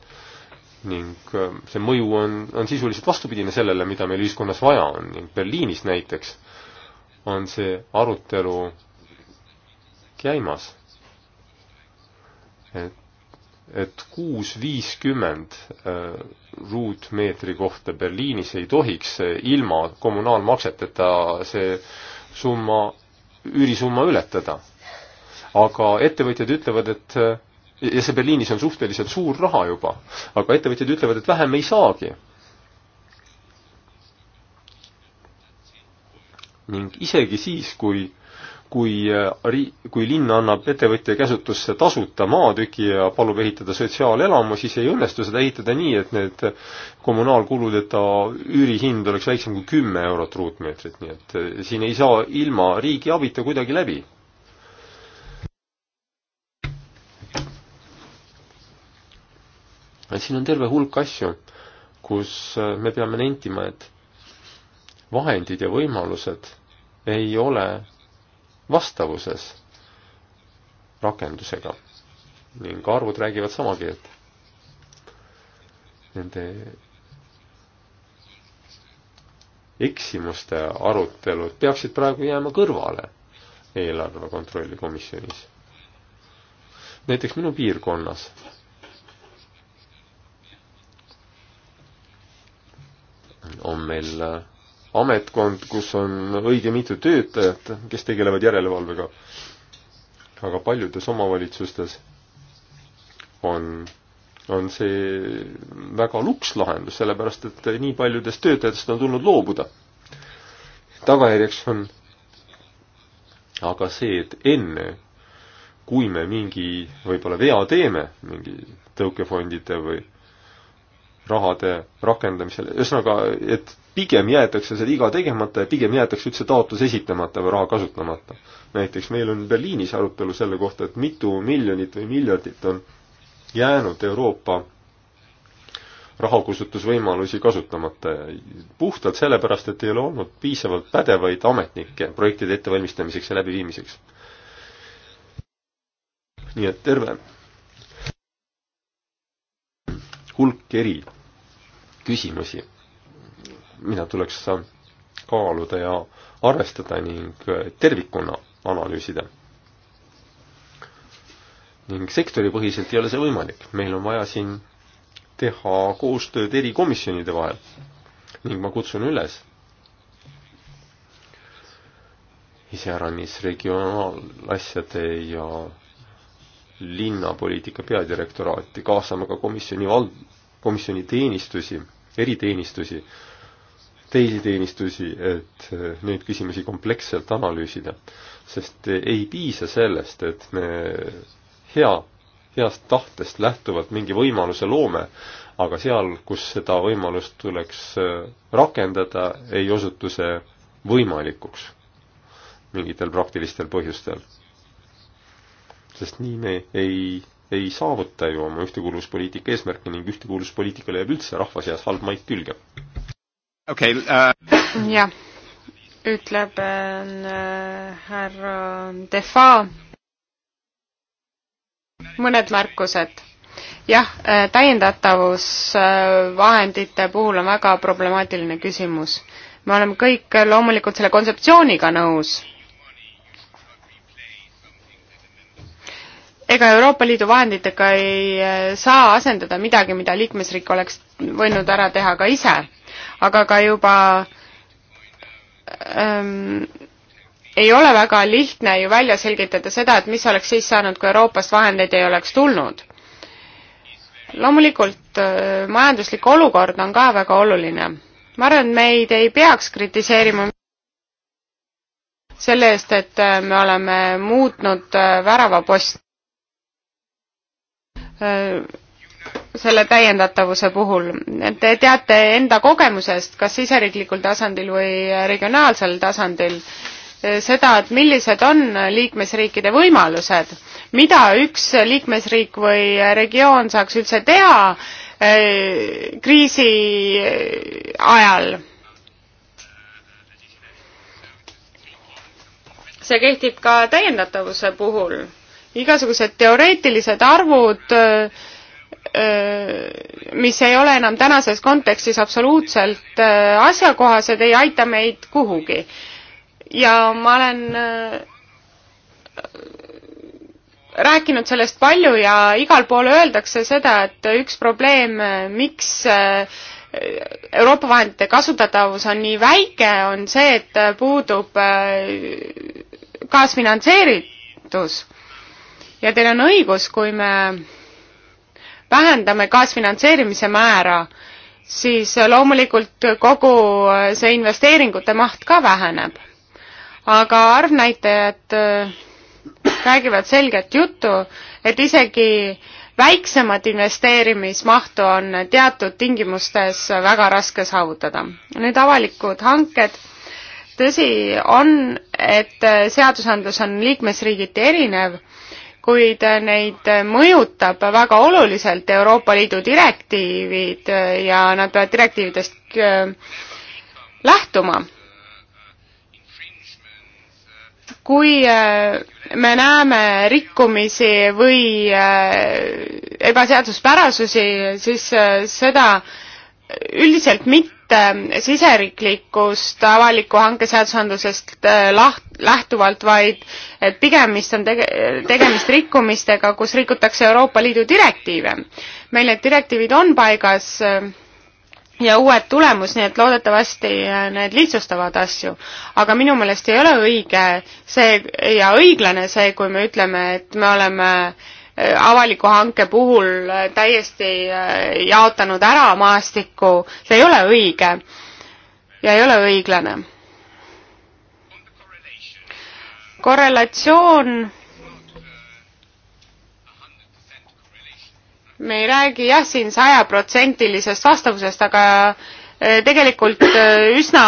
Speaker 2: ning äh, see mõju on, on sisuliselt vastupidine sellele, mida meil ühiskonnas vaja on ning Berliinis näiteks on see arutelu käimas. et, et kuus viiskümmend äh, ruutmeetri kohta Berliinis ei tohiks ilma kommunaalmakseteta see summa, üürisumma ületada. aga ettevõtjad ütlevad, et äh, ja see Berliinis on suhteliselt suur raha juba, aga ettevõtjad ütlevad, et vähem ei saagi. ning isegi siis, kui, kui äh, ri-, kui linn annab ettevõtja käsutusse tasuta maatüki ja palub ehitada sotsiaalelamu, siis ei õnnestu seda ehitada nii, et need kommunaalkuludeta üürihind oleks väiksem kui kümme eurot ruutmeetrit, nii et äh, siin ei saa ilma riigi abita kuidagi läbi et siin on terve hulk asju, kus äh, me peame nentima, et vahendid ja võimalused ei ole vastavuses rakendusega ning arvud räägivad sama keelt. Nende eksimuste arutelud peaksid praegu jääma kõrvale eelarve kontrolli komisjonis. näiteks minu piirkonnas on meil äh, ametkond, kus on õige mitu töötajat, kes tegelevad järelevalvega. aga paljudes omavalitsustes on, on see väga luks lahendus, sellepärast et nii paljudest töötajatest on tulnud loobuda. tagajärjeks on aga see, et enne, kui me mingi võib-olla vea teeme, mingi tõukefondide või rahade rakendamisel, ühesõnaga, et pigem jäetakse see viga tegemata ja pigem jäetakse üldse taotlus esitamata või raha kasutamata. näiteks meil on Berliinis arutelu selle kohta, et mitu miljonit või miljardit on jäänud Euroopa rahakustutusvõimalusi kasutamata puhtalt sellepärast, et ei ole olnud piisavalt pädevaid ametnikke projektide ettevalmistamiseks ja läbiviimiseks. nii et terve hulk eri küsimusi, mida tuleks kaaluda ja arvestada ning tervikuna analüüsida. ning sektoripõhiselt ei ole see võimalik, meil on vaja siin teha koostööd eri komisjonide vahel ning ma kutsun üles iseäranis regionaalasjade ja linnapoliitika peadirektoraati, kaasame ka komisjoni val-, komisjoni teenistusi, eriteenistusi, teisi teenistusi, et eh, neid küsimusi kompleksselt analüüsida. sest eh, ei piisa sellest, et me hea, heast tahtest lähtuvalt mingi võimaluse loome, aga seal, kus seda võimalust tuleks eh, rakendada, ei osutu see võimalikuks mingitel praktilistel põhjustel sest nii me ei, ei saavuta ju oma ühtekuuluvuspoliitika eesmärke ning ühtekuuluvuspoliitikale jääb üldse rahva seas halb maik külge. okei okay, uh....
Speaker 1: jah, ütleb äh, härra Defa. mõned märkused jah, äh, täiendatavusvahendite puhul on väga problemaatiline küsimus. me oleme kõik loomulikult selle kontseptsiooniga nõus, ega Euroopa Liidu vahenditega ei eh, saa asendada midagi, mida liikmesriik oleks võinud ära teha ka ise, aga ka juba ähm, ei ole väga lihtne ju välja selgitada seda, et mis oleks siis saanud, kui Euroopast vahendeid ei oleks tulnud. loomulikult äh, majanduslik olukord on ka väga oluline. ma arvan, et meid ei peaks kritiseerima selle eest, et äh, me oleme muutnud äh, väravapost. Äh, selle täiendatavuse puhul. Te teate enda kogemusest, kas siseriiklikul tasandil või regionaalsel tasandil, äh, seda, et millised on liikmesriikide võimalused, mida üks liikmesriik või regioon saaks üldse teha äh, kriisi ajal. see kehtib ka täiendatavuse puhul igasugused teoreetilised arvud, mis ei ole enam tänases kontekstis absoluutselt asjakohased, ei aita meid kuhugi. ja ma olen rääkinud sellest palju ja igal pool öeldakse seda, et üks probleem, miks Euroopa vahendite kasutatavus on nii väike, on see, et puudub kaasfinantseeritus ja teil on õigus, kui me vähendame kaasfinantseerimise määra, siis loomulikult kogu see investeeringute maht ka väheneb. aga arvnäitajad äh, räägivad selget juttu, et isegi väiksemat investeerimismahtu on teatud tingimustes väga raske saavutada. nüüd avalikud hanked, tõsi on, et seadusandlus on liikmesriigiti erinev kuid neid mõjutab väga oluliselt Euroopa Liidu direktiivid äh, ja nad peavad direktiividest äh, lähtuma. kui äh, me näeme rikkumisi või ebaseaduspärasusi, siis seda üldiselt mitte mitte ähm, siseriiklikust avaliku hanke seadusandlusest äh, laht-, lähtuvalt, vaid et pigem vist on tege-, tegemist rikkumistega, kus rikutakse Euroopa Liidu direktiive. meil need direktiivid on paigas äh, ja uued tulemus, nii et loodetavasti äh, need lihtsustavad asju. aga minu meelest ei ole õige see ja õiglane see, kui me ütleme, et me oleme äh, Äh, avaliku hanke puhul äh, täiesti äh, jaotanud ära maastikku, see ei ole õige ja ei ole õiglane. korrelatsioon me ei räägi jah siin sajaprotsendilisest vastavusest, aga tegelikult üsna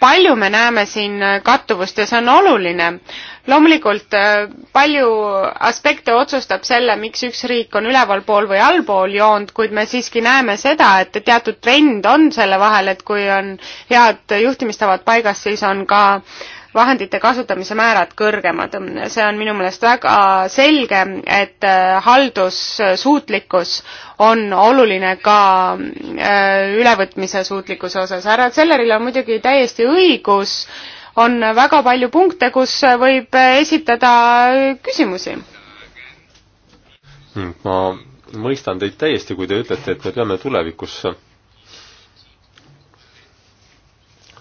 Speaker 1: palju me näeme siin kattuvust ja see on oluline loomulikult äh, palju aspekte otsustab selle, miks üks riik on ülevalpool või allpool joont, kuid me siiski näeme seda, et teatud trend on selle vahel, et kui on head juhtimistavad paigas, siis on ka vahendite kasutamise määrad kõrgemad. see on minu meelest väga selge, et äh, haldussuutlikkus on oluline ka äh, ülevõtmise suutlikkuse osas. härra Selleril on muidugi täiesti õigus äh, on väga palju punkte, kus võib esitada küsimusi.
Speaker 2: Hmm, ma mõistan teid täiesti, kui te ütlete, et me peame tulevikus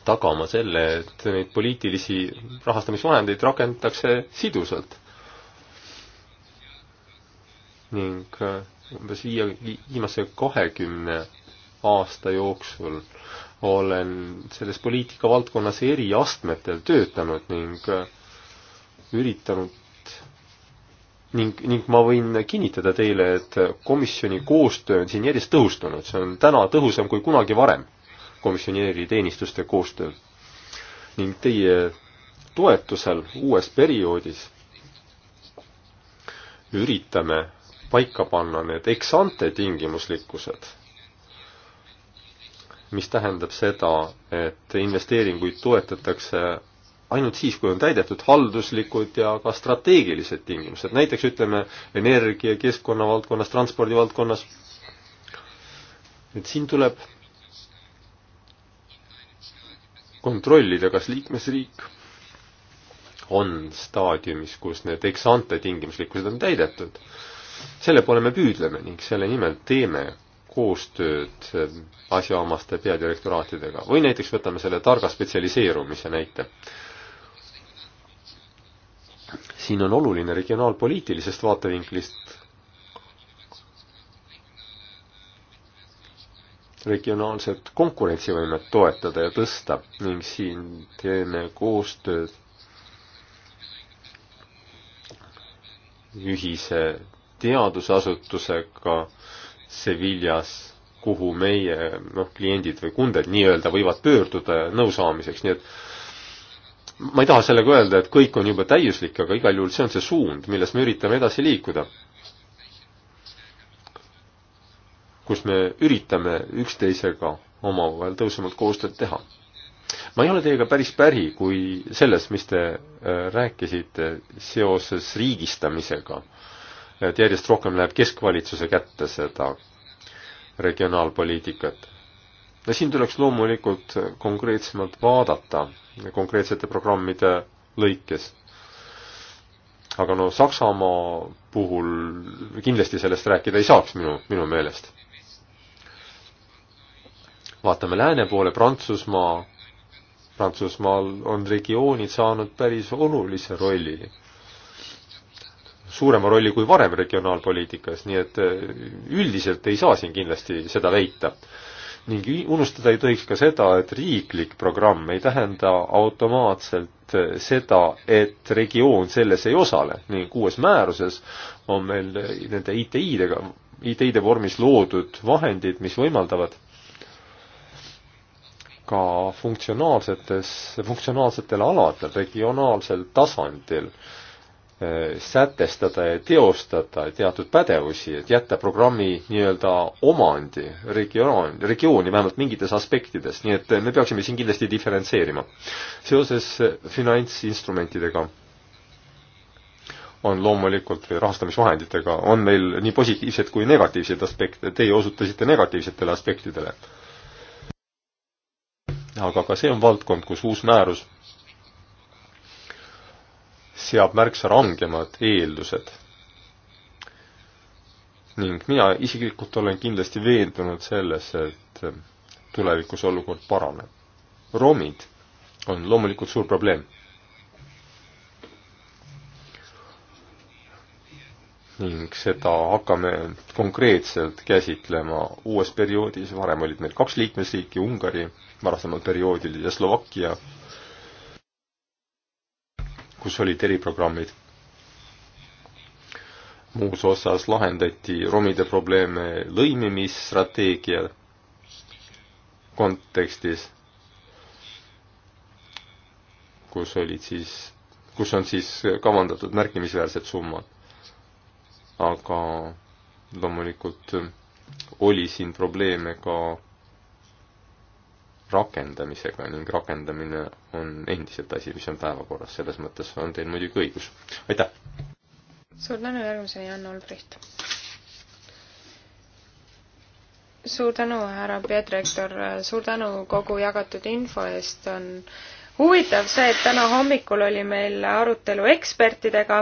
Speaker 2: tagama selle, et neid poliitilisi rahastamisvahendeid rakendatakse sidusalt. ning äh, umbes viie, viimase kahekümne aasta jooksul olen selles poliitikavaldkonnas eri astmetel töötanud ning äh, üritanud ning, ning ma võin kinnitada teile, et komisjoni koostöö on siin järjest tõhustunud, see on täna tõhusam kui kunagi varem, komisjoni eriteenistuste koostöö. ning teie toetusel uues perioodis üritame paika panna need eksante tingimuslikkused mis tähendab seda, et investeeringuid toetatakse ainult siis, kui on täidetud halduslikud ja ka strateegilised tingimused, näiteks ütleme energia, keskkonna valdkonnas, transpordi valdkonnas. et siin tuleb kontrollida, kas liikmesriik on staadiumis, kus need eksante tingimuslikkused on täidetud. selle poole me püüdleme ning selle nimel teeme koostööd asjaomaste peadirektoraatidega või näiteks võtame selle targa spetsialiseerumise näite. siin on oluline regionaalpoliitilisest vaatevinklist regionaalset konkurentsivõimet toetada ja tõsta ning siin teeme koostööd ühise teadusasutusega Seviljas, kuhu meie noh, kliendid või kunded nii-öelda võivad pöörduda nõusaamiseks, nii et ma ei taha sellega öelda, et kõik on juba täiuslik, aga igal juhul see on see suund, milles me üritame edasi liikuda. kus me üritame üksteisega omavahel tõhusamalt koostööd teha. ma ei ole teiega päris päri, kui selles, mis te äh, rääkisite seoses riigistamisega äh, et järjest rohkem läheb keskvalitsuse kätte seda regionaalpoliitikat. ja siin tuleks loomulikult konkreetsemalt vaadata konkreetsete programmide lõikes. aga no Saksamaa puhul kindlasti sellest rääkida ei saaks minu, minu meelest. vaatame lääne poole, Prantsusmaa, Prantsusmaal on regioonid saanud päris olulise rolli suurema rolli kui varem regionaalpoliitikas, nii et äh, üldiselt ei saa siin kindlasti seda väita. ning unustada ei tohiks ka seda, et riiklik programm ei tähenda automaatselt äh, seda, et regioon selles ei osale ning uues määruses on meil äh, nende ITI-dega, ITI-de vormis loodud vahendid, mis võimaldavad ka funktsionaalsetes, funktsionaalsetel aladel, regionaalsel tasandil äh, Äh, sätestada ja teostada teatud pädevusi, et jätta programmi nii-öelda omandi regioon, regiooni vähemalt mingites aspektides, nii et me peaksime siin kindlasti diferentseerima. seoses äh, finantsinstrumentidega on loomulikult, või rahastamisvahenditega, on meil nii positiivseid kui negatiivseid aspekte, teie osutasite negatiivsetele aspektidele. aga ka see on valdkond, kus uus määrus seab märksa rangemad eeldused. ning mina isiklikult olen kindlasti veendunud selles, et tulevikus olukord paraneb. romid on loomulikult suur probleem. ning seda hakkame konkreetselt käsitlema uues perioodis, varem olid meil kaks liikmesriiki, Ungari varasemal perioodil ja Slovakkia kus olid eriprogrammid. muus osas lahendati romide probleeme lõimimisstrateegia kontekstis, kus olid siis, kus on siis kavandatud märkimisväärsed summad. aga loomulikult oli siin probleeme ka rakendamisega ning rakendamine on endiselt asi, mis on päevakorras, selles mõttes on teil muidugi õigus. aitäh!
Speaker 1: suur tänu, järgmisena Jan Olbricht. suur tänu, härra peadirektor, suur tänu kogu jagatud info eest, on huvitav see, et täna hommikul oli meil arutelu ekspertidega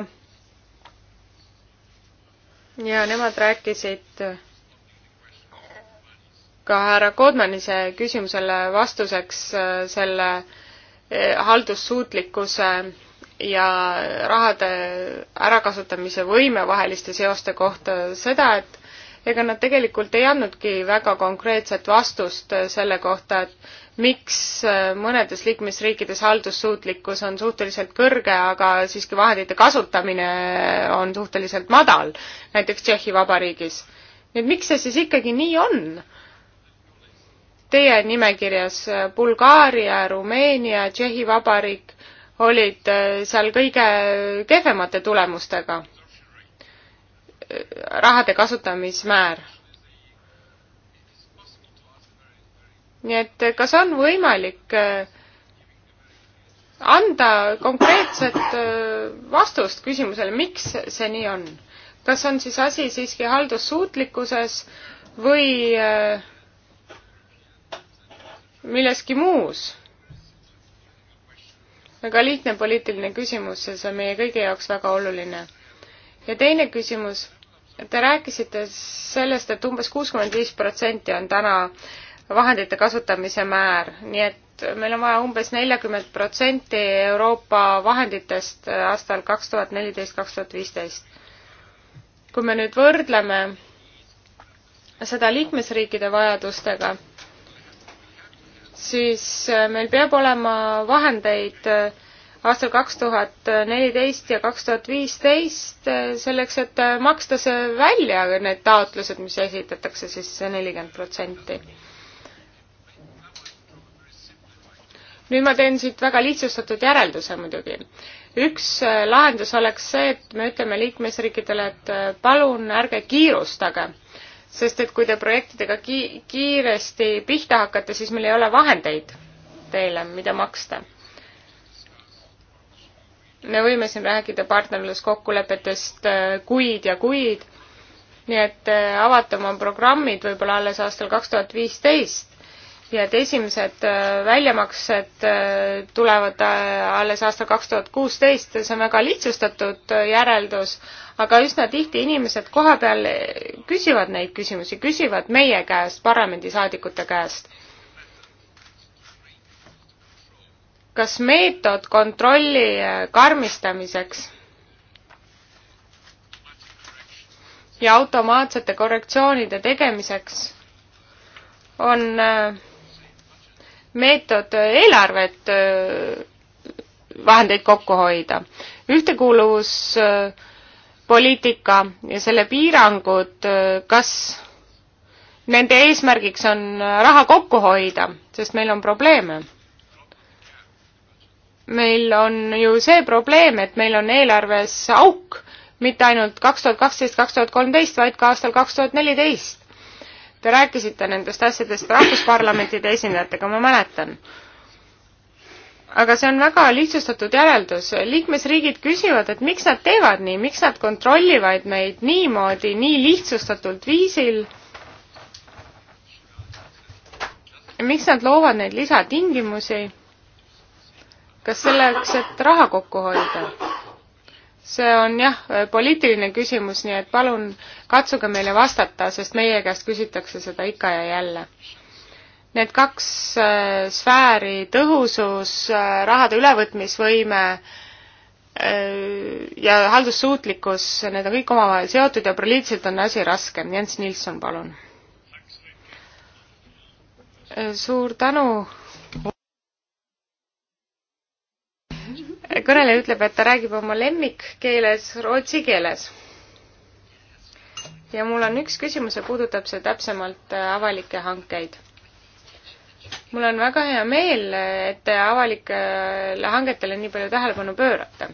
Speaker 1: ja nemad rääkisid ka härra Kodmanise küsimusele vastuseks äh, selle äh, haldussuutlikkuse ja rahade ärakasutamise võime vaheliste seoste kohta seda, et ega nad tegelikult ei andnudki väga konkreetset vastust äh, selle kohta, et miks mõnedes liikmesriikides haldussuutlikkus on suhteliselt kõrge, aga siiski vahendite kasutamine on suhteliselt madal, näiteks Tšehhi Vabariigis. nüüd miks see siis ikkagi nii on? teie nimekirjas Bulgaaria, Rumeenia, Tšehhi Vabariik olid äh, seal kõige kehvemate tulemustega, rahade kasutamismäär. nii et äh, kas on võimalik äh, anda konkreetset vastust küsimusele, miks see nii on? kas on siis asi siiski haldussuutlikkuses või äh, milleski muus. väga lihtne poliitiline küsimus ja see on meie kõigi jaoks väga oluline. ja teine küsimus, te rääkisite sellest, et umbes kuuskümmend viis protsenti on täna vahendite kasutamise määr, nii et meil on vaja umbes neljakümmet protsenti Euroopa vahenditest aastal kaks tuhat neliteist, kaks tuhat viisteist. kui me nüüd võrdleme seda liikmesriikide vajadustega siis äh, meil peab olema vahendeid äh, aastal kaks tuhat neliteist ja kaks tuhat viisteist äh, selleks, et maksta see välja, need taotlused, mis esitatakse siis nelikümmend protsenti. nüüd ma teen siit väga lihtsustatud järelduse muidugi. üks lahendus oleks see, et me ütleme liikmesriikidele, et palun ärge kiirustage sest et kui te projektidega ki-, kiiresti pihta hakkate, siis meil ei ole vahendeid teile, mida maksta. me võime siin rääkida partnerluskokkulepetest äh, kuid ja kuid, nii et äh, avata oma programmid võib-olla alles aastal kaks tuhat viisteist ja et esimesed äh, väljamaksed äh, tulevad äh, alles aastal kaks tuhat kuusteist, see on väga lihtsustatud järeldus, aga üsna tihti inimesed kohapeal küsivad neid küsimusi, küsivad meie käest, parlamendisaadikute käest. kas meetod kontrolli karmistamiseks ja automaatsete korrektsioonide tegemiseks on äh, meetod eelarvet, vahendeid kokku hoida. ühtekuuluvuspoliitika ja selle piirangud, kas nende eesmärgiks on raha kokku hoida, sest meil on probleeme. meil on ju see probleem, et meil on eelarves auk, mitte ainult kaks tuhat kaksteist, kaks tuhat kolmteist, vaid ka aastal kaks tuhat neliteist. Te rääkisite nendest asjadest rahvusparlamentide esindajatega, ma mäletan. aga see on väga lihtsustatud järeldus. liikmesriigid küsivad, et miks nad teevad nii, miks nad kontrollivad meid niimoodi, nii lihtsustatult viisil. miks nad loovad neid lisatingimusi? kas selleks, et raha kokku hoida? see on jah, poliitiline küsimus, nii et palun katsuge meile vastata, sest meie käest küsitakse seda ikka ja jälle. Need kaks äh, sfääri, tõhusus, äh, rahade ülevõtmisvõime äh, ja haldussuutlikkus, need on kõik omavahel seotud ja poliitiliselt on asi raske. Jens Nilsson, palun. suur tänu kõneleja ütleb, et ta räägib oma lemmikkeeles, rootsi keeles. ja mul on üks küsimus ja puudutab see täpsemalt äh, avalikke hankeid. mul on väga hea meel, et te avalikele hangetele nii palju tähelepanu pöörate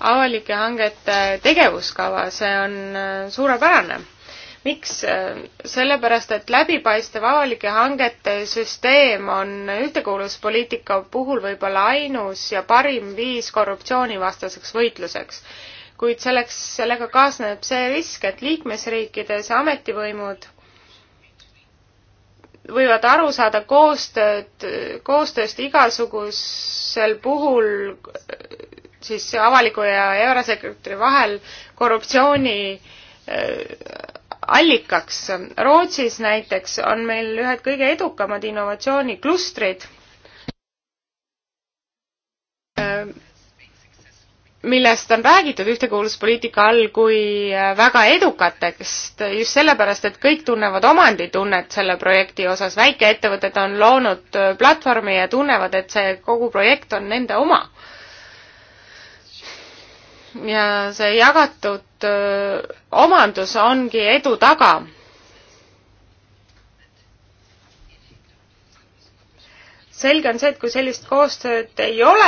Speaker 1: avalike hangete tegevuskava, see on äh, suurepärane miks? sellepärast, et läbipaistev avalike hangete süsteem on ühtekuuluvuspoliitika puhul võib-olla ainus ja parim viis korruptsioonivastaseks võitluseks. kuid selleks, sellega kaasneb see risk, et liikmesriikides ametivõimud võivad aru saada koostööd, koostööst igasugusel puhul siis avaliku ja erasektori vahel korruptsiooni allikaks. Rootsis näiteks on meil ühed kõige edukamad innovatsiooniklustrid, millest on räägitud ühtekuuluvuspoliitika all kui väga edukatest, just sellepärast, et kõik tunnevad omanditunnet selle projekti osas, väikeettevõtted on loonud platvormi ja tunnevad, et see kogu projekt on nende oma. ja see jagatud tegelikult omandus ongi edu taga. selge on see, et kui sellist koostööd ei ole,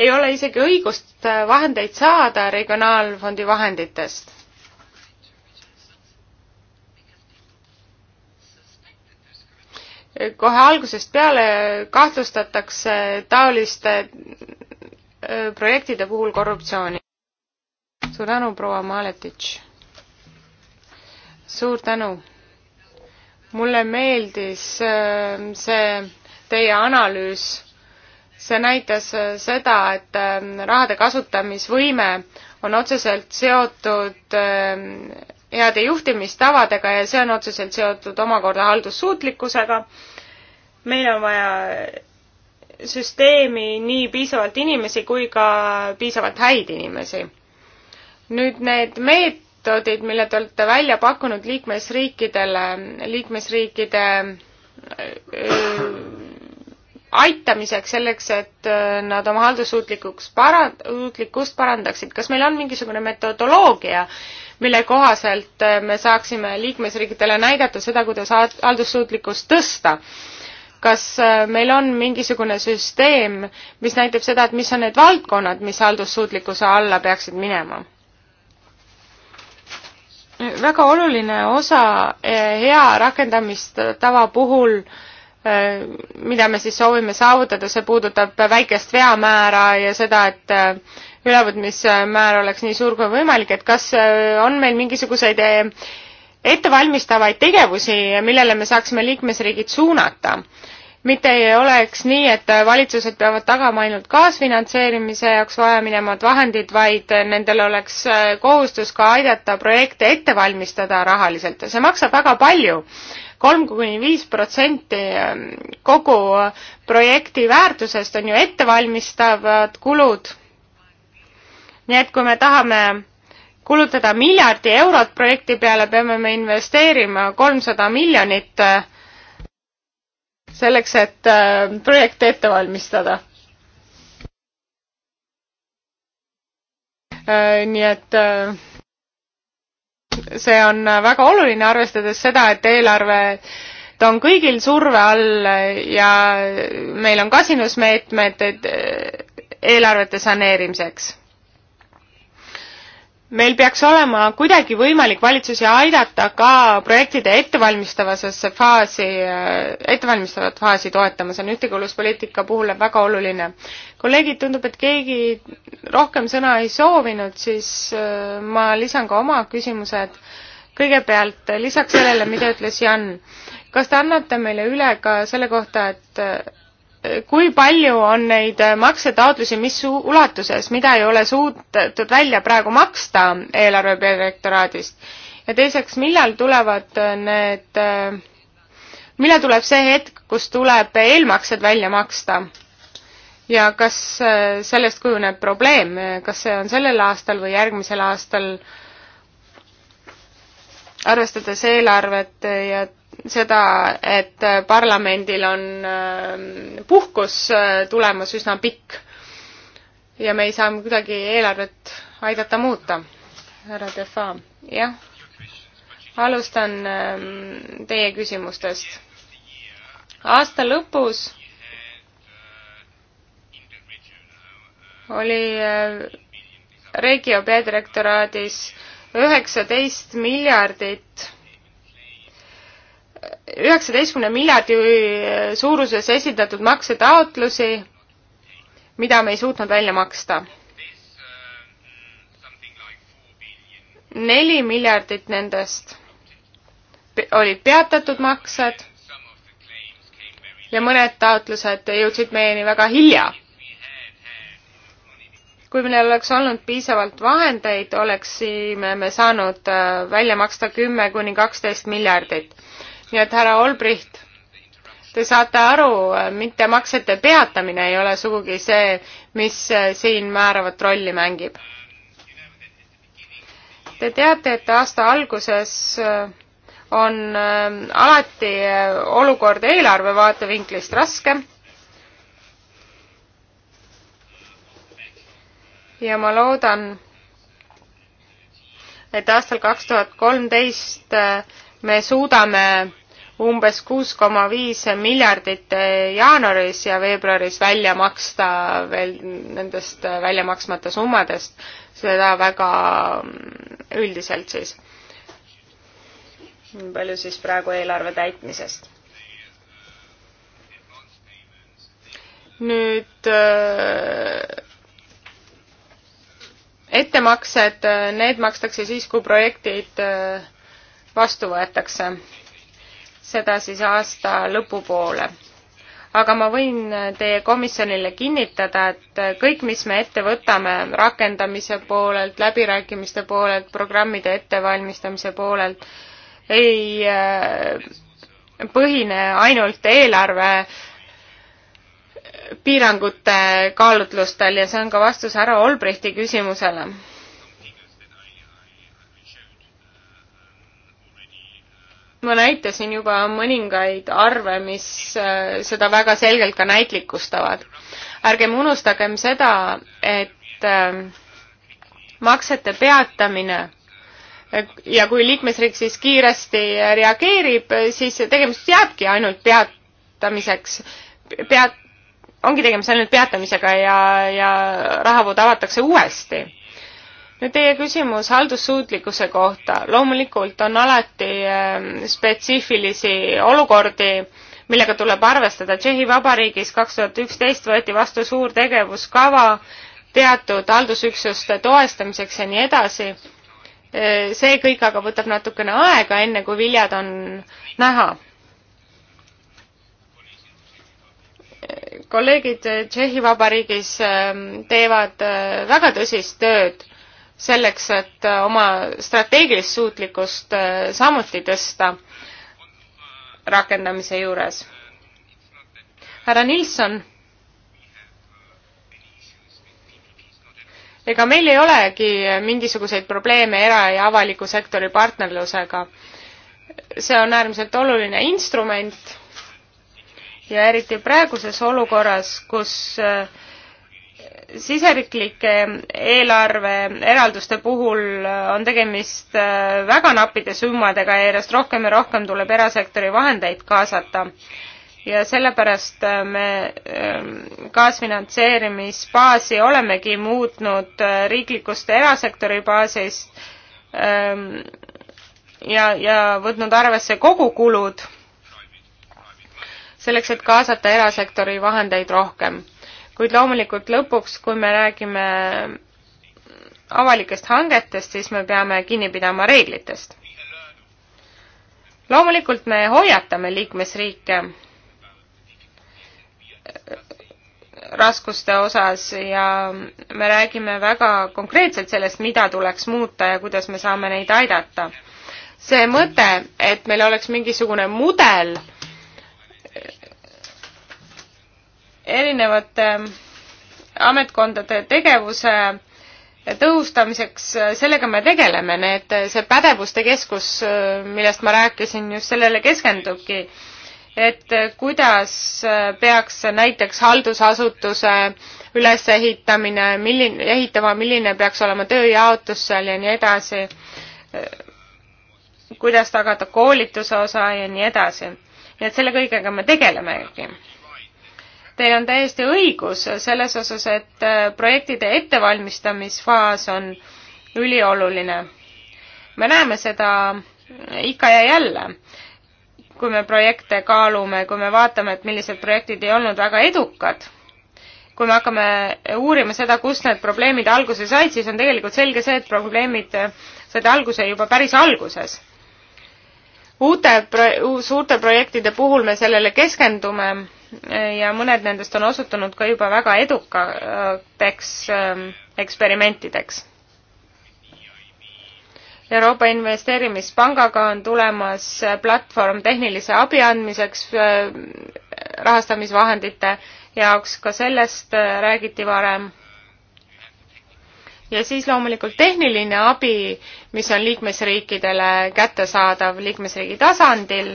Speaker 1: ei ole isegi õigust vahendeid saada regionaalfondi vahenditest. kohe algusest peale kahtlustatakse taoliste projektide puhul korruptsiooni suur tänu, proua Maletitš. suur tänu. mulle meeldis äh, see teie analüüs. see näitas äh, seda, et äh, rahade kasutamisvõime on otseselt seotud heade juhtimistavadega ja see on otseselt seotud omakorda haldussuutlikkusega. meil on vaja süsteemi nii piisavalt inimesi kui ka piisavalt häid inimesi nüüd need meetodid, mille te olete välja pakkunud liikmesriikidele, liikmesriikide aitamiseks, selleks, et nad oma haldussuutlikuks para-, suutlikkust parandaksid, kas meil on mingisugune metodoloogia, mille kohaselt me saaksime liikmesriikidele näidata seda, kuidas haldussuutlikkust tõsta? kas meil on mingisugune süsteem, mis näitab seda, et mis on need valdkonnad, mis haldussuutlikkuse alla peaksid minema? väga oluline osa eh, hea rakendamistava puhul, eh, mida me siis soovime saavutada, see puudutab väikest veamäära ja seda, et eh, ülevõtmismäär oleks nii suur kui võimalik, et kas on meil mingisuguseid ettevalmistavaid tegevusi, millele me saaksime liikmesriigid suunata mitte ei oleks nii, et valitsused peavad tagama ainult kaasfinantseerimise jaoks vajaminevad vahendid, vaid nendel oleks äh, kohustus ka aidata projekte ette valmistada rahaliselt ja see maksab väga palju. kolm kuni viis protsenti ähm, kogu äh, projekti väärtusest on ju ettevalmistavad kulud. nii et kui me tahame kulutada miljardi eurot projekti peale, peame me investeerima kolmsada miljonit äh, selleks, et äh, projekte ette valmistada. Äh, nii et äh, see on väga oluline, arvestades seda, et eelarve ta on kõigil surve all ja meil on kasinusmeetmed eelarvete saneerimiseks meil peaks olema kuidagi võimalik valitsusi aidata ka projektide ettevalmistavasse faasi, äh, ettevalmistavat faasi toetama, see on ühtekuuluvuspoliitika puhul väga oluline. kolleegid, tundub, et keegi rohkem sõna ei soovinud, siis äh, ma lisan ka oma küsimused. kõigepealt lisaks sellele, mida ütles Jan, kas te annate meile üle ka selle kohta, et äh, kui palju on neid maksetaotlusi, mis ulatuses, mida ei ole suudetud välja praegu maksta eelarve direktoraadist? ja teiseks, millal tulevad need, millal tuleb see hetk, kus tuleb eelmaksed välja maksta? ja kas sellest kujuneb probleem, kas see on sellel aastal või järgmisel aastal, arvestades eelarvet ja seda, et parlamendil on ähm, puhkus äh, tulemas üsna pikk ja me ei saa kuidagi eelarvet aidata muuta. härra Defa, jah? alustan ähm, teie küsimustest. aasta lõpus oli äh, Regio peadirektoraadis üheksateist miljardit üheksateistkümne miljardi suuruses esitatud maksetaotlusi, mida me ei suutnud välja maksta. neli miljardit nendest olid peatatud maksed ja mõned taotlused jõudsid meieni väga hilja kui meil oleks olnud piisavalt vahendeid, oleksime me saanud äh, välja maksta kümme kuni kaksteist miljardit nii et härra Olbricht, te saate aru, mittemaksete peatamine ei ole sugugi see, mis siin määravat rolli mängib. Te teate, et aasta alguses on ähm, alati äh, olukord eelarve vaatevinklist raske. ja ma loodan, et aastal kaks tuhat kolmteist äh, me suudame umbes kuus koma viis miljardit eh, jaanuaris ja veebruaris välja maksta veel nendest eh, välja maksmata summadest, seda väga mm, üldiselt siis. nii palju siis praegu eelarve täitmisest. nüüd eh, ettemaksed, need makstakse siis, kui projektid vastu võetakse seda siis aasta lõpupoole. aga ma võin teie komisjonile kinnitada, et kõik, mis me ette võtame rakendamise poolelt, läbirääkimiste poolelt, programmide ettevalmistamise poolelt, ei äh, põhine ainult eelarve piirangute kaalutlustel ja see on ka vastus härra Olbrichti küsimusele ma näitasin juba mõningaid arve, mis äh, seda väga selgelt ka näitlikustavad. ärgem unustagem seda, et äh, maksete peatamine äh, ja kui liikmesriik siis kiiresti reageerib, siis tegemist jääbki ainult peatamiseks, peat-, ongi tegemist ainult peatamisega ja, ja rahavood avatakse uuesti nüüd teie küsimus haldussuutlikkuse kohta. loomulikult on alati ähm, spetsiifilisi olukordi, millega tuleb arvestada. Tšehhi Vabariigis kaks tuhat üksteist võeti vastu suur tegevuskava teatud haldusüksuste toestamiseks ja nii edasi. Äh, see kõik aga võtab natukene aega, enne kui viljad on näha. kolleegid Tšehhi Vabariigis ähm, teevad äh, väga tõsist tööd selleks, et äh, oma strateegilist suutlikkust äh, samuti tõsta rakendamise juures. härra Nilsson, ega meil ei olegi mingisuguseid probleeme era- ja avaliku sektori partnerlusega. see on äärmiselt oluline instrument ja eriti praeguses olukorras, kus äh, siseriiklike eelarve eralduste puhul äh, on tegemist äh, väga nappide summadega ja järjest rohkem ja rohkem tuleb erasektori vahendeid kaasata. ja sellepärast äh, me ähm, kaasfinantseerimisbaasi olemegi muutnud riiklikust erasektori baasist ähm, ja, ja võtnud arvesse kogukulud selleks, et kaasata erasektori vahendeid rohkem kuid loomulikult lõpuks, kui me räägime avalikest hangetest, siis me peame kinni pidama reeglitest. loomulikult me hoiatame liikmesriike raskuste osas ja me räägime väga konkreetselt sellest, mida tuleks muuta ja kuidas me saame neid aidata. see mõte, et meil oleks mingisugune mudel, erinevate ähm, ametkondade tegevuse äh, tõhustamiseks, äh, sellega me tegeleme, need, äh, see pädevuste keskus, millest ma rääkisin, just sellele keskendubki. et kuidas peaks näiteks haldusasutuse ülesehitamine, milline, ehitama, milline peaks olema tööjaotus seal ja nii edasi, kuidas tagada koolituse osa ja nii edasi. nii et selle kõigega me tegelemegi Teil on täiesti õigus selles osas, et äh, projektide ettevalmistamisfaas on ülioluline. me näeme seda ikka ja jälle, kui me projekte kaalume, kui me vaatame, et millised projektid ei olnud väga edukad kui me hakkame uurima seda, kust need probleemid alguse said, siis on tegelikult selge see, et probleemid äh, said alguse juba päris alguses uute pro-, suurte projektide puhul me sellele keskendume ja mõned nendest on osutunud ka juba väga edukateks ähm, eksperimentideks. Euroopa Investeerimispangaga on tulemas platvorm tehnilise abi andmiseks äh, rahastamisvahendite jaoks, ka sellest äh, räägiti varem ja siis loomulikult tehniline abi, mis on liikmesriikidele kättesaadav liikmesriigi tasandil.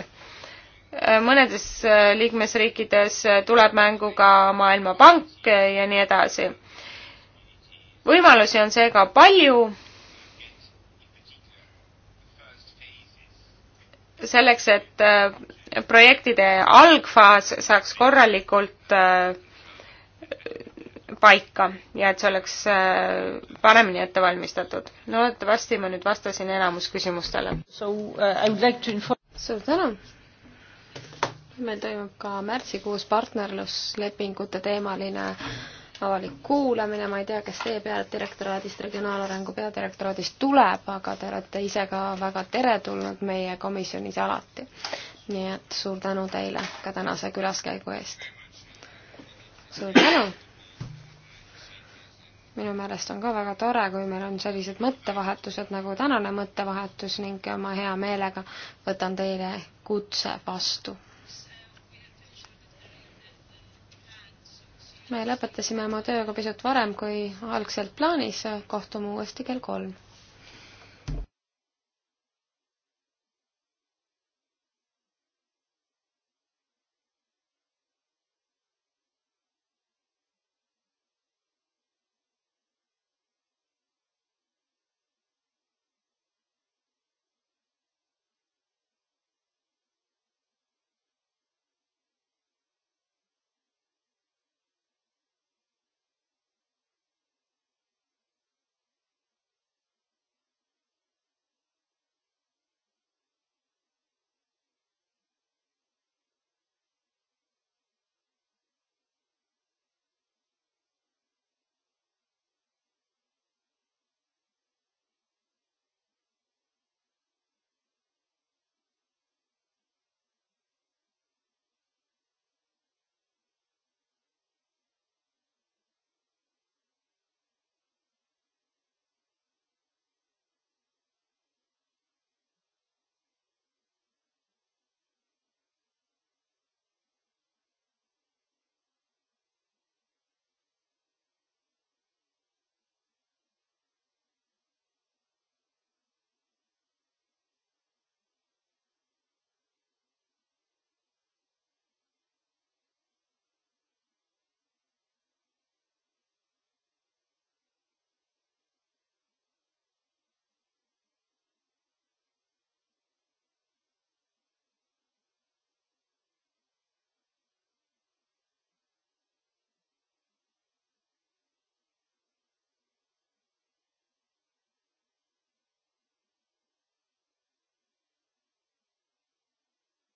Speaker 1: Äh, mõnedes äh, liikmesriikides äh, tuleb mängu ka Maailmapank ja nii edasi. võimalusi on seega palju. selleks, et projektide algfaas saaks korralikult paika ja et see oleks äh, paremini ette valmistatud. no loodetavasti ma nüüd vastasin enamus küsimustele.
Speaker 3: Uh, like inform... suur tänu! meil toimub ka märtsikuus partnerluslepingute teemaline avalik kuulamine, ma ei tea, kes teie peadirektoraadist, regionaalarengu peadirektoraadist tuleb, aga te olete ise ka väga teretulnud meie komisjonis alati. nii et suur tänu teile ka tänase külaskäigu eest. suur tänu! minu meelest on ka väga tore, kui meil on sellised mõttevahetused nagu tänane mõttevahetus ning ma hea meelega võtan teile kutse vastu. me lõpetasime oma tööga pisut varem kui algselt plaanis, kohtume uuesti kell kolm